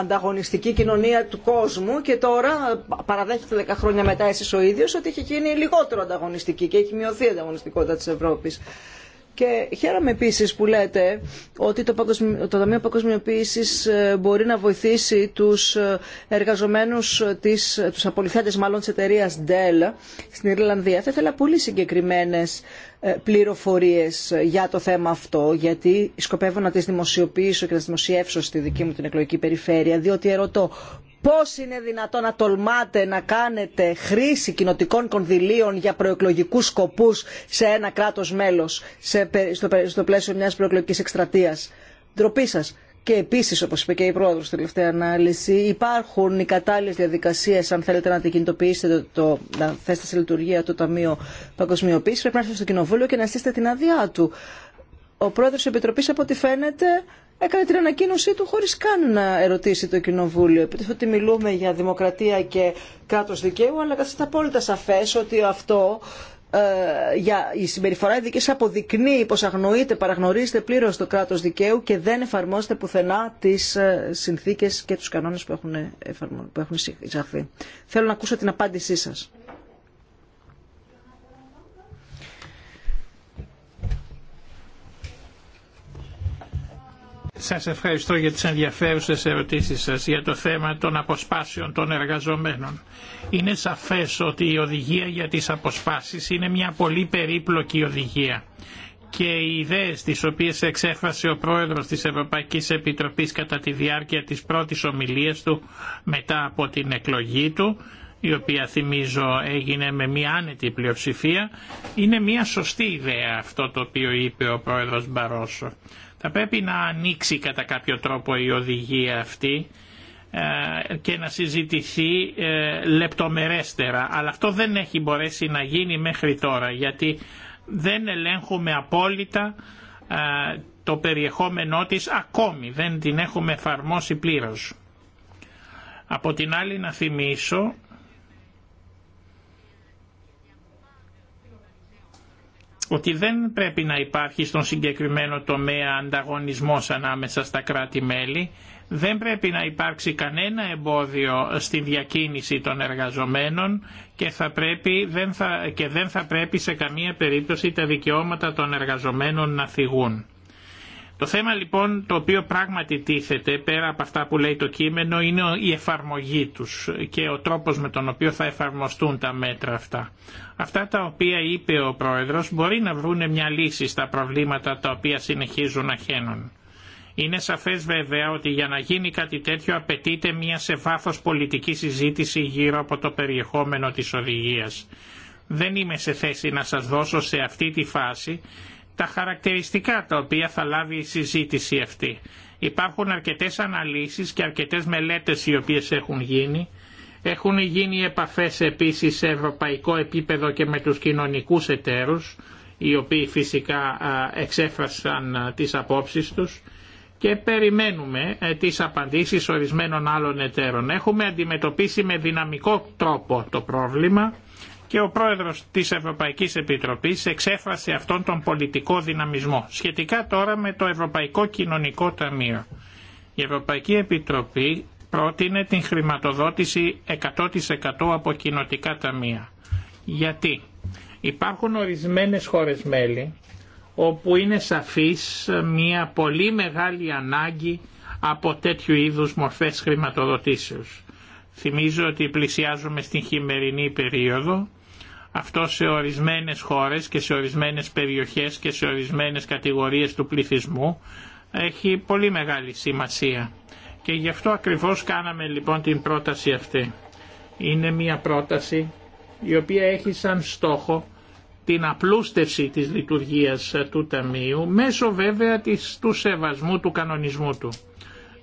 ανταγωνιστική κοινωνία του κόσμου και τώρα παραδέχεται δέκα χρόνια μετά εσείς ο ίδιος ότι είχε γίνει λιγότερο ανταγωνιστική και έχει μειωθεί η ανταγωνιστικότητα της Ευρώπης. Και χαίρομαι επίσης που λέτε ότι το, παγκοσμι... το Ταμείο Παγκοσμιοποίησης ε, μπορεί να βοηθήσει τους ε, εργαζομένους, της... τους απολυθέντες μάλλον της εταιρεία Dell στην Ιρλανδία. Θα ήθελα πολύ συγκεκριμένες ε, πληροφορίες για το θέμα αυτό, γιατί σκοπεύω να τις δημοσιοποιήσω και να τις δημοσιεύσω στη δική μου την εκλογική περιφέρεια, διότι ερωτώ πώς είναι δυνατόν να τολμάτε να κάνετε χρήση κοινοτικών κονδυλίων για προεκλογικούς σκοπούς σε ένα κράτος μέλος στο, πλαίσιο μιας προεκλογικής εκστρατείας. Ντροπή σας. Και επίσης, όπως είπε και η πρόεδρος τελευταία ανάλυση, υπάρχουν οι κατάλληλες διαδικασίες, αν θέλετε να την το, να θέσετε σε λειτουργία το Ταμείο Παγκοσμιοποίηση, πρέπει να έρθετε στο Κοινοβούλιο και να στήσετε την αδειά του. Ο πρόεδρος της Επιτροπής, από ό,τι φαίνεται, έκανε την ανακοίνωσή του χωρίς καν να ερωτήσει το Κοινοβούλιο. Επειδή ότι μιλούμε για δημοκρατία και κράτο δικαίου, αλλά καθίστε απόλυτα σαφέ ότι αυτό ε, για, η συμπεριφορά ειδική αποδεικνύει πως αγνοείται, παραγνωρίζεται πλήρως το κράτο δικαίου και δεν εφαρμόζεται πουθενά τις συνθήκε συνθήκες και τους κανόνε που έχουν, ε, που έχουν εισαχθεί. Θέλω να ακούσω την απάντησή σα. Σας ευχαριστώ για τις ενδιαφέρουσες ερωτήσεις σας για το θέμα των αποσπάσεων των εργαζομένων. Είναι σαφές ότι η οδηγία για τις αποσπάσεις είναι μια πολύ περίπλοκη οδηγία και οι ιδέες τις οποίες εξέφρασε ο πρόεδρος της Ευρωπαϊκής Επιτροπής κατά τη διάρκεια της πρώτης ομιλίας του μετά από την εκλογή του η οποία θυμίζω έγινε με μια άνετη πλειοψηφία, είναι μια σωστή ιδέα αυτό το οποίο είπε ο πρόεδρος Μπαρόσο. Θα πρέπει να ανοίξει κατά κάποιο τρόπο η οδηγία αυτή ε, και να συζητηθεί ε, λεπτομερέστερα. Αλλά αυτό δεν έχει μπορέσει να γίνει μέχρι τώρα γιατί δεν ελέγχουμε απόλυτα ε, το περιεχόμενό της ακόμη. Δεν την έχουμε εφαρμόσει πλήρως. Από την άλλη να θυμίσω ότι δεν πρέπει να υπάρχει στον συγκεκριμένο τομέα ανταγωνισμός ανάμεσα στα κράτη-μέλη, δεν πρέπει να υπάρξει κανένα εμπόδιο στη διακίνηση των εργαζομένων και, θα πρέπει, δεν θα, και δεν θα πρέπει σε καμία περίπτωση τα δικαιώματα των εργαζομένων να θυγούν. Το θέμα λοιπόν το οποίο πράγματι τίθεται πέρα από αυτά που λέει το κείμενο είναι η εφαρμογή τους και ο τρόπος με τον οποίο θα εφαρμοστούν τα μέτρα αυτά. Αυτά τα οποία είπε ο Πρόεδρος μπορεί να βρουν μια λύση στα προβλήματα τα οποία συνεχίζουν να χαίνουν. Είναι σαφές βέβαια ότι για να γίνει κάτι τέτοιο απαιτείται μια σε βάθος πολιτική συζήτηση γύρω από το περιεχόμενο της οδηγίας. Δεν είμαι σε θέση να σας δώσω σε αυτή τη φάση τα χαρακτηριστικά τα οποία θα λάβει η συζήτηση αυτή. Υπάρχουν αρκετές αναλύσεις και αρκετές μελέτες οι οποίες έχουν γίνει. Έχουν γίνει επαφές επίσης σε ευρωπαϊκό επίπεδο και με τους κοινωνικούς εταίρους, οι οποίοι φυσικά εξέφρασαν τις απόψεις τους και περιμένουμε ε, τις απαντήσεις ορισμένων άλλων εταίρων. Έχουμε αντιμετωπίσει με δυναμικό τρόπο το πρόβλημα και ο πρόεδρος της Ευρωπαϊκής Επιτροπής εξέφρασε αυτόν τον πολιτικό δυναμισμό σχετικά τώρα με το Ευρωπαϊκό Κοινωνικό Ταμείο. Η Ευρωπαϊκή Επιτροπή πρότεινε την χρηματοδότηση 100% από κοινοτικά ταμεία. Γιατί υπάρχουν ορισμένες χώρες μέλη όπου είναι σαφής μια πολύ μεγάλη ανάγκη από τέτοιου είδους μορφές χρηματοδοτήσεως. Θυμίζω ότι πλησιάζουμε στην χειμερινή περίοδο αυτό σε ορισμένες χώρες και σε ορισμένες περιοχές και σε ορισμένες κατηγορίες του πληθυσμού έχει πολύ μεγάλη σημασία. Και γι' αυτό ακριβώς κάναμε λοιπόν την πρόταση αυτή. Είναι μια πρόταση η οποία έχει σαν στόχο την απλούστευση της λειτουργίας του Ταμείου μέσω βέβαια της, του σεβασμού του κανονισμού του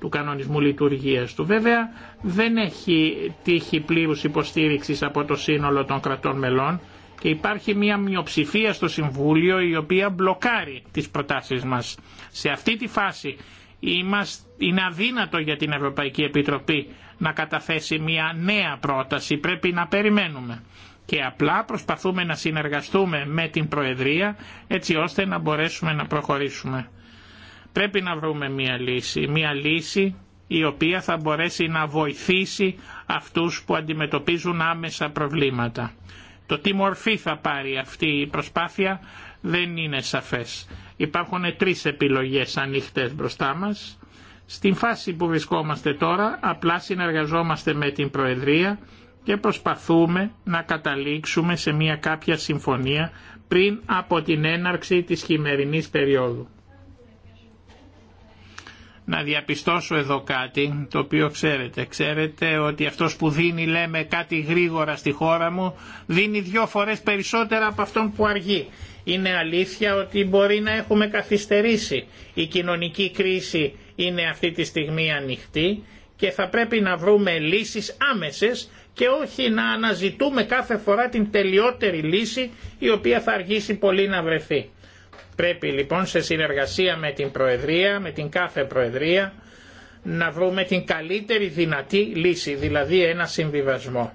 του κανονισμού λειτουργίας του. Βέβαια δεν έχει τύχει πλήρους υποστήριξης από το σύνολο των κρατών μελών και υπάρχει μια μειοψηφία στο Συμβούλιο η οποία μπλοκάρει τις προτάσεις μας. Σε αυτή τη φάση είναι αδύνατο για την Ευρωπαϊκή Επιτροπή να καταθέσει μια νέα πρόταση, πρέπει να περιμένουμε. Και απλά προσπαθούμε να συνεργαστούμε με την Προεδρία έτσι ώστε να μπορέσουμε να προχωρήσουμε. Πρέπει να βρούμε μια λύση, μια λύση η οποία θα μπορέσει να βοηθήσει αυτούς που αντιμετωπίζουν άμεσα προβλήματα. Το τι μορφή θα πάρει αυτή η προσπάθεια δεν είναι σαφές. Υπάρχουν τρεις επιλογές ανοιχτές μπροστά μας. Στην φάση που βρισκόμαστε τώρα απλά συνεργαζόμαστε με την Προεδρία και προσπαθούμε να καταλήξουμε σε μια κάποια συμφωνία πριν από την έναρξη της χειμερινής περίοδου να διαπιστώσω εδώ κάτι το οποίο ξέρετε. Ξέρετε ότι αυτός που δίνει λέμε κάτι γρήγορα στη χώρα μου δίνει δυο φορές περισσότερα από αυτόν που αργεί. Είναι αλήθεια ότι μπορεί να έχουμε καθυστερήσει. Η κοινωνική κρίση είναι αυτή τη στιγμή ανοιχτή και θα πρέπει να βρούμε λύσεις άμεσες και όχι να αναζητούμε κάθε φορά την τελειότερη λύση η οποία θα αργήσει πολύ να βρεθεί. Πρέπει λοιπόν σε συνεργασία με την Προεδρία, με την κάθε Προεδρία, να βρούμε την καλύτερη δυνατή λύση, δηλαδή ένα συμβιβασμό.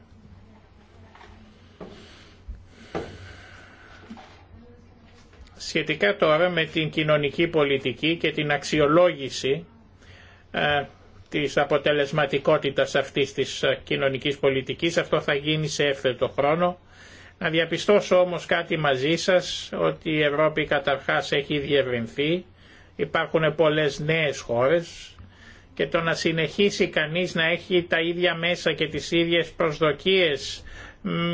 Σχετικά τώρα με την κοινωνική πολιτική και την αξιολόγηση ε, της αποτελεσματικότητας αυτής της ε, κοινωνικής πολιτικής, αυτό θα γίνει σε έφθετο χρόνο να διαπιστώσω όμως κάτι μαζί σας, ότι η Ευρώπη καταρχάς έχει διευρυνθεί, υπάρχουν πολλές νέες χώρες και το να συνεχίσει κανείς να έχει τα ίδια μέσα και τις ίδιες προσδοκίες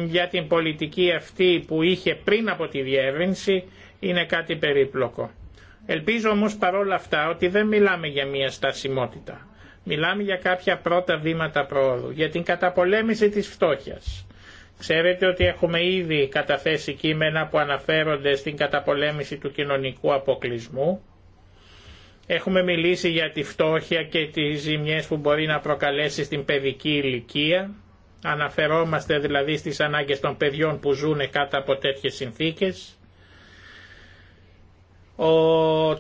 για την πολιτική αυτή που είχε πριν από τη διεύρυνση είναι κάτι περίπλοκο. Ελπίζω όμως παρόλα αυτά ότι δεν μιλάμε για μια στασιμότητα. Μιλάμε για κάποια πρώτα βήματα πρόοδου, για την καταπολέμηση της φτώχειας Ξέρετε ότι έχουμε ήδη καταθέσει κείμενα που αναφέρονται στην καταπολέμηση του κοινωνικού αποκλεισμού. Έχουμε μιλήσει για τη φτώχεια και τις ζημιές που μπορεί να προκαλέσει στην παιδική ηλικία. Αναφερόμαστε δηλαδή στις ανάγκες των παιδιών που ζουν κάτω από τέτοιες συνθήκες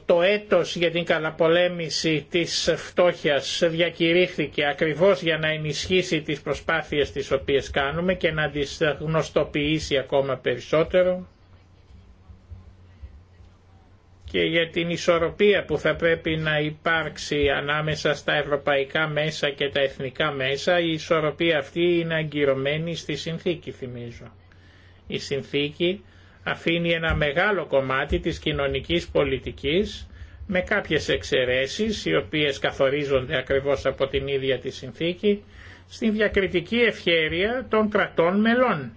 το έτος για την καλαπολέμηση της φτώχειας διακηρύχθηκε ακριβώς για να ενισχύσει τις προσπάθειες τις οποίες κάνουμε και να τις γνωστοποιήσει ακόμα περισσότερο και για την ισορροπία που θα πρέπει να υπάρξει ανάμεσα στα ευρωπαϊκά μέσα και τα εθνικά μέσα, η ισορροπία αυτή είναι αγκυρωμένη στη συνθήκη θυμίζω. Η συνθήκη αφήνει ένα μεγάλο κομμάτι της κοινωνικής πολιτικής με κάποιες εξαιρέσεις οι οποίες καθορίζονται ακριβώς από την ίδια τη συνθήκη στην διακριτική ευχέρεια των κρατών μελών.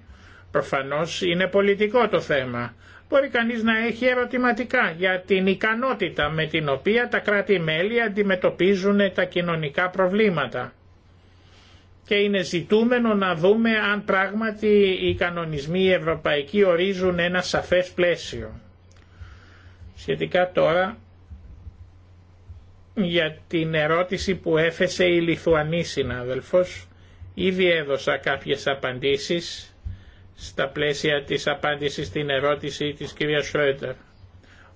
Προφανώς είναι πολιτικό το θέμα. Μπορεί κανείς να έχει ερωτηματικά για την ικανότητα με την οποία τα κράτη-μέλη αντιμετωπίζουν τα κοινωνικά προβλήματα και είναι ζητούμενο να δούμε αν πράγματι οι κανονισμοί ευρωπαϊκοί ορίζουν ένα σαφές πλαίσιο. Σχετικά τώρα για την ερώτηση που έφεσε η Λιθουανή συνάδελφος, ήδη έδωσα κάποιες απαντήσεις στα πλαίσια της απάντησης στην ερώτηση της κυρία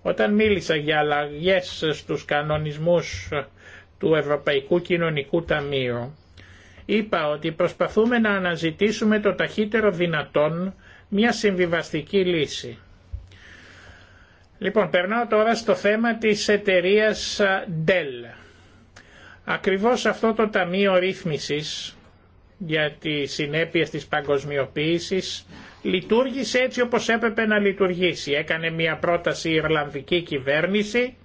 Όταν μίλησα για αλλαγές στους κανονισμούς του Ευρωπαϊκού Κοινωνικού Ταμείου, Είπα ότι προσπαθούμε να αναζητήσουμε το ταχύτερο δυνατόν μια συμβιβαστική λύση. Λοιπόν, περνάω τώρα στο θέμα της εταιρείας Dell. Ακριβώς αυτό το Ταμείο Ρύθμισης για τις συνέπειες της παγκοσμιοποίησης λειτουργήσε έτσι όπως έπρεπε να λειτουργήσει. Έκανε μια πρόταση η Ιρλανδική κυβέρνηση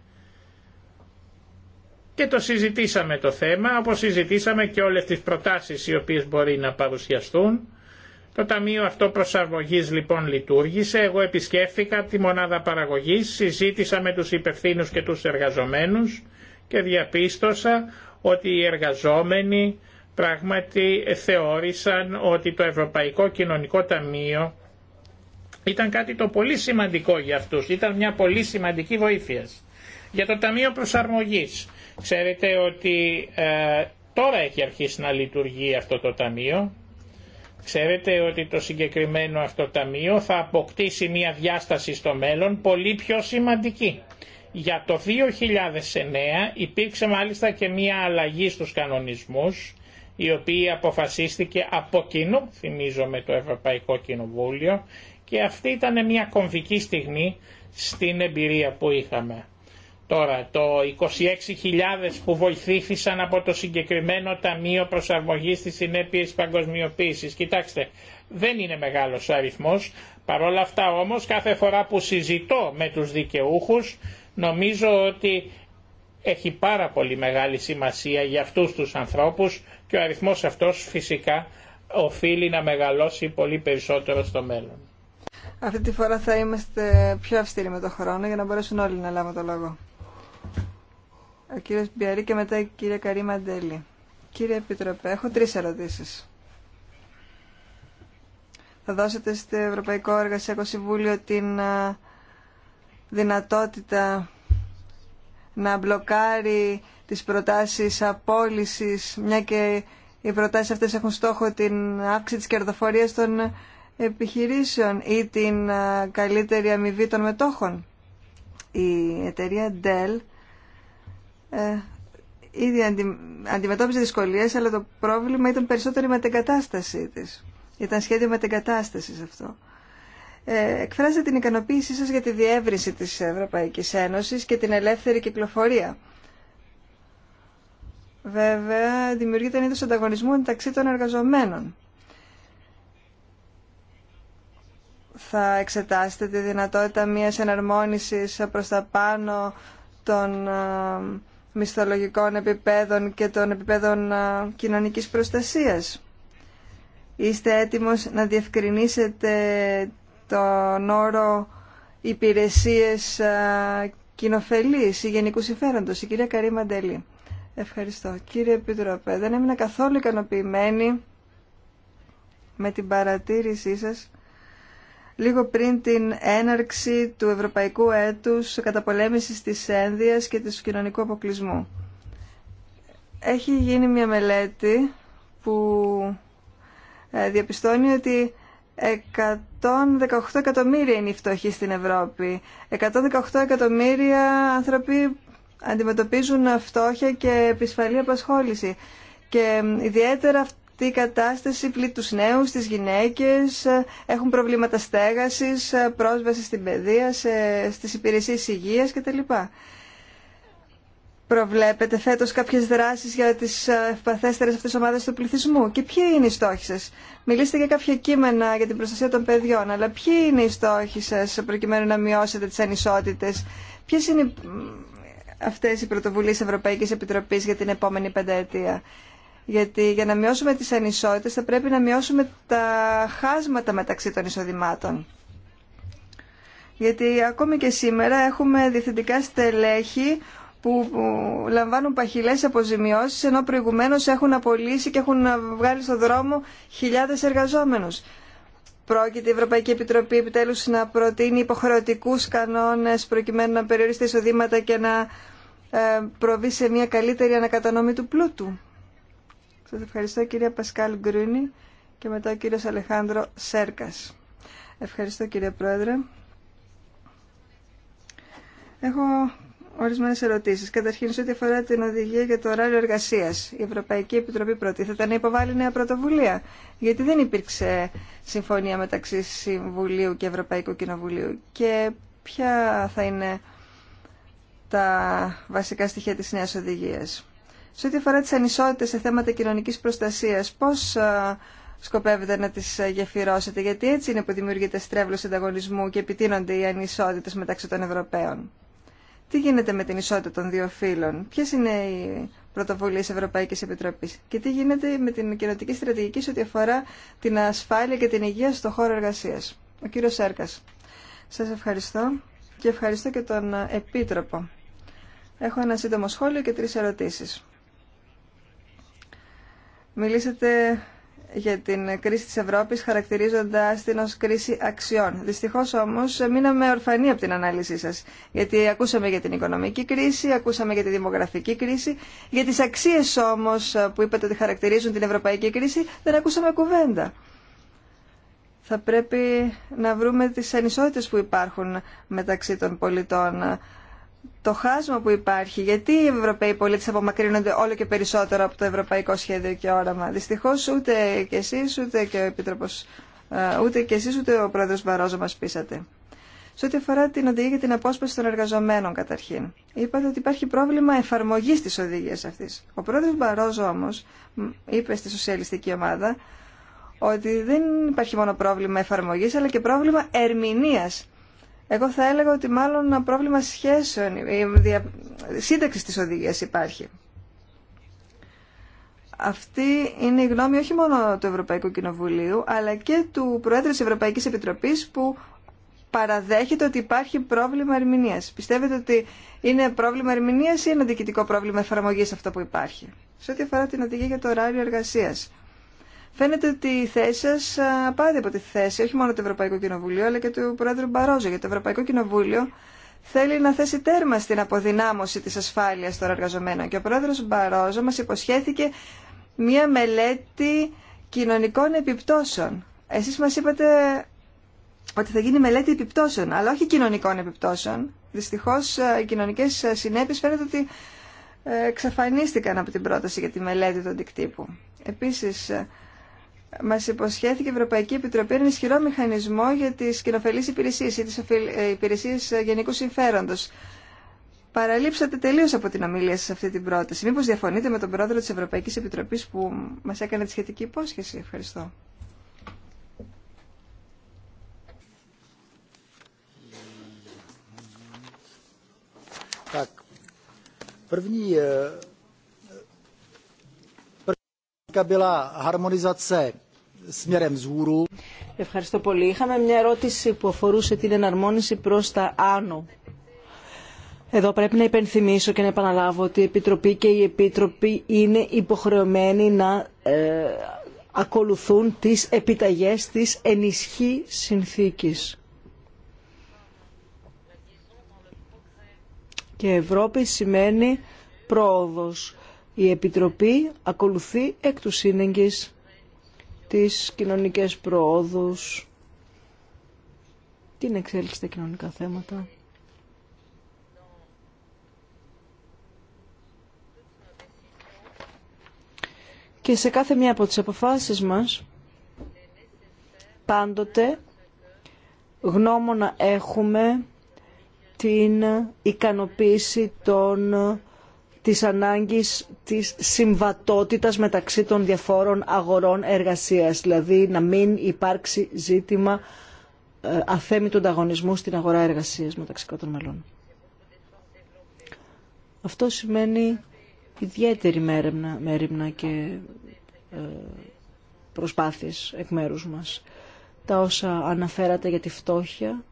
και το συζητήσαμε το θέμα, όπως συζητήσαμε και όλες τις προτάσεις οι οποίες μπορεί να παρουσιαστούν. Το Ταμείο αυτό προσαρμογής λοιπόν λειτουργήσε, εγώ επισκέφθηκα τη μονάδα παραγωγής, συζήτησα με τους υπευθύνους και τους εργαζομένους και διαπίστωσα ότι οι εργαζόμενοι πράγματι θεώρησαν ότι το Ευρωπαϊκό Κοινωνικό Ταμείο ήταν κάτι το πολύ σημαντικό για αυτούς, ήταν μια πολύ σημαντική βοήθεια. Για το Ταμείο Προσαρμογής Ξέρετε ότι ε, τώρα έχει αρχίσει να λειτουργεί αυτό το ταμείο. Ξέρετε ότι το συγκεκριμένο αυτό ταμείο θα αποκτήσει μια διάσταση στο μέλλον πολύ πιο σημαντική. Για το 2009 υπήρξε μάλιστα και μια αλλαγή στους κανονισμούς η οποία αποφασίστηκε από κοινού, θυμίζω με το Ευρωπαϊκό Κοινοβούλιο και αυτή ήταν μια κομβική στιγμή στην εμπειρία που είχαμε. Τώρα, το 26.000 που βοηθήθησαν από το συγκεκριμένο Ταμείο Προσαρμογής της Συνέπειες Παγκοσμιοποίησης. Κοιτάξτε, δεν είναι μεγάλος αριθμός. Παρ' όλα αυτά όμως, κάθε φορά που συζητώ με τους δικαιούχους, νομίζω ότι έχει πάρα πολύ μεγάλη σημασία για αυτούς τους ανθρώπους και ο αριθμός αυτός φυσικά οφείλει να μεγαλώσει πολύ περισσότερο στο μέλλον. Αυτή τη φορά θα είμαστε πιο αυστηροί με το χρόνο για να μπορέσουν όλοι να λάβουν το λόγο ο κύριος Μπιαρή και μετά η κυρία Καρίμα Ντέλη. Κύριε Επιτροπέ, έχω τρεις ερωτήσεις. Θα δώσετε στο Ευρωπαϊκό Εργασιακό Συμβούλιο την δυνατότητα να μπλοκάρει τις προτάσεις απόλυσης, μια και οι προτάσεις αυτές έχουν στόχο την αύξηση της κερδοφορίας των επιχειρήσεων ή την καλύτερη αμοιβή των μετόχων. Η εταιρεία Dell ε, ήδη αντιμετώπιζε δυσκολίες, αλλά το πρόβλημα ήταν περισσότερο η μετεγκατάστασή της. Ήταν σχέδιο μετεγκατάστασης αυτό. Ε, εκφράζετε την ικανοποίησή σας για τη διεύρυνση της Ευρωπαϊκής Ένωσης και την ελεύθερη κυκλοφορία. Βέβαια, δημιουργείται ένα είδος ανταγωνισμού μεταξύ των εργαζομένων. Θα εξετάσετε τη δυνατότητα μιας εναρμόνισης προς τα πάνω των ε, μισθολογικών επιπέδων και των επιπέδων κοινωνικής προστασίας. Είστε έτοιμος να διευκρινίσετε τον όρο υπηρεσίες κοινοφελής ή γενικού συμφέροντος. Η κυρία Καρή Μαντελή. Ευχαριστώ. Κύριε Επιτροπέ, δεν έμεινα καθόλου ικανοποιημένη με την παρατήρησή σας λίγο πριν την έναρξη του Ευρωπαϊκού Έτους καταπολέμησης της ένδυας και του κοινωνικού αποκλεισμού. Έχει γίνει μια μελέτη που ε, διαπιστώνει ότι 118 εκατομμύρια είναι οι φτωχοί στην Ευρώπη. 118 εκατομμύρια άνθρωποι αντιμετωπίζουν φτώχεια και επισφαλή απασχόληση. Και ε, ιδιαίτερα τι κατάσταση πλήττους νέους, τις γυναίκες, έχουν προβλήματα στέγασης, πρόσβαση στην παιδεία, στις υπηρεσίες υγείας κτλ. Προβλέπετε φέτος κάποιες δράσεις για τις ευπαθέστερες αυτές ομάδες του πληθυσμού και ποιοι είναι οι στόχοι σας. Μιλήστε για κάποια κείμενα για την προστασία των παιδιών, αλλά ποιοι είναι οι στόχοι σας προκειμένου να μειώσετε τις ανισότητες. Ποιες είναι αυτές οι πρωτοβουλίες Ευρωπαϊκής Επιτροπής για την επόμενη πενταετία. Γιατί για να μειώσουμε τις ανισότητες θα πρέπει να μειώσουμε τα χάσματα μεταξύ των εισοδημάτων. Γιατί ακόμη και σήμερα έχουμε διευθυντικά στελέχη που λαμβάνουν παχυλές αποζημιώσεις ενώ προηγουμένως έχουν απολύσει και έχουν βγάλει στο δρόμο χιλιάδες εργαζόμενους. Πρόκειται η Ευρωπαϊκή Επιτροπή επιτέλους να προτείνει υποχρεωτικούς κανόνες προκειμένου να περιορίσει τα εισοδήματα και να ε, προβεί σε μια καλύτερη ανακατανομή του πλούτου. Σας ευχαριστώ κυρία Πασκάλ Γκρούνη και μετά ο κύριος Αλεχάνδρο Σέρκας. Ευχαριστώ κύριε Πρόεδρε. Έχω ορισμένες ερωτήσεις. Καταρχήν, σε ό,τι αφορά την οδηγία για το ωράριο εργασίας, η Ευρωπαϊκή Επιτροπή προτίθεται να υποβάλει νέα πρωτοβουλία, γιατί δεν υπήρξε συμφωνία μεταξύ Συμβουλίου και Ευρωπαϊκού Κοινοβουλίου. Και ποια θα είναι τα βασικά στοιχεία της νέας οδηγίας. Σε ό,τι αφορά τι ανισότητε σε θέματα κοινωνική προστασία, πώ ε, σκοπεύετε να τι ε, γεφυρώσετε, γιατί έτσι είναι που δημιουργείται στρέβλο ανταγωνισμού και επιτείνονται οι ανισότητε μεταξύ των Ευρωπαίων. Τι γίνεται με την ισότητα των δύο φύλων, ποιε είναι οι πρωτοβουλίες Ευρωπαϊκή Επιτροπή. και τι γίνεται με την κοινωτική στρατηγική σε ό,τι αφορά την ασφάλεια και την υγεία στον χώρο εργασία. Ο κύριο Σέρκα. Σα ευχαριστώ και ευχαριστώ και τον ε, Επίτροπο. Έχω ένα σύντομο σχόλιο και τρεις ερωτήσεις. Μιλήσατε για την κρίση της Ευρώπης χαρακτηρίζοντας την ως κρίση αξιών. Δυστυχώς όμως μείναμε ορφανοί από την ανάλυση σας. Γιατί ακούσαμε για την οικονομική κρίση, ακούσαμε για τη δημογραφική κρίση. Για τις αξίες όμως που είπατε ότι χαρακτηρίζουν την ευρωπαϊκή κρίση δεν ακούσαμε κουβέντα. Θα πρέπει να βρούμε τις ανισότητες που υπάρχουν μεταξύ των πολιτών το χάσμα που υπάρχει, γιατί οι Ευρωπαίοι πολίτες απομακρύνονται όλο και περισσότερο από το ευρωπαϊκό σχέδιο και όραμα. Δυστυχώς ούτε και εσείς, ούτε και ο Επίτροπος, ε, ούτε και εσείς, ο Πρόεδρος Μπαρόζο μας πείσατε. Σε ό,τι αφορά την οδηγία για την απόσπαση των εργαζομένων, καταρχήν, είπατε ότι υπάρχει πρόβλημα εφαρμογή τη οδηγία αυτή. Ο πρόεδρο Μπαρόζο, όμω, είπε στη σοσιαλιστική ομάδα ότι δεν υπάρχει μόνο πρόβλημα εφαρμογή, αλλά και πρόβλημα ερμηνεία εγώ θα έλεγα ότι μάλλον ένα πρόβλημα σχέσεων, σύνταξη της οδηγίας υπάρχει. Αυτή είναι η γνώμη όχι μόνο του Ευρωπαϊκού Κοινοβουλίου, αλλά και του Προέδρου της Ευρωπαϊκής Επιτροπής που παραδέχεται ότι υπάρχει πρόβλημα ερμηνείας. Πιστεύετε ότι είναι πρόβλημα ερμηνείας ή είναι διοικητικό πρόβλημα εφαρμογής αυτό που υπάρχει. Σε ό,τι αφορά την οδηγία για το ωράριο εργασίας. Φαίνεται ότι η θέση σα πάει από τη θέση όχι μόνο του Ευρωπαϊκού Κοινοβουλίου αλλά και του Πρόεδρου Μπαρόζο. Γιατί το Ευρωπαϊκό Κοινοβούλιο θέλει να θέσει τέρμα στην αποδυνάμωση τη ασφάλεια των εργαζομένων. Και ο Πρόεδρο Μπαρόζο μα υποσχέθηκε μία μελέτη κοινωνικών επιπτώσεων. Εσεί μα είπατε ότι θα γίνει μελέτη επιπτώσεων, αλλά όχι κοινωνικών επιπτώσεων. Δυστυχώ οι κοινωνικέ συνέπειε φαίνεται ότι ε, εξαφανίστηκαν από την πρόταση για τη μελέτη του αντικτύπου. Επίσης, Μα υποσχέθηκε η Ευρωπαϊκή Επιτροπή ένα ισχυρό μηχανισμό για τι κοινοφελεί υπηρεσίε ή τι ε, υπηρεσίε ε, γενικού συμφέροντο. Παραλείψατε τελείω από την ομιλία σα αυτή την πρόταση. Μήπω διαφωνείτε με τον πρόεδρο τη Ευρωπαϊκή Επιτροπή που μα έκανε τη σχετική υπόσχεση. Ευχαριστώ. První eh, eh, byla Ευχαριστώ πολύ. Είχαμε μια ερώτηση που αφορούσε την εναρμόνιση προς τα άνω. Εδώ πρέπει να υπενθυμίσω και να επαναλάβω ότι η Επιτροπή και οι Επίτροπη είναι υποχρεωμένοι να ε, ακολουθούν τις επιταγές της ενισχύ συνθήκης. Και Ευρώπη σημαίνει πρόοδος. Η Επιτροπή ακολουθεί εκ του σύνεγγης τις κοινωνικές προόδους, την εξέλιξη στα κοινωνικά θέματα. Και σε κάθε μία από τις αποφάσεις μας, πάντοτε γνώμονα έχουμε την ικανοποίηση των της ανάγκης της συμβατότητας μεταξύ των διαφόρων αγορών εργασίας, δηλαδή να μην υπάρξει ζήτημα ε, του ανταγωνισμού στην αγορά εργασίας μεταξύ των μελών. Αυτό σημαίνει ιδιαίτερη μέρημνα και ε, προσπάθειες εκ μέρους μας. Τα όσα αναφέρατε για τη φτώχεια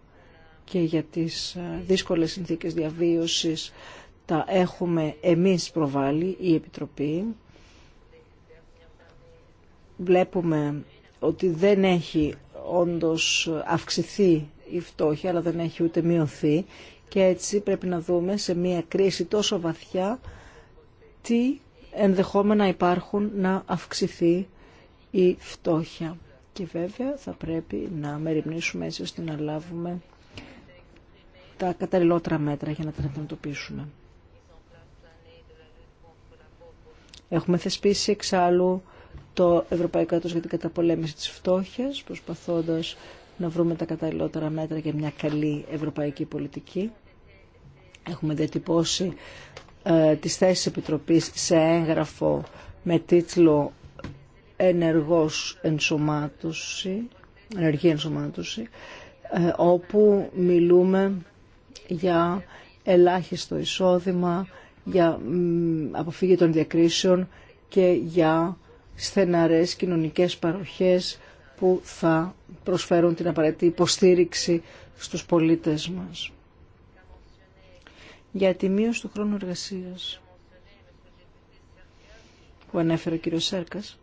και για τις ε, δύσκολες συνθήκες διαβίωσης, τα έχουμε εμείς προβάλει, η Επιτροπή. Βλέπουμε ότι δεν έχει όντως αυξηθεί η φτώχεια, αλλά δεν έχει ούτε μειωθεί. Και έτσι πρέπει να δούμε σε μια κρίση τόσο βαθιά τι ενδεχόμενα υπάρχουν να αυξηθεί η φτώχεια. Και βέβαια θα πρέπει να μεριμνήσουμε έτσι ώστε να λάβουμε τα καταλληλότερα μέτρα για να τα αντιμετωπίσουμε. Έχουμε θεσπίσει εξάλλου το Ευρωπαϊκό Έτος για την καταπολέμηση της φτώχειας, προσπαθώντας να βρούμε τα καταλληλότερα μέτρα για μια καλή ευρωπαϊκή πολιτική. Έχουμε διατυπώσει ε, τις θέσεις Επιτροπής σε έγγραφο με τίτλο «Ενεργός ενσωμάτωση», «Ενεργή ενσωμάτωση», ε, όπου μιλούμε για ελάχιστο εισόδημα, για αποφύγη των διακρίσεων και για στεναρές κοινωνικές παροχές που θα προσφέρουν την απαραίτητη υποστήριξη στους πολίτες μας. Για τη μείωση του χρόνου εργασίας που ανέφερε ο κ. Σέρκας,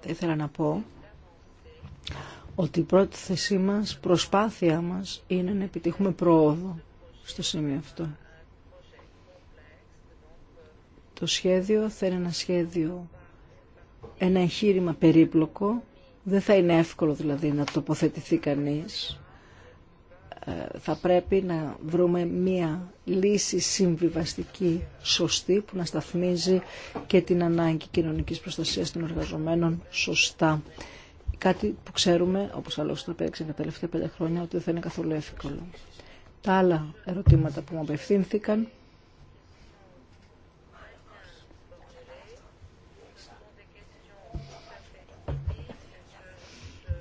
θα ήθελα να πω ότι η πρώτη θέσή μας, προσπάθεια μας, είναι να επιτύχουμε πρόοδο στο σημείο αυτό. Το σχέδιο θα είναι ένα σχέδιο, ένα εγχείρημα περίπλοκο, δεν θα είναι εύκολο δηλαδή να τοποθετηθεί κανείς. Ε, θα πρέπει να βρούμε μία λύση συμβιβαστική σωστή που να σταθμίζει και την ανάγκη κοινωνικής προστασίας των εργαζομένων σωστά. Κάτι που ξέρουμε, όπως άλλωστε το έπαιξε τα τελευταία πέντε χρόνια, ότι δεν θα είναι καθόλου εύκολο τα άλλα ερωτήματα που μου απευθύνθηκαν.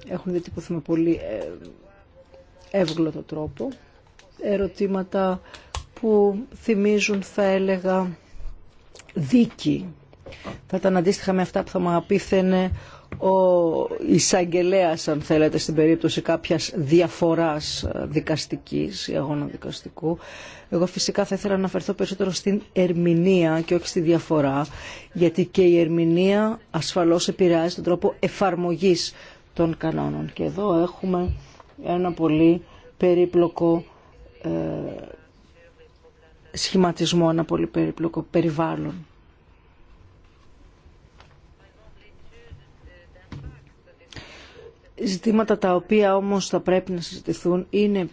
Έχουν διατυπωθεί με πολύ ε, εύγλωτο τρόπο. Ερωτήματα που θυμίζουν, θα έλεγα, δίκη. Θα ήταν αντίστοιχα με αυτά που θα μου απίθενε ο εισαγγελέα, αν θέλετε, στην περίπτωση κάποιας διαφοράς ε, δικαστικής ή αγώνα δικαστικού. Εγώ φυσικά θα ήθελα να αναφερθώ περισσότερο στην ερμηνεία και όχι στη διαφορά, γιατί και η ερμηνεία ασφαλώς επηρεάζει τον τρόπο εφαρμογής των κανόνων. Και εδώ έχουμε ένα πολύ περίπλοκο ε, σχηματισμό, ένα πολύ περίπλοκο περιβάλλον. Ζητήματα τα οποία όμως θα πρέπει να συζητηθούν είναι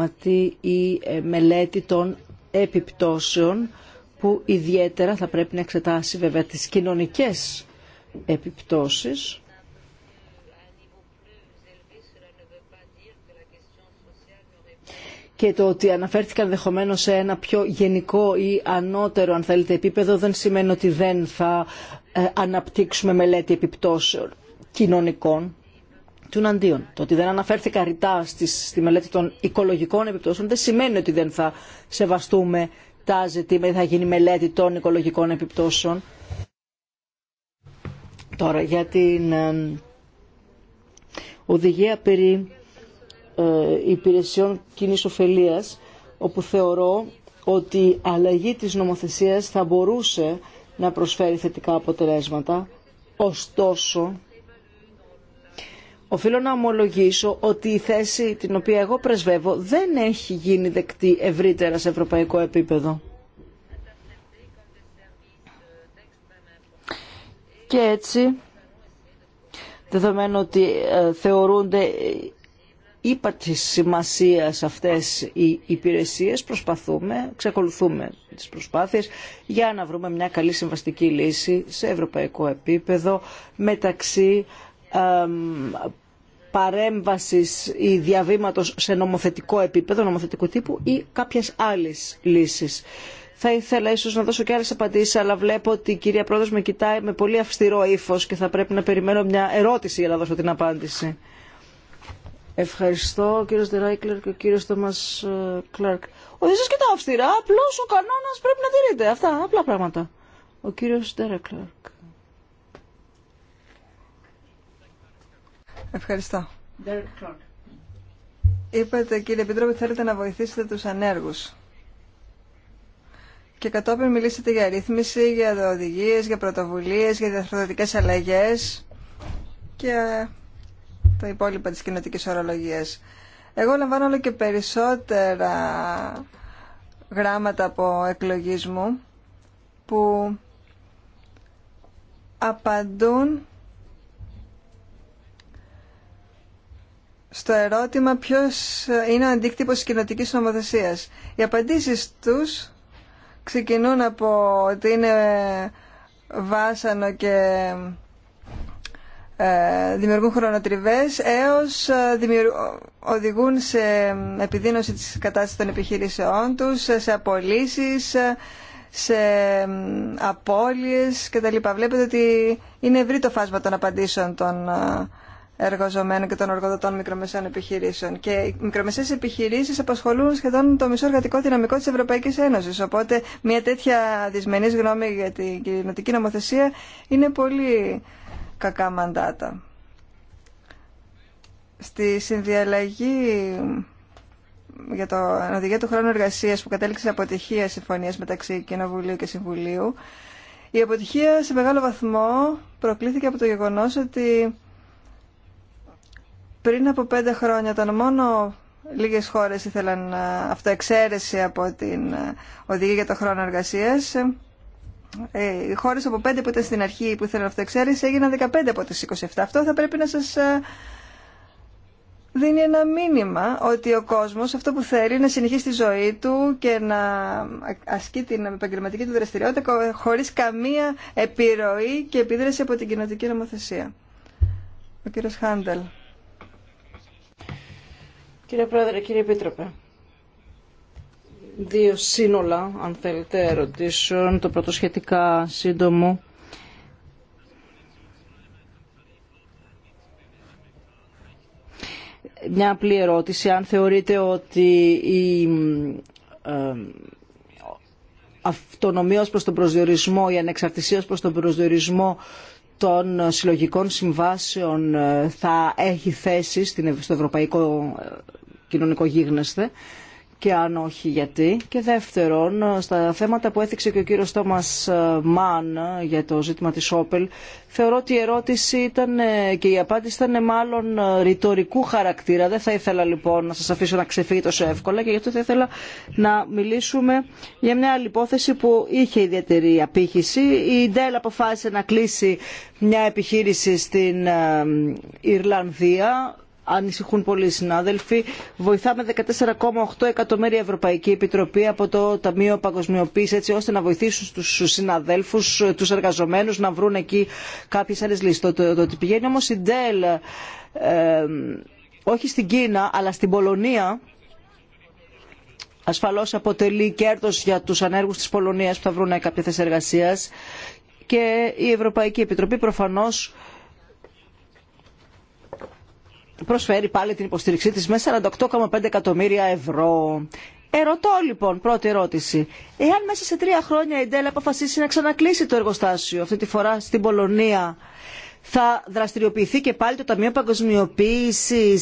επί η ε, μελέτη των επιπτώσεων που ιδιαίτερα θα πρέπει να εξετάσει βέβαια τις κοινωνικές επιπτώσεις και το ότι αναφέρθηκαν ενδεχομένω σε ένα πιο γενικό ή ανώτερο αν θέλετε επίπεδο δεν σημαίνει ότι δεν θα ε, αναπτύξουμε μελέτη επιπτώσεων κοινωνικών του Το ότι δεν αναφέρθηκα ρητά στις, στη μελέτη των οικολογικών επιπτώσεων δεν σημαίνει ότι δεν θα σεβαστούμε τα ζητήματα, θα γίνει μελέτη των οικολογικών επιπτώσεων. Τώρα για την οδηγία περί ε, υπηρεσιών κοινή ωφελία, όπου θεωρώ ότι η αλλαγή της νομοθεσίας θα μπορούσε να προσφέρει θετικά αποτελέσματα, ωστόσο Οφείλω να ομολογήσω ότι η θέση την οποία εγώ πρεσβεύω δεν έχει γίνει δεκτή ευρύτερα σε ευρωπαϊκό επίπεδο. Και έτσι, δεδομένου ότι ε, θεωρούνται ύπατη σημασία σημασία αυτές οι υπηρεσίες, προσπαθούμε, ξεκολουθούμε τις προσπάθειες για να βρούμε μια καλή συμβαστική λύση σε ευρωπαϊκό επίπεδο μεταξύ παρέμβασης ή διαβήματος σε νομοθετικό επίπεδο, νομοθετικού τύπου ή κάποιες άλλες λύσεις. Θα ήθελα ίσως να δώσω και άλλες απαντήσεις, αλλά βλέπω ότι η κυρία Πρόεδρος με κοιτάει με πολύ αυστηρό ύφος και θα πρέπει να περιμένω μια ερώτηση για να δώσω την απάντηση. Ευχαριστώ Κύριο κύριος Ντεράικλερ και ο κύριος Κλάρκ. Ε, ο και κοιτάω αυστηρά, απλώς ο κανόνας πρέπει να τηρείται. Αυτά, απλά πράγματα. Ο κύριο Ντεράικλερ. Ευχαριστώ. Είπατε κύριε Επίτροπε θέλετε να βοηθήσετε τους ανέργους. Και κατόπιν μιλήσατε για ρύθμιση, για οδηγίες, για πρωτοβουλίες, για διαθροδοτικές αλλαγές και τα υπόλοιπα της κοινωτικής ορολογίας. Εγώ λαμβάνω όλο και περισσότερα γράμματα από εκλογής μου που απαντούν στο ερώτημα ποιος ε, είναι ο αντίκτυπος της κοινοτικής νομοθεσίας. Οι απαντήσεις τους ξεκινούν από ότι είναι βάσανο και ε, δημιουργούν χρονοτριβές έως ε, οδηγούν σε επιδείνωση της κατάστασης των επιχειρήσεών τους, σε απολύσεις, σε απώλειες κτλ. Βλέπετε ότι είναι ευρύ το φάσμα των απαντήσεων των εργαζομένων και των εργοδοτών μικρομεσαίων επιχειρήσεων. Και οι μικρομεσαίε επιχειρήσει απασχολούν σχεδόν το μισό εργατικό δυναμικό τη Ευρωπαϊκή Ένωση. Οπότε μια τέτοια δυσμενή γνώμη για την κοινωτική νομοθεσία είναι πολύ κακά μαντάτα. Στη συνδιαλλαγή για το οδηγία του χρόνου εργασίας που κατέληξε σε αποτυχία συμφωνίας μεταξύ Κοινοβουλίου και Συμβουλίου, η αποτυχία σε μεγάλο βαθμό προκλήθηκε από το γεγονός ότι πριν από πέντε χρόνια, όταν μόνο λίγες χώρες ήθελαν ε, αυτοεξαίρεση από την ε, οδηγία για το χρόνο εργασίας, ε, οι χώρες από πέντε που ήταν στην αρχή που ήθελαν αυτοεξαίρεση έγιναν 15 από τις 27. Αυτό θα πρέπει να σας δίνει ένα μήνυμα ότι ο κόσμος αυτό που θέλει να συνεχίσει τη ζωή του και να ασκεί την επαγγελματική του δραστηριότητα χωρίς καμία επιρροή και επίδραση από την κοινωτική νομοθεσία. Ο κύριος Χάντελ. Κύριε Πρόεδρε, κύριε Επίτροπε, δύο σύνολα, αν θέλετε, ερωτήσεων. Το πρώτο σχετικά σύντομο. Μια απλή ερώτηση. Αν θεωρείτε ότι η αυτονομία ως προς τον προσδιορισμό, η ανεξαρτησία ως προς τον προσδιορισμό των συλλογικών συμβάσεων ε, θα έχει θέση στο ευρωπαϊκό ε, κοινωνικό γίγνεσθε και αν όχι γιατί. Και δεύτερον, στα θέματα που έθιξε και ο κύριος Τόμας ε, Μαν ε, για το ζήτημα της Όπελ, θεωρώ ότι η ερώτηση ήταν ε, και η απάντηση ήταν μάλλον ρητορικού χαρακτήρα. Δεν θα ήθελα λοιπόν να σας αφήσω να ξεφύγει τόσο εύκολα και γι' αυτό θα ήθελα να μιλήσουμε για μια άλλη υπόθεση που είχε ιδιαίτερη απήχηση. Η Ντέλ αποφάσισε να κλείσει μια επιχείρηση στην Ιρλανδία ανησυχούν πολλοί συνάδελφοι. Βοηθάμε 14,8 εκατομμύρια Ευρωπαϊκή Επιτροπή από το Ταμείο Παγκοσμιοποίηση έτσι ώστε να βοηθήσουν του συναδέλφου, του εργαζομένου να βρουν εκεί κάποιε άλλε λύσει. Το, ότι πηγαίνει όμω η Ντέλ όχι στην Κίνα αλλά στην Πολωνία ασφαλώς αποτελεί κέρδο για τους ανέργου τη Πολωνία που θα βρουν κάποια θέση εργασία. και η Ευρωπαϊκή Επιτροπή προφανώς προσφέρει πάλι την υποστήριξή της με 48,5 εκατομμύρια ευρώ. Ερωτώ λοιπόν, πρώτη ερώτηση. Εάν μέσα σε τρία χρόνια η Ντέλα αποφασίσει να ξανακλείσει το εργοστάσιο, αυτή τη φορά στην Πολωνία, θα δραστηριοποιηθεί και πάλι το Ταμείο Παγκοσμιοποίηση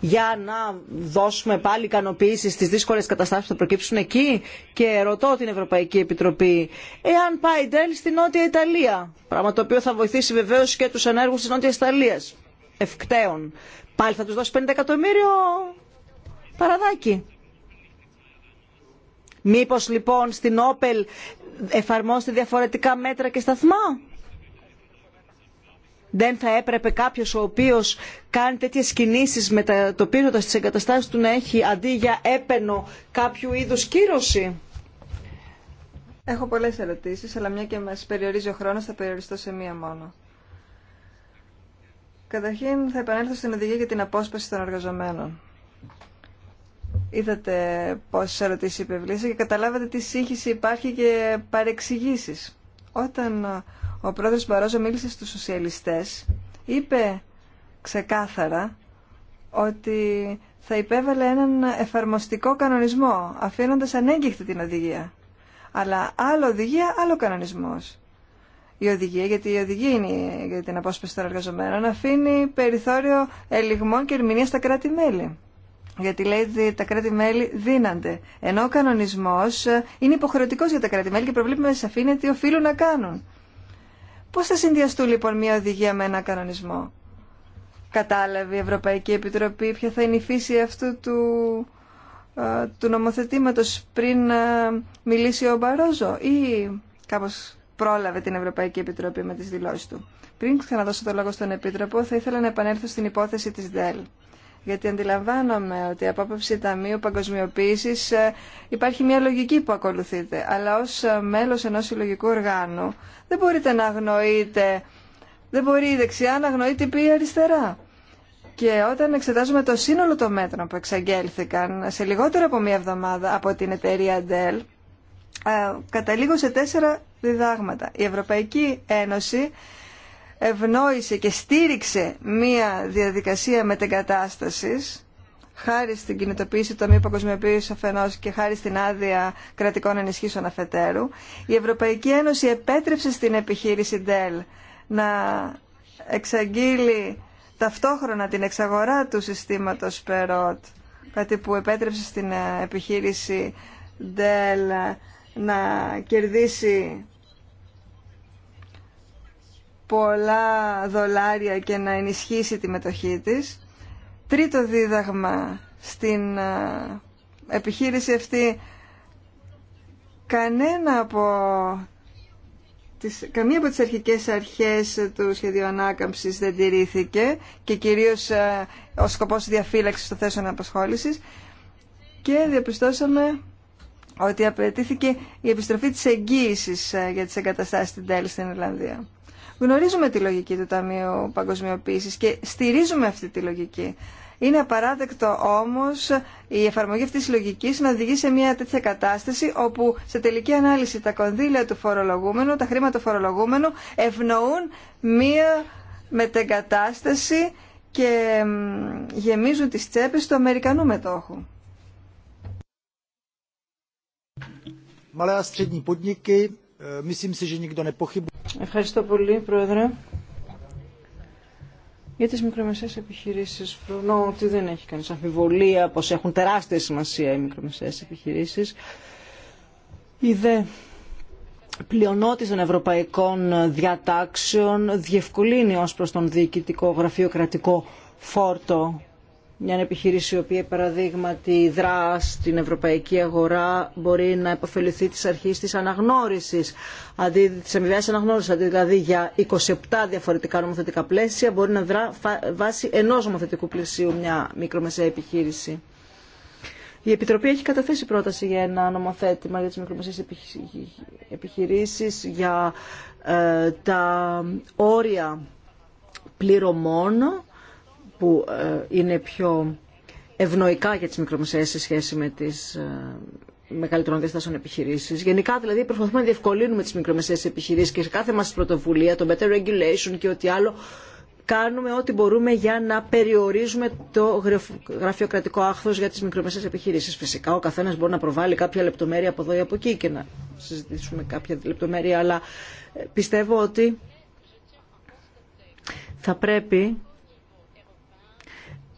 για να δώσουμε πάλι ικανοποίηση στι δύσκολε καταστάσει που θα προκύψουν εκεί. Και ρωτώ την Ευρωπαϊκή Επιτροπή, εάν πάει η Ντέλ στη Νότια Ιταλία, πράγμα το οποίο θα βοηθήσει βεβαίω και του ανέργου τη Νότια Ιταλία, ευκταίων. Πάλι θα τους δώσει 50 εκατομμύριο παραδάκι. Μήπως λοιπόν στην Όπελ εφαρμόστε διαφορετικά μέτρα και σταθμά. Δεν θα έπρεπε κάποιος ο οποίος κάνει τέτοιες κινήσεις το τι εγκαταστάσεις του να έχει αντί για έπαινο κάποιο είδους κύρωση. Έχω πολλές ερωτήσεις, αλλά μια και μας περιορίζει ο χρόνος θα περιοριστώ σε μία μόνο. Καταρχήν θα επανέλθω στην οδηγία για την απόσπαση των εργαζομένων. Είδατε πόσε ερωτήσει υπευλήσα και καταλάβατε τι σύγχυση υπάρχει και παρεξηγήσεις. Όταν ο πρόεδρος Μπαρόζο μίλησε στους σοσιαλιστές, είπε ξεκάθαρα ότι θα υπέβαλε έναν εφαρμοστικό κανονισμό, αφήνοντας ανέγκυχτη την οδηγία. Αλλά άλλο οδηγία, άλλο κανονισμός η οδηγία, γιατί η οδηγία είναι για την απόσπαση των εργαζομένων, αφήνει περιθώριο ελιγμών και ερμηνεία στα κράτη-μέλη. Γιατί λέει ότι τα κράτη-μέλη δίνανται. Ενώ ο κανονισμό ε, είναι υποχρεωτικό για τα κράτη-μέλη και προβλέπει με σαφήνεια τι οφείλουν να κάνουν. Πώ θα συνδυαστούν λοιπόν μια οδηγία με ένα κανονισμό. Κατάλαβε η Ευρωπαϊκή Επιτροπή ποια θα είναι η φύση αυτού του, ε, του νομοθετήματος πριν ε, μιλήσει ο Μπαρόζο ή κάπως πρόλαβε την Ευρωπαϊκή Επιτροπή με τι δηλώσει του. Πριν ξαναδώσω το λόγο στον Επίτροπο, θα ήθελα να επανέλθω στην υπόθεση τη ΔΕΛ. Γιατί αντιλαμβάνομαι ότι από άποψη Ταμείου Παγκοσμιοποίηση ε, υπάρχει μια λογική που ακολουθείτε. Αλλά ω ε, μέλο ενό συλλογικού οργάνου δεν μπορείτε να αγνοείτε, δεν μπορεί η δεξιά να αγνοεί πει η αριστερά. Και όταν εξετάζουμε το σύνολο των μέτρων που εξαγγέλθηκαν σε λιγότερο από μία εβδομάδα από την εταιρεία Dell, ε, καταλήγω σε τέσσερα διδάγματα. Η Ευρωπαϊκή Ένωση ευνόησε και στήριξε μία διαδικασία μετεγκατάστασης χάρη στην κινητοποίηση του Ταμείου παγκοσμιοποίηση αφενό και χάρη στην άδεια κρατικών ενισχύσεων αφετέρου, η Ευρωπαϊκή Ένωση επέτρεψε στην επιχείρηση Dell να εξαγγείλει ταυτόχρονα την εξαγορά του συστήματος Perot, κάτι που επέτρεψε στην ε, επιχείρηση Dell να κερδίσει πολλά δολάρια και να ενισχύσει τη μετοχή της. Τρίτο δίδαγμα στην επιχείρηση αυτή κανένα από τις, καμία από τις αρχικές αρχές του σχεδίου ανάκαμψης δεν τηρήθηκε και κυρίως ο σκοπός διαφύλαξης των θέσεων απασχόλησης και διαπιστώσαμε ότι απαιτήθηκε η επιστροφή της εγγύησης ε, για τις εγκαταστάσεις στην Τέλη στην Ιρλανδία. Γνωρίζουμε τη λογική του Ταμείου Παγκοσμιοποίησης και στηρίζουμε αυτή τη λογική. Είναι απαράδεκτο όμως η εφαρμογή αυτής της λογικής να οδηγεί σε μια τέτοια κατάσταση όπου σε τελική ανάλυση τα κονδύλια του φορολογούμενου, τα χρήματα του φορολογούμενου ευνοούν μια μετεγκατάσταση και γεμίζουν τις τσέπες του Αμερικανού μετόχου. Ευχαριστώ πολύ, Πρόεδρε. Για τις μικρομεσαίες επιχειρήσεις πρόγνω ότι δεν έχει κανείς αμφιβολία πως έχουν τεράστια σημασία οι μικρομεσαίες επιχειρήσεις. Η δε πλειονότητα των ευρωπαϊκών διατάξεων διευκολύνει ως προς τον διοικητικό γραφειοκρατικό φόρτο μια επιχείρηση η οποία παραδείγματι δρά στην ευρωπαϊκή αγορά μπορεί να υποφεληθεί της αρχής της αναγνώρισης, αντί, της αναγνώριση. αναγνώρισης, δηλαδή για 27 διαφορετικά νομοθετικά πλαίσια μπορεί να δρά βάσει ενός νομοθετικού πλαισίου μια μικρομεσαία επιχείρηση. Η Επιτροπή έχει καταθέσει πρόταση για ένα νομοθέτημα για τις μικρομεσαίες επιχειρήσεις, για ε, τα όρια πληρωμών που ε, είναι πιο ευνοϊκά για τις μικρομεσαίες σε σχέση με τις ε, μεγαλύτερων διαστάσεων επιχειρήσει. Γενικά, δηλαδή, προσπαθούμε να διευκολύνουμε τις μικρομεσαίες επιχειρήσεις και σε κάθε μας πρωτοβουλία, το better regulation και ό,τι άλλο, κάνουμε ό,τι μπορούμε για να περιορίζουμε το γραφειοκρατικό άχθο για τις μικρομεσαίες επιχειρήσεις. Φυσικά, ο καθένας μπορεί να προβάλλει κάποια λεπτομέρεια από εδώ ή από εκεί και να συζητήσουμε κάποια λεπτομέρεια, αλλά ε, πιστεύω ότι θα πρέπει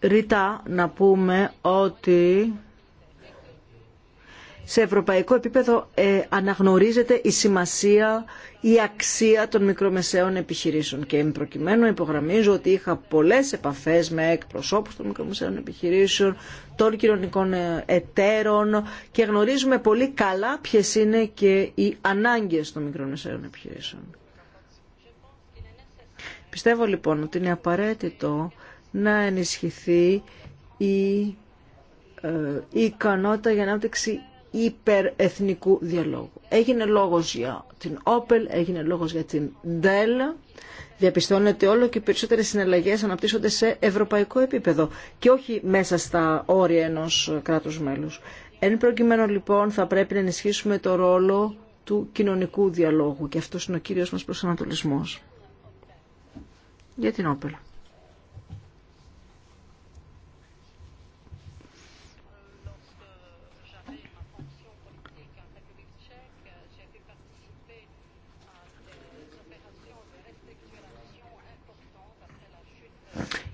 ρητά να πούμε ότι σε ευρωπαϊκό επίπεδο ε, αναγνωρίζεται η σημασία, η αξία των μικρομεσαίων επιχειρήσεων. Και εν προκειμένου υπογραμμίζω ότι είχα πολλές επαφές με εκπροσώπους των μικρομεσαίων επιχειρήσεων, των κοινωνικών ε, εταίρων και γνωρίζουμε πολύ καλά ποιες είναι και οι ανάγκες των μικρομεσαίων επιχειρήσεων. Πιστεύω λοιπόν ότι είναι απαραίτητο να ενισχυθεί η, ε, η ικανότητα για ανάπτυξη υπερεθνικού διαλόγου. Έγινε λόγος για την ΟΠΕΛ, έγινε λόγος για την Dell. Διαπιστώνεται όλο και οι περισσότερες συναλλαγές αναπτύσσονται σε ευρωπαϊκό επίπεδο και όχι μέσα στα όρια ενός κράτους μέλους. Εν προκειμένου λοιπόν θα πρέπει να ενισχύσουμε το ρόλο του κοινωνικού διαλόγου και αυτός είναι ο κύριος μας προσανατολισμός για την Όπελ.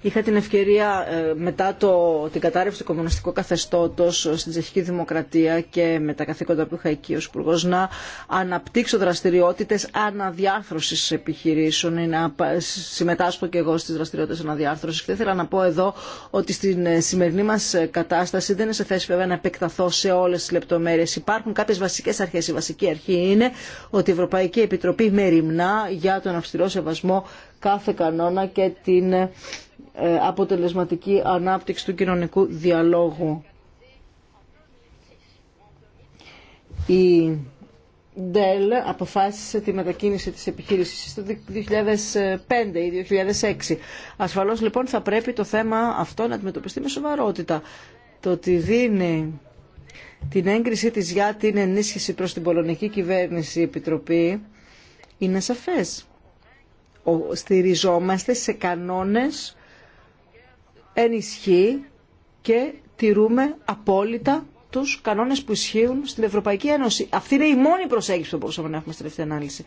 Είχα την ευκαιρία ε, μετά το, την κατάρρευση του κομμουνιστικού καθεστώτο ε, στην Τσεχική Δημοκρατία και με τα καθήκοντα που είχα εκεί ω υπουργό να αναπτύξω δραστηριότητε αναδιάρθρωσης επιχειρήσεων ή να συμμετάσχω και εγώ στι δραστηριότητε αναδιάρθρωσης. Και ήθελα να πω εδώ ότι στην ε, σημερινή μα κατάσταση δεν είναι σε θέση βέβαια να επεκταθώ σε όλε τι λεπτομέρειε. Υπάρχουν κάποιε βασικέ αρχέ. Η βασική αρχή είναι ότι η Ευρωπαϊκή Επιτροπή μεριμνά για τον αυστηρό σεβασμό κάθε κανόνα και την ε, αποτελεσματική ανάπτυξη του κοινωνικού διαλόγου. Η Dell αποφάσισε τη μετακίνηση της επιχείρησης το 2005 ή 2006. Ασφαλώς λοιπόν θα πρέπει το θέμα αυτό να αντιμετωπιστεί με σοβαρότητα. Το ότι δίνει την έγκρισή της για την ενίσχυση προς την πολωνική κυβέρνηση η Επιτροπή είναι σαφές. Στηριζόμαστε σε κανόνες ενισχύει και τηρούμε απόλυτα τους κανόνες που ισχύουν στην Ευρωπαϊκή Ένωση. Αυτή είναι η μόνη προσέγγιση που μπορούσαμε να έχουμε στην τελευταία ανάλυση.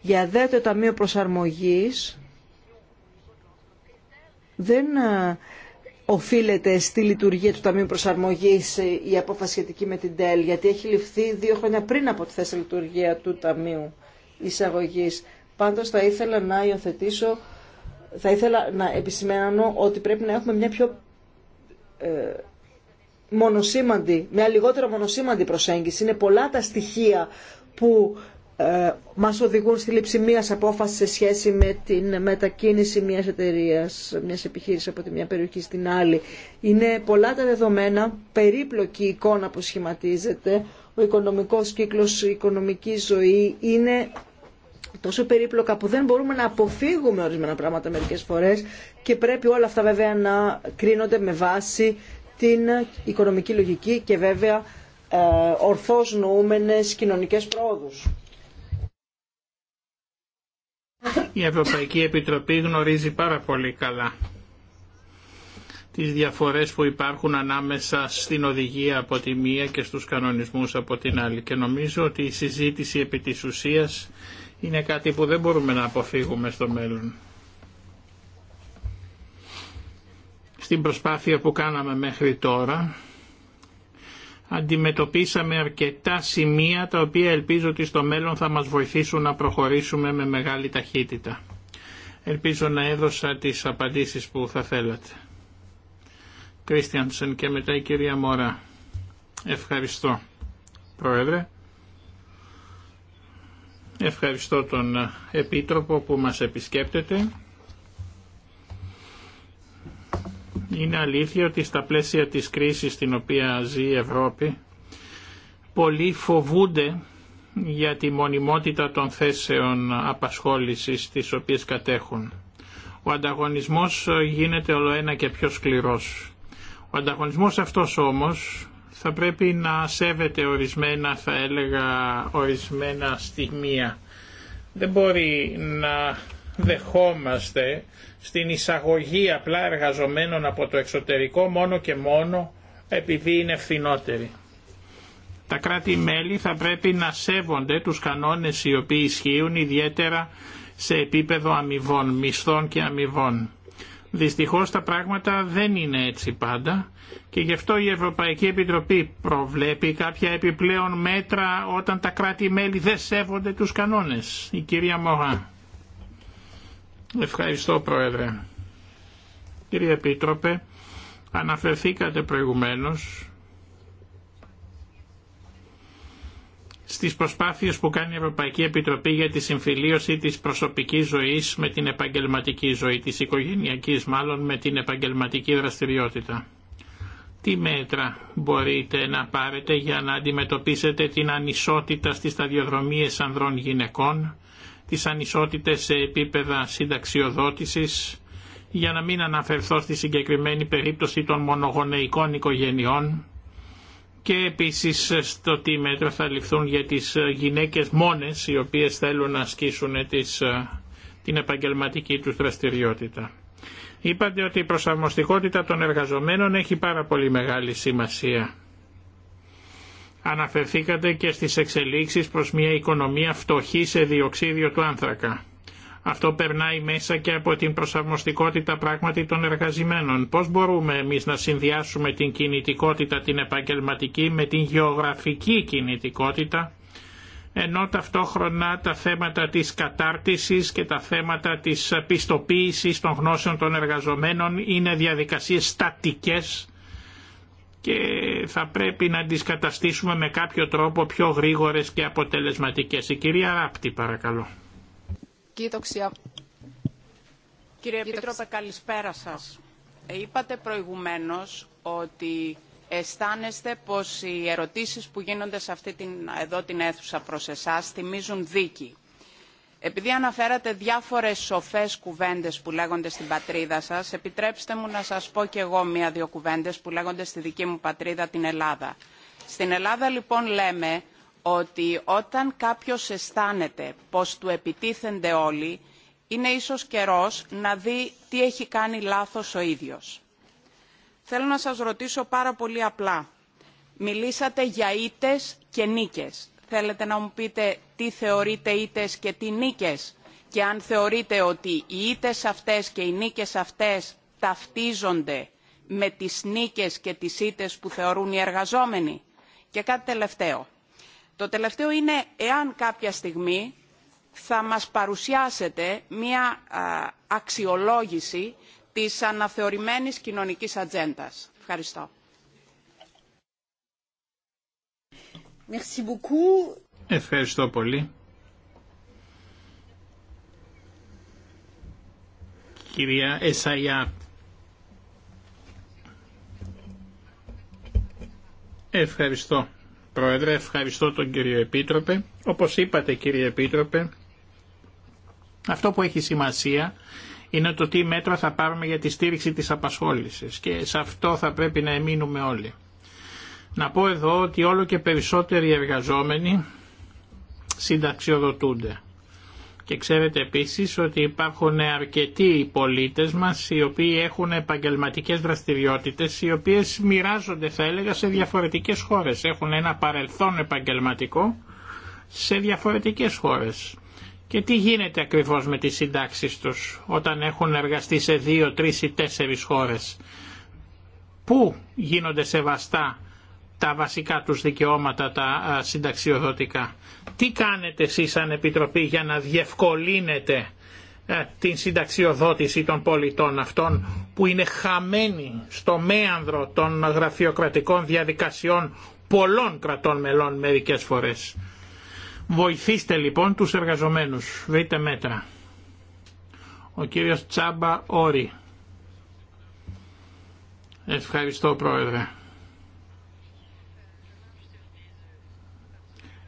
Για δε το Ταμείο Προσαρμογής δεν ε, οφείλεται στη λειτουργία του Ταμείου Προσαρμογής ε, η απόφαση σχετική με την ΤΕΛ, γιατί έχει ληφθεί δύο χρόνια πριν από τη θέση λειτουργία του Ταμείου Εισαγωγής. Πάντως θα ήθελα να υιοθετήσω θα ήθελα να επισημαίνω ότι πρέπει να έχουμε μια πιο ε, μονοσήμαντη, μια λιγότερο μονοσήμαντη προσέγγιση. Είναι πολλά τα στοιχεία που ε, μας οδηγούν στη λήψη μίας απόφασης σε σχέση με την μετακίνηση μιας εταιρείας, μιας επιχείρησης από τη μια περιοχή στην άλλη. Είναι πολλά τα δεδομένα, περίπλοκη εικόνα που σχηματίζεται, ο οικονομικός κύκλος, η οικονομική ζωή είναι τόσο περίπλοκα που δεν μπορούμε να αποφύγουμε ορισμένα πράγματα μερικές φορές και πρέπει όλα αυτά βέβαια να κρίνονται με βάση την οικονομική λογική και βέβαια ε, ορθώς νοούμενες κοινωνικές πρόοδους. Η Ευρωπαϊκή Επιτροπή γνωρίζει πάρα πολύ καλά τις διαφορές που υπάρχουν ανάμεσα στην οδηγία από τη μία και στους κανονισμούς από την άλλη και νομίζω ότι η συζήτηση επί της ουσίας είναι κάτι που δεν μπορούμε να αποφύγουμε στο μέλλον. Στην προσπάθεια που κάναμε μέχρι τώρα αντιμετωπίσαμε αρκετά σημεία τα οποία ελπίζω ότι στο μέλλον θα μας βοηθήσουν να προχωρήσουμε με μεγάλη ταχύτητα. Ελπίζω να έδωσα τις απαντήσεις που θα θέλατε. Κρίστιανσεν και μετά η κυρία Μωρά. Ευχαριστώ. Πρόεδρε. Ευχαριστώ τον Επίτροπο που μας επισκέπτεται. Είναι αλήθεια ότι στα πλαίσια της κρίσης στην οποία ζει η Ευρώπη πολλοί φοβούνται για τη μονιμότητα των θέσεων απασχόλησης τις οποίες κατέχουν. Ο ανταγωνισμός γίνεται όλο ένα και πιο σκληρός. Ο ανταγωνισμός αυτός όμως θα πρέπει να σέβεται ορισμένα, θα έλεγα, ορισμένα στιγμία. Δεν μπορεί να δεχόμαστε στην εισαγωγή απλά εργαζομένων από το εξωτερικό μόνο και μόνο επειδή είναι φθηνότεροι. Τα κράτη-μέλη θα πρέπει να σέβονται τους κανόνες οι οποίοι ισχύουν ιδιαίτερα σε επίπεδο αμοιβών, μισθών και αμοιβών. Δυστυχώς τα πράγματα δεν είναι έτσι πάντα και γι' αυτό η Ευρωπαϊκή Επιτροπή προβλέπει κάποια επιπλέον μέτρα όταν τα κράτη-μέλη δεν σέβονται τους κανόνες. Η κυρία Μωρά. Ευχαριστώ Πρόεδρε. Κύριε Επίτροπε, αναφερθήκατε προηγουμένως στις προσπάθειες που κάνει η Ευρωπαϊκή Επιτροπή για τη συμφιλίωση της προσωπικής ζωής με την επαγγελματική ζωή, της οικογενειακής μάλλον με την επαγγελματική δραστηριότητα. Τι μέτρα μπορείτε να πάρετε για να αντιμετωπίσετε την ανισότητα στις σταδιοδρομίες ανδρών γυναικών, τις ανισότητες σε επίπεδα συνταξιοδότησης, για να μην αναφερθώ στη συγκεκριμένη περίπτωση των μονογονεϊκών οικογενειών και επίσης στο τι μέτρα θα ληφθούν για τις γυναίκες μόνες οι οποίες θέλουν να ασκήσουν τις, την επαγγελματική τους δραστηριότητα. Είπατε ότι η προσαρμοστικότητα των εργαζομένων έχει πάρα πολύ μεγάλη σημασία. Αναφερθήκατε και στις εξελίξεις προς μια οικονομία φτωχή σε διοξίδιο του άνθρακα. Αυτό περνάει μέσα και από την προσαρμοστικότητα πράγματι των εργαζημένων. Πώς μπορούμε εμείς να συνδυάσουμε την κινητικότητα την επαγγελματική με την γεωγραφική κινητικότητα ενώ ταυτόχρονα τα θέματα της κατάρτισης και τα θέματα της πιστοποίησης των γνώσεων των εργαζομένων είναι διαδικασίες στατικές και θα πρέπει να τις καταστήσουμε με κάποιο τρόπο πιο γρήγορες και αποτελεσματικές. Η κυρία Ράπτη παρακαλώ. Κύριε Επίτροπε, καλησπέρα σας. Ε, είπατε προηγουμένως ότι αισθάνεστε πως οι ερωτήσεις που γίνονται σε αυτή την, εδώ την αίθουσα προς εσάς θυμίζουν δίκη. Επειδή αναφέρατε διάφορες σοφές κουβέντες που λέγονται στην πατρίδα σας, επιτρέψτε μου να σας πω και εγώ μία-δύο κουβέντες που λέγονται στη δική μου πατρίδα, την Ελλάδα. Στην Ελλάδα λοιπόν λέμε ότι όταν κάποιος αισθάνεται πως του επιτίθενται όλοι, είναι ίσως καιρός να δει τι έχει κάνει λάθος ο ίδιος. Θέλω να σας ρωτήσω πάρα πολύ απλά. Μιλήσατε για ήτες και νίκες. Θέλετε να μου πείτε τι θεωρείτε ήτες και τι νίκες και αν θεωρείτε ότι οι ήτες αυτές και οι νίκες αυτές ταυτίζονται με τις νίκες και τις ήτες που θεωρούν οι εργαζόμενοι. Και κάτι τελευταίο. Το τελευταίο είναι εάν κάποια στιγμή θα μας παρουσιάσετε μία αξιολόγηση της αναθεωρημένης κοινωνικής ατζέντα. Ευχαριστώ. Ευχαριστώ πολύ. Κυρία Εσαϊά. Ευχαριστώ. Πρόεδρε, ευχαριστώ τον κύριο Επίτροπε. Όπως είπατε κύριε Επίτροπε, αυτό που έχει σημασία είναι το τι μέτρα θα πάρουμε για τη στήριξη της απασχόλησης και σε αυτό θα πρέπει να εμείνουμε όλοι. Να πω εδώ ότι όλο και περισσότεροι εργαζόμενοι συνταξιοδοτούνται. Και ξέρετε επίσης ότι υπάρχουν αρκετοί πολίτες μας οι οποίοι έχουν επαγγελματικές δραστηριότητες οι οποίες μοιράζονται θα έλεγα σε διαφορετικές χώρες. Έχουν ένα παρελθόν επαγγελματικό σε διαφορετικές χώρες. Και τι γίνεται ακριβώς με τις συντάξεις τους όταν έχουν εργαστεί σε δύο, τρεις ή τέσσερις χώρες. Πού γίνονται σεβαστά τα βασικά τους δικαιώματα, τα συνταξιοδοτικά. Τι κάνετε εσείς σαν Επιτροπή για να διευκολύνετε την συνταξιοδότηση των πολιτών αυτών που είναι χαμένοι στο μέανδρο των γραφειοκρατικών διαδικασιών πολλών κρατών μελών μερικές φορές. Βοηθήστε λοιπόν τους εργαζομένους. Βρείτε μέτρα. Ο κύριος Τσάμπα Όρη. Ευχαριστώ πρόεδρε.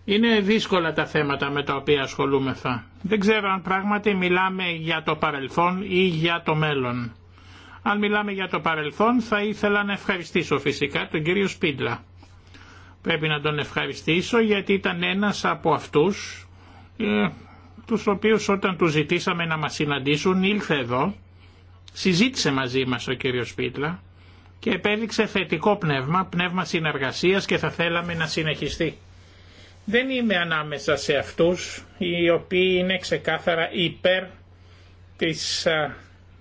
Είναι δύσκολα τα θέματα με τα οποία ασχολούμεθα. Δεν ξέρω αν πράγματι μιλάμε για το παρελθόν ή για το μέλλον. Αν μιλάμε για το παρελθόν θα ήθελα να ευχαριστήσω φυσικά τον κύριο Σπίτλα Πρέπει να τον ευχαριστήσω γιατί ήταν ένας από αυτούς ε, τους οποίους όταν του ζητήσαμε να μας συναντήσουν ήλθε εδώ, συζήτησε μαζί μας ο κύριος Σπίτλα και επέδειξε θετικό πνεύμα, πνεύμα συνεργασίας και θα θέλαμε να συνεχιστεί. Δεν είμαι ανάμεσα σε αυτούς οι οποίοι είναι ξεκάθαρα υπέρ της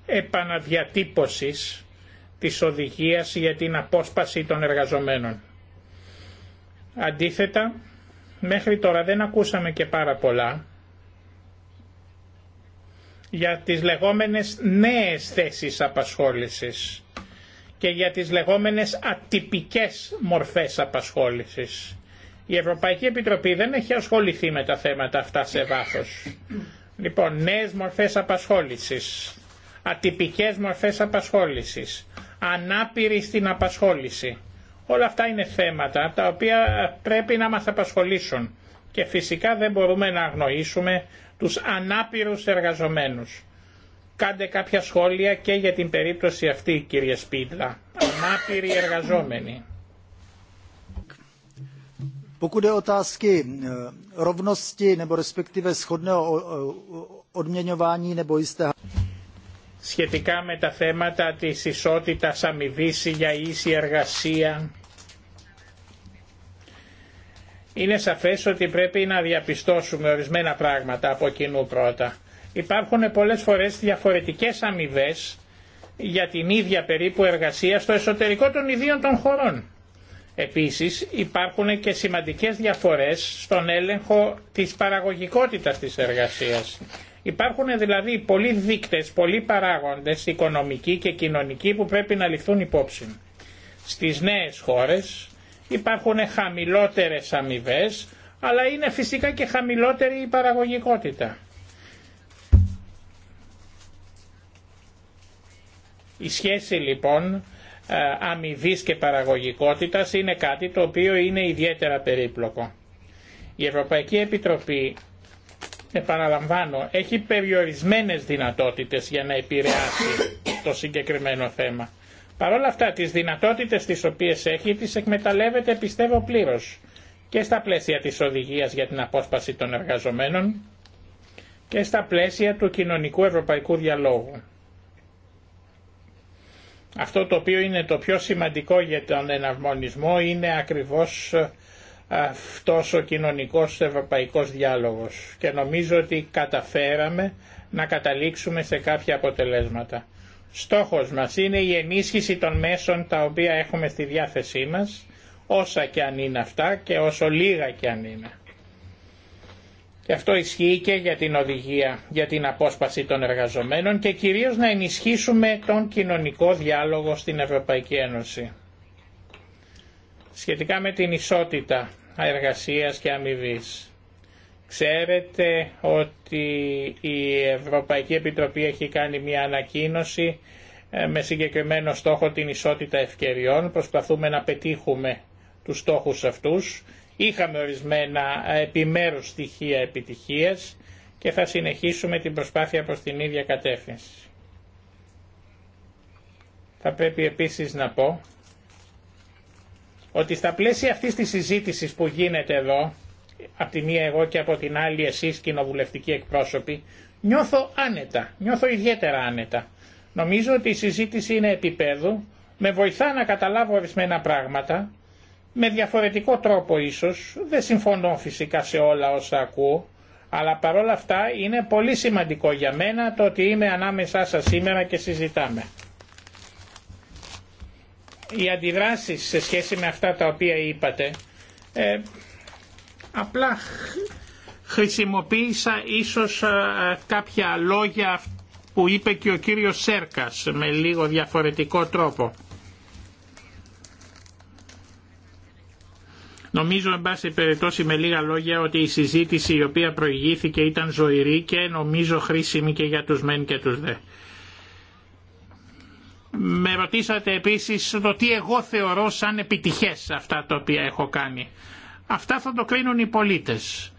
επαναδιατύπωσης της οδηγίας για την απόσπαση των εργαζομένων. Αντίθετα, μέχρι τώρα δεν ακούσαμε και πάρα πολλά για τις λεγόμενες νέες θέσεις απασχόλησης και για τις λεγόμενες ατυπικές μορφές απασχόλησης. Η Ευρωπαϊκή Επιτροπή δεν έχει ασχοληθεί με τα θέματα αυτά σε βάθος. Λοιπόν, νέες μορφές απασχόλησης, ατυπικές μορφές απασχόλησης, ανάπηροι στην απασχόληση. Όλα αυτά είναι θέματα τα οποία πρέπει να μας απασχολήσουν και φυσικά δεν μπορούμε να αγνοήσουμε τους ανάπηρους εργαζομένους. Κάντε κάποια σχόλια και για την περίπτωση αυτή κύριε Σπίτλα. Ανάπηροι εργαζόμενοι. Pokud je otázky eh, rovnosti nebo respektive eh, odměňování nebo σχετικά με τα θέματα της ισότητας αμοιβή για ίση εργασία είναι σαφές ότι πρέπει να διαπιστώσουμε ορισμένα πράγματα από κοινού πρώτα. Υπάρχουν πολλές φορές διαφορετικές αμοιβέ για την ίδια περίπου εργασία στο εσωτερικό των ιδίων των χωρών. Επίσης υπάρχουν και σημαντικές διαφορές στον έλεγχο της παραγωγικότητας της εργασίας. Υπάρχουν δηλαδή πολλοί δείκτες, πολλοί παράγοντες οικονομικοί και κοινωνικοί που πρέπει να ληφθούν υπόψη. Στις νέες χώρες υπάρχουν χαμηλότερες αμοιβέ, αλλά είναι φυσικά και χαμηλότερη η παραγωγικότητα. Η σχέση λοιπόν ε, αμοιβή και παραγωγικότητα είναι κάτι το οποίο είναι ιδιαίτερα περίπλοκο. Η Ευρωπαϊκή Επιτροπή, επαναλαμβάνω, έχει περιορισμένες δυνατότητες για να επηρεάσει το συγκεκριμένο θέμα. Παρ' όλα αυτά τις δυνατότητες τις οποίες έχει τις εκμεταλλεύεται πιστεύω πλήρως και στα πλαίσια της οδηγίας για την απόσπαση των εργαζομένων και στα πλαίσια του κοινωνικού ευρωπαϊκού διαλόγου. Αυτό το οποίο είναι το πιο σημαντικό για τον εναρμονισμό είναι ακριβώς ε, αυτός ο κοινωνικός ευρωπαϊκός διάλογος και νομίζω ότι καταφέραμε να καταλήξουμε σε κάποια αποτελέσματα. Στόχος μας είναι η ενίσχυση των μέσων τα οποία έχουμε στη διάθεσή μας, όσα και αν είναι αυτά και όσο λίγα και αν είναι. Και αυτό ισχύει και για την οδηγία, για την απόσπαση των εργαζομένων και κυρίως να ενισχύσουμε τον κοινωνικό διάλογο στην Ευρωπαϊκή Ένωση. Σχετικά με την ισότητα εργασίας και αμοιβής. Ξέρετε ότι η Ευρωπαϊκή Επιτροπή έχει κάνει μια ανακοίνωση ε, με συγκεκριμένο στόχο την ισότητα ευκαιριών. Προσπαθούμε να πετύχουμε τους στόχους αυτούς. Είχαμε ορισμένα επιμέρους στοιχεία επιτυχίας και θα συνεχίσουμε την προσπάθεια προς την ίδια κατεύθυνση. Θα πρέπει επίσης να πω ότι στα πλαίσια αυτής της συζήτησης που γίνεται εδώ από τη μία εγώ και από την άλλη εσείς κοινοβουλευτικοί εκπρόσωποι, νιώθω άνετα, νιώθω ιδιαίτερα άνετα. Νομίζω ότι η συζήτηση είναι επίπεδου, με βοηθά να καταλάβω ορισμένα πράγματα, με διαφορετικό τρόπο ίσως, δεν συμφωνώ φυσικά σε όλα όσα ακούω, αλλά παρόλα αυτά είναι πολύ σημαντικό για μένα το ότι είμαι ανάμεσά σας σήμερα και συζητάμε. Οι αντιδράσεις σε σχέση με αυτά τα οποία είπατε, ε, Απλά χρησιμοποίησα ίσως ε, κάποια λόγια που είπε και ο κύριος Σέρκας με λίγο διαφορετικό τρόπο. Νομίζω, εν πάση περιπτώσει, με λίγα λόγια, ότι η συζήτηση η οποία προηγήθηκε ήταν ζωηρή και νομίζω χρήσιμη και για τους μεν και τους δε. Με ρωτήσατε επίσης το τι εγώ θεωρώ σαν επιτυχές αυτά τα οποία έχω κάνει. Αυτά θα το κρίνουν οι πολίτες.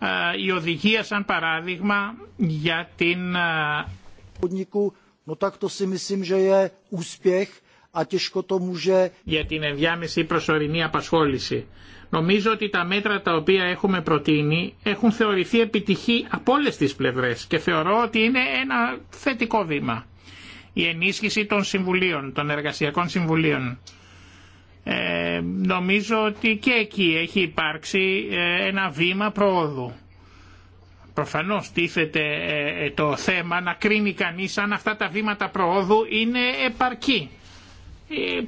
Ε, η οδηγία σαν παράδειγμα για την... Για την ενδιάμεση προσωρινή απασχόληση. Νομίζω ότι τα μέτρα τα οποία έχουμε προτείνει έχουν θεωρηθεί επιτυχή από όλε τι πλευρέ και θεωρώ ότι είναι ένα θετικό βήμα. Η ενίσχυση των συμβουλίων, των εργασιακών συμβουλίων. Ε, νομίζω ότι και εκεί έχει υπάρξει ε, ένα βήμα προόδου. Προφανώς τίθεται ε, το θέμα να κρίνει κανείς αν αυτά τα βήματα προόδου είναι επαρκή.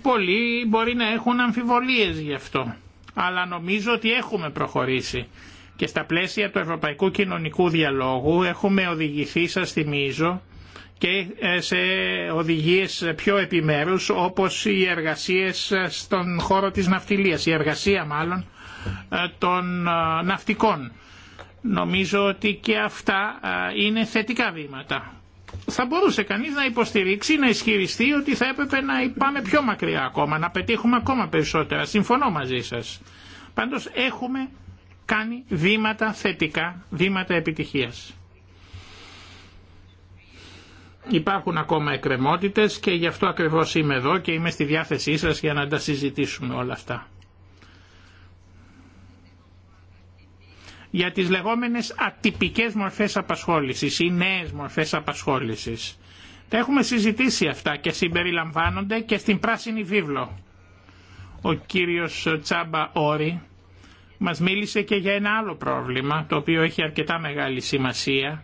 Πολλοί μπορεί να έχουν αμφιβολίες γι' αυτό. Αλλά νομίζω ότι έχουμε προχωρήσει. Και στα πλαίσια του Ευρωπαϊκού Κοινωνικού Διαλόγου έχουμε οδηγηθεί, σας θυμίζω, και ε, σε οδηγίες πιο επιμέρους όπως οι εργασίες στον χώρο της ναυτιλίας, η εργασία μάλλον ε, των ε, ναυτικών. Νομίζω ότι και αυτά είναι θετικά βήματα. Θα μπορούσε κανείς να υποστηρίξει, να ισχυριστεί ότι θα έπρεπε να πάμε πιο μακριά ακόμα, να πετύχουμε ακόμα περισσότερα. Συμφωνώ μαζί σας. Πάντως έχουμε κάνει βήματα θετικά, βήματα επιτυχίας. Υπάρχουν ακόμα εκκρεμότητες και γι' αυτό ακριβώς είμαι εδώ και είμαι στη διάθεσή σας για να τα συζητήσουμε όλα αυτά. Για τις λεγόμενες ατυπικές μορφές απασχόλησης ή νέες μορφές απασχόλησης. Τα έχουμε συζητήσει αυτά και συμπεριλαμβάνονται και στην Πράσινη Βίβλο. Ο κύριος Τσάμπα Όρη μας μίλησε και για ένα άλλο πρόβλημα το οποίο έχει αρκετά μεγάλη σημασία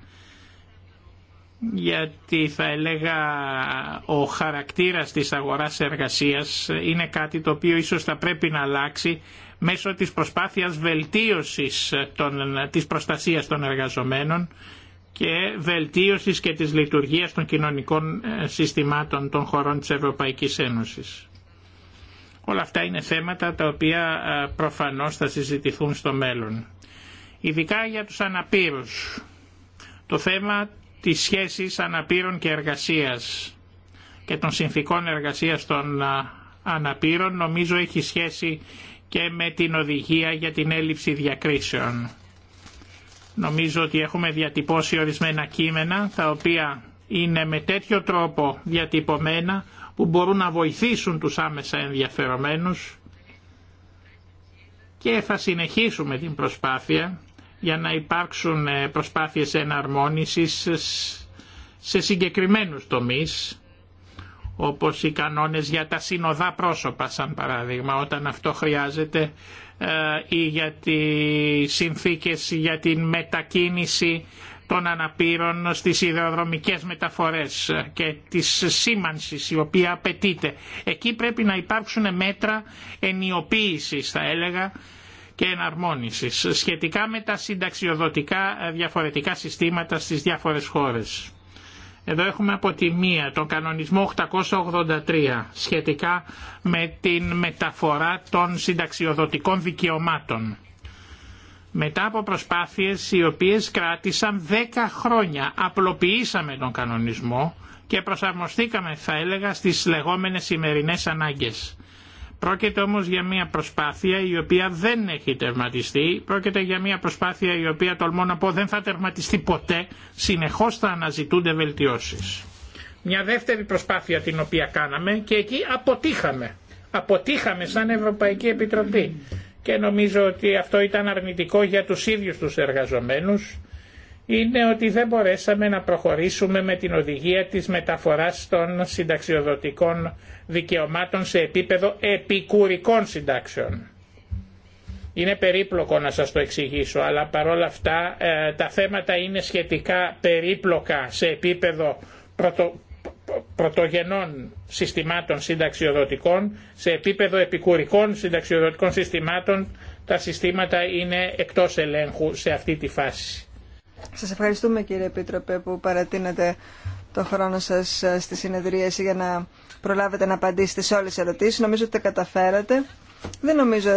γιατί θα έλεγα ο χαρακτήρας της αγοράς εργασίας είναι κάτι το οποίο ίσως θα πρέπει να αλλάξει μέσω της προσπάθειας βελτίωσης των, της προστασίας των εργαζομένων και βελτίωσης και της λειτουργίας των κοινωνικών ε, συστημάτων των χωρών της Ευρωπαϊκής Ένωσης. Όλα αυτά είναι θέματα τα οποία ε, προφανώς θα συζητηθούν στο μέλλον. Ειδικά για τους αναπήρους. Το θέμα τις σχέσεις αναπήρων και εργασίας και των συνθήκων εργασίας των αναπήρων νομίζω έχει σχέση και με την οδηγία για την έλλειψη διακρίσεων. Νομίζω ότι έχουμε διατυπώσει ορισμένα κείμενα τα οποία είναι με τέτοιο τρόπο διατυπωμένα που μπορούν να βοηθήσουν τους άμεσα ενδιαφερομένους και θα συνεχίσουμε την προσπάθεια για να υπάρξουν ε, προσπάθειες εναρμόνισης σε συγκεκριμένους τομείς όπως οι κανόνες για τα συνοδά πρόσωπα σαν παράδειγμα όταν αυτό χρειάζεται ε, ή για τις συνθήκες για την μετακίνηση των αναπήρων στις ιδεοδρομικές μεταφορές ε, και της σήμανσης η οποία απαιτείται. Εκεί πρέπει να υπάρξουν μέτρα ενιοποίησης θα έλεγα και εναρμόνισης σχετικά με τα συνταξιοδοτικά ε, διαφορετικά συστήματα στις διάφορες χώρες. Εδώ έχουμε από τη μία τον κανονισμό 883 σχετικά με την μεταφορά των συνταξιοδοτικών δικαιωμάτων. Μετά από προσπάθειες οι οποίες κράτησαν 10 χρόνια απλοποιήσαμε τον κανονισμό και προσαρμοστήκαμε θα έλεγα στις λεγόμενες σημερινές ανάγκες. Πρόκειται όμως για μια προσπάθεια η οποία δεν έχει τερματιστεί, πρόκειται για μια προσπάθεια η οποία τολμώ να πω δεν θα τερματιστεί ποτέ, συνεχώς θα αναζητούνται βελτιώσεις. Μια δεύτερη προσπάθεια την οποία κάναμε και εκεί αποτύχαμε. Αποτύχαμε σαν Ευρωπαϊκή Επιτροπή και νομίζω ότι αυτό ήταν αρνητικό για τους ίδιους τους εργαζομένους είναι ότι δεν μπορέσαμε να προχωρήσουμε με την οδηγία της μεταφοράς των συνταξιοδοτικών δικαιωμάτων σε επίπεδο επικουρικών συντάξεων. Είναι περίπλοκο να σας το εξηγήσω, αλλά παρόλα αυτά ε, τα θέματα είναι σχετικά περίπλοκα σε επίπεδο πρωτογενών συστημάτων συνταξιοδοτικών, σε επίπεδο επικουρικών συνταξιοδοτικών συστημάτων τα συστήματα είναι εκτός ελέγχου σε αυτή τη φάση. Σας ευχαριστούμε κύριε Επίτροπε που παρατείνατε το χρόνο σας ε, στη συνεδρίαση για να προλάβετε να απαντήσετε σε όλες τις ερωτήσεις. Νομίζω ότι τα καταφέρατε. Δεν νομίζω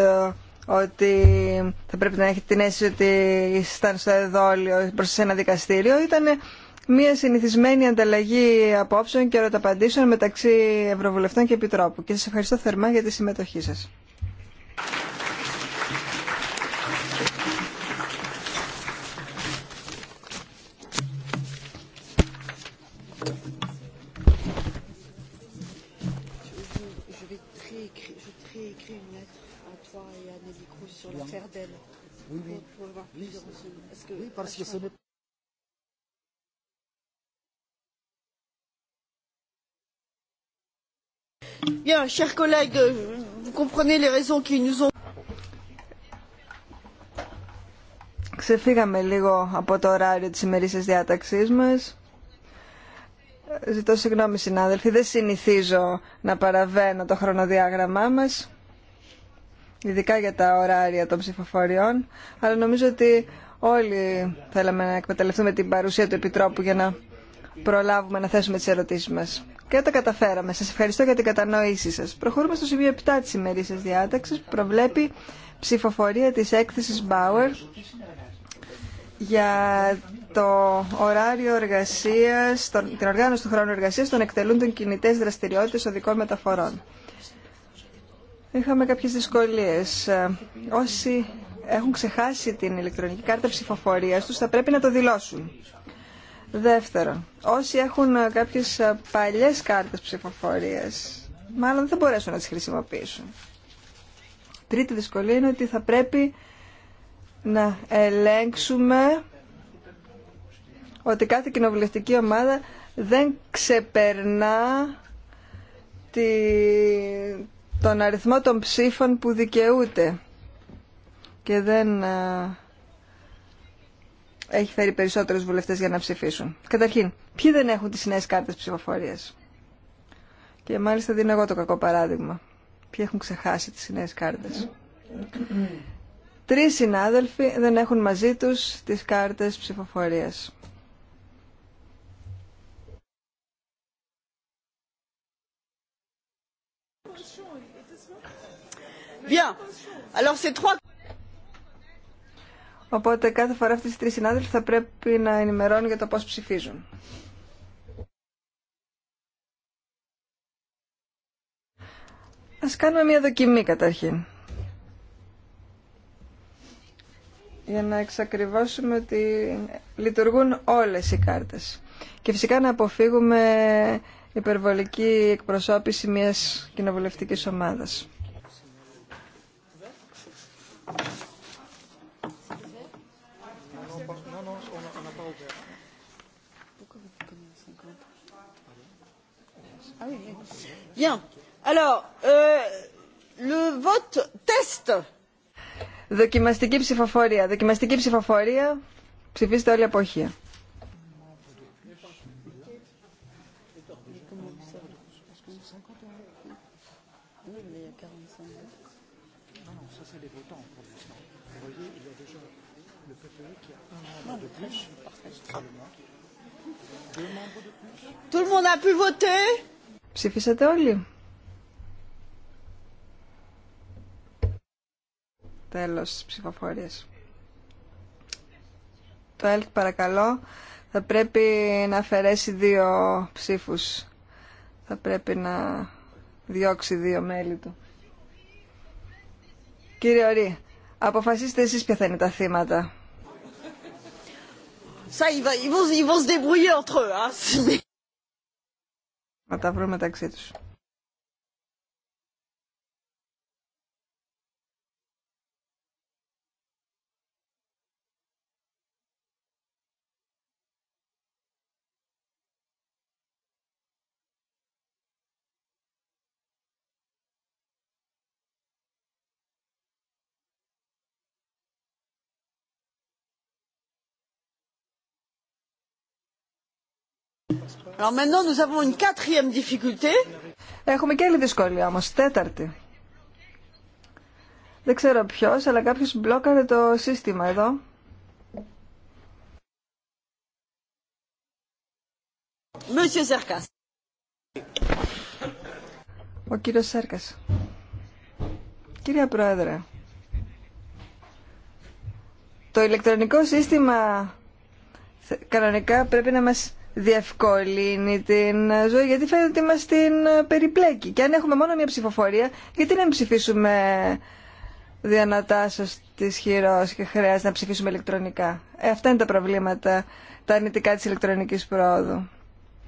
ότι θα πρέπει να έχετε την αίσθηση ότι ήσταν στο εδόλιο προς σε ένα δικαστήριο. Ήταν μια συνηθισμένη ανταλλαγή απόψεων και ερωταπαντήσεων μεταξύ Ευρωβουλευτών και Επιτρόπου. Και σας ευχαριστώ θερμά για τη συμμετοχή σας. faire d'elle. Oui, oui. Oui, parce que ce n'est Bien, chers collègues, vous comprenez les raisons qui nous ont. Ξεφύγαμε λίγο από το ωράριο της ημερήσιας διάταξής μας. Ζητώ συγγνώμη συνάδελφοι, δεν συνηθίζω να παραβαίνω το χρονοδιάγραμμά μας ειδικά για τα ωράρια των ψηφοφοριών, αλλά νομίζω ότι όλοι θέλαμε να εκμεταλλευτούμε την παρουσία του Επιτρόπου για να προλάβουμε να θέσουμε τις ερωτήσεις μας. Και τα καταφέραμε. Σας ευχαριστώ για την κατανόησή σας. Προχωρούμε στο σημείο 7 της σας διάταξης που προβλέπει ψηφοφορία της έκθεσης Bauer για το ωράριο εργασίας, την οργάνωση του χρόνου εργασίας των εκτελούντων κινητές δραστηριότητες οδικών μεταφορών είχαμε κάποιες δυσκολίες. Ε, όσοι έχουν ξεχάσει την ηλεκτρονική κάρτα ψηφοφορίας τους θα πρέπει να το δηλώσουν. Δεύτερον, όσοι έχουν ε, κάποιες ε, παλιές κάρτες ψηφοφορίας, μάλλον δεν θα μπορέσουν να τις χρησιμοποιήσουν. Τρίτη δυσκολία είναι ότι θα πρέπει να ελέγξουμε ότι κάθε κοινοβουλευτική ομάδα δεν ξεπερνά τον αριθμό των ψήφων που δικαιούται και δεν ε, έχει φέρει περισσότερους βουλευτές για να ψηφίσουν. Καταρχήν, ποιοι δεν έχουν τις νέες κάρτες ψηφοφορίας. Και μάλιστα δίνω εγώ το κακό παράδειγμα. Ποιοι έχουν ξεχάσει τις νέες κάρτες. Τρεις συνάδελφοι δεν έχουν μαζί τους τις κάρτες ψηφοφορίας. Οπότε κάθε φορά αυτοί οι τρεις συνάδελφοι θα πρέπει να ενημερώνουν για το πώς ψηφίζουν. Ας κάνουμε μια δοκιμή καταρχήν. Για να εξακριβώσουμε ότι λειτουργούν όλες οι κάρτες. Και φυσικά να αποφύγουμε υπερβολική εκπροσώπηση μιας κοινοβουλευτικής ομάδας. Alors, euh, le vote test. Δοκιμαστική ψηφοφορία. Δοκιμαστική ψηφοφορία. Ψηφίστε όλοι Tout le monde a pu voter. Ψηφίσατε όλοι. Τέλος ψηφοφορίας. Το ΕΛΚ παρακαλώ θα πρέπει να αφαιρέσει δύο ψήφους. Θα πρέπει να διώξει δύο μέλη του. Κύριε Ορή, αποφασίστε εσείς ποια θα είναι τα θύματα. Θα τα βρούμε μεταξύ τους. Έχουμε και άλλη δυσκολία όμως, τέταρτη. Δεν ξέρω ποιος, αλλά κάποιος μπλόκαρε το σύστημα εδώ. Ο κύριος Σέρκας. Κυρία Πρόεδρε, το ηλεκτρονικό σύστημα κανονικά πρέπει να μας διευκολύνει την ζωή, γιατί φαίνεται ότι μας την ε, περιπλέκει. Και αν έχουμε μόνο μια ψηφοφορία, γιατί να μην ψηφίσουμε διανατάσσεω της χειρός και χρειάζεται να ψηφίσουμε ηλεκτρονικά. Ε, αυτά είναι τα προβλήματα, τα αρνητικά της ηλεκτρονικής πρόοδου.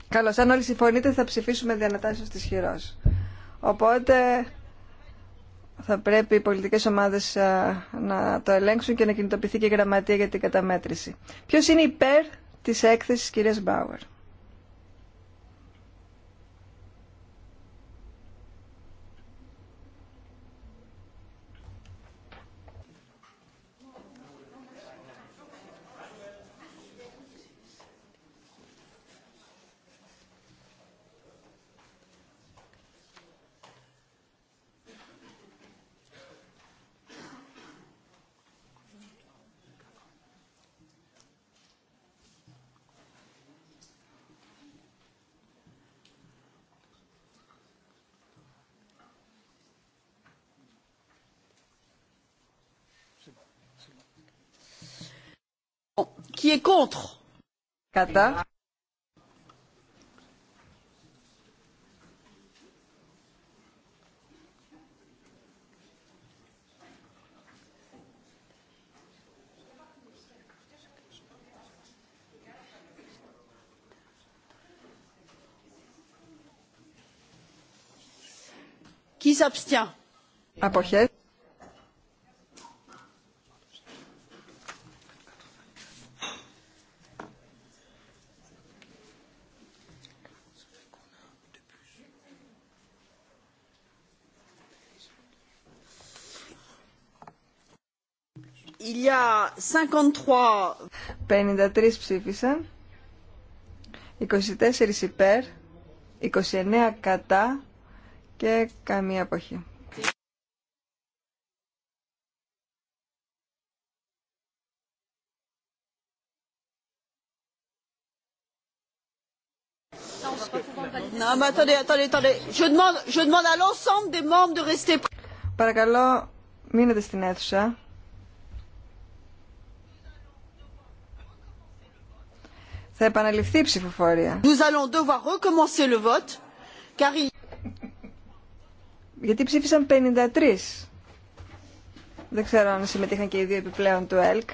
Καλώς, αν όλοι συμφωνείτε θα ψηφίσουμε διανατάσσεω της χειρός. Οπότε θα πρέπει οι πολιτικές ομάδες ε, να το ελέγξουν και να κινητοποιηθεί και η γραμματεία για την καταμέτρηση. Ποιος είναι υπέρ της έκθεσης κυρίας Μπάουερ. Contre. Κατά. Qui s'abstient Apochette. 53... 53 ψήφισαν, 24 υπέρ, 29 κατά και καμία αποχή. Παρακαλώ, μείνετε στην αίθουσα. Θα επαναληφθεί η ψηφοφορία. Nous allons devoir recommencer le vote, car... Γιατί ψήφισαν 53. Δεν ξέρω αν συμμετείχαν και οι δύο επιπλέον του ΕΛΚ.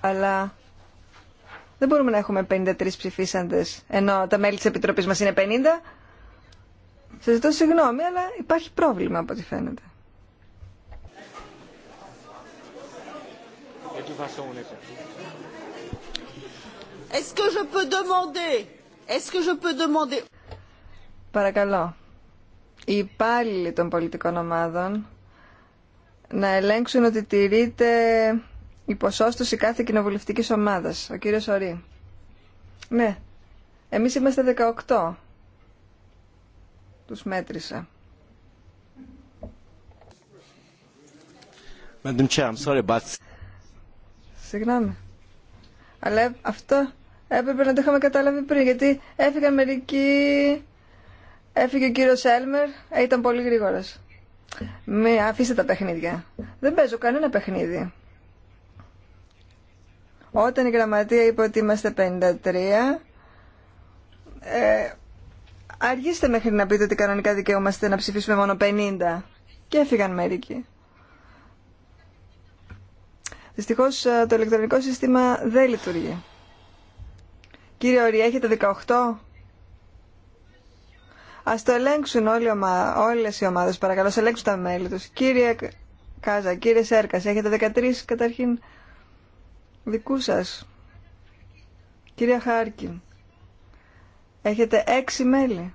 Αλλά δεν μπορούμε να έχουμε 53 ψηφίσαντες, ενώ τα μέλη της Επιτροπής μας είναι 50. Σας ζητώ συγγνώμη, αλλά υπάρχει πρόβλημα από ό,τι φαίνεται. Ε, Παρακαλώ. Οι υπάλληλοι των πολιτικών ομάδων να ελέγξουν ότι τηρείται η ποσόστοση κάθε κοινοβουλευτική ομάδα. Ο κύριο Ορή. Ναι. Εμεί είμαστε 18. Του μέτρησα. Συγγνώμη. Αλλά αυτό έπρεπε να το είχαμε κατάλαβει πριν, γιατί έφυγαν μερικοί, έφυγε ο κύριος Έλμερ, ε, ήταν πολύ γρήγορος. Με αφήστε τα παιχνίδια. Δεν παίζω κανένα παιχνίδι. Όταν η γραμματεία είπε ότι είμαστε 53, ε, αργήστε μέχρι να πείτε ότι κανονικά δικαιούμαστε να ψηφίσουμε μόνο 50. Και έφυγαν μερικοί. Δυστυχώς ε, το ηλεκτρονικό σύστημα δεν λειτουργεί. Κύριε Ωρία, έχετε 18. Ας το ελέγξουν όλοι όλες οι ομάδες, παρακαλώ, σε ελέγξουν τα μέλη τους. Κύριε Κάζα, κύριε Σέρκας, έχετε 13 καταρχήν δικού σας. Κύριε Χάρκιν, έχετε 6 μέλη.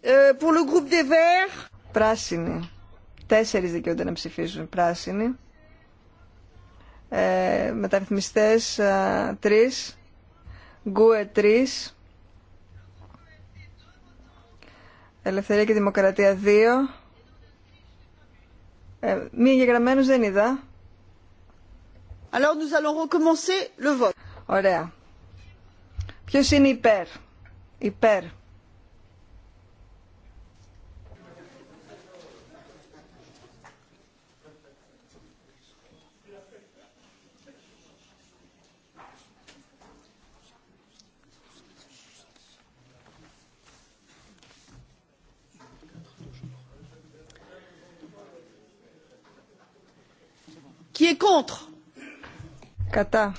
Ε, πράσινοι. Τέσσερις δικαιούνται να ψηφίζουν πράσινοι ε, μεταρρυθμιστές ε, τρεις, γκουε τρεις, Ελευθερία και Δημοκρατία δύο, Ε, μη εγγεγραμμένους δεν είδα. Alors nous allons recommencer le vote. Ωραία. Ποιος είναι υπέρ. Υπέρ. Qui est contre Kata.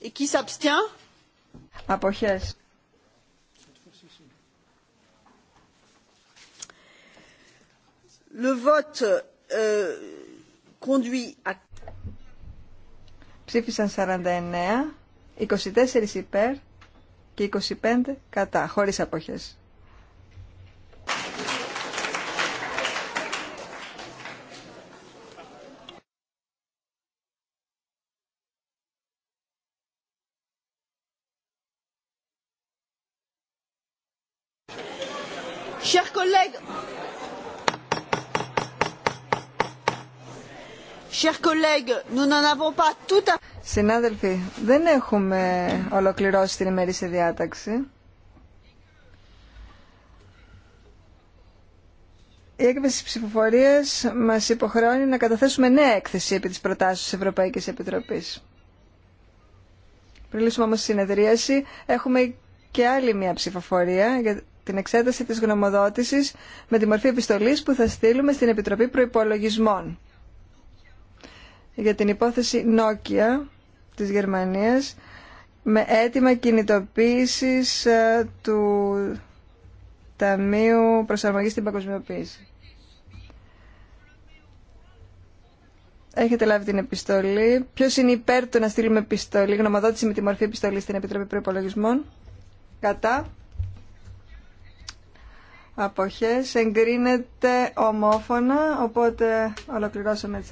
Et qui s'abstient Αποχές. Le vote euh, conduit à... Ψήφισαν 49, 24 υπέρ και 25 κατά, χωρίς αποχές. Συνάδελφοι, δεν έχουμε ολοκληρώσει την ημερήσια διάταξη. Η έκβαση τη ψηφοφορία μα υποχρεώνει να καταθέσουμε νέα έκθεση επί της προτάσεως τη Ευρωπαϊκή Επιτροπή. Πριν λύσουμε όμω τη συνεδρίαση, έχουμε και άλλη μια ψηφοφορία για την εξέταση της γνωμοδότησης με τη μορφή επιστολής που θα στείλουμε στην Επιτροπή Προϋπολογισμών για την υπόθεση Nokia της Γερμανίας με αίτημα κινητοποίησης ε, του Ταμείου Προσαρμογής στην Παγκοσμιοποίηση. Έχετε λάβει την επιστολή. Ποιο είναι υπέρ του να στείλουμε επιστολή, γνωμοδότηση με τη μορφή επιστολή στην Επιτροπή Προπολογισμών. Κατά. Αποχές. Εγκρίνεται ομόφωνα, οπότε ολοκληρώσαμε τις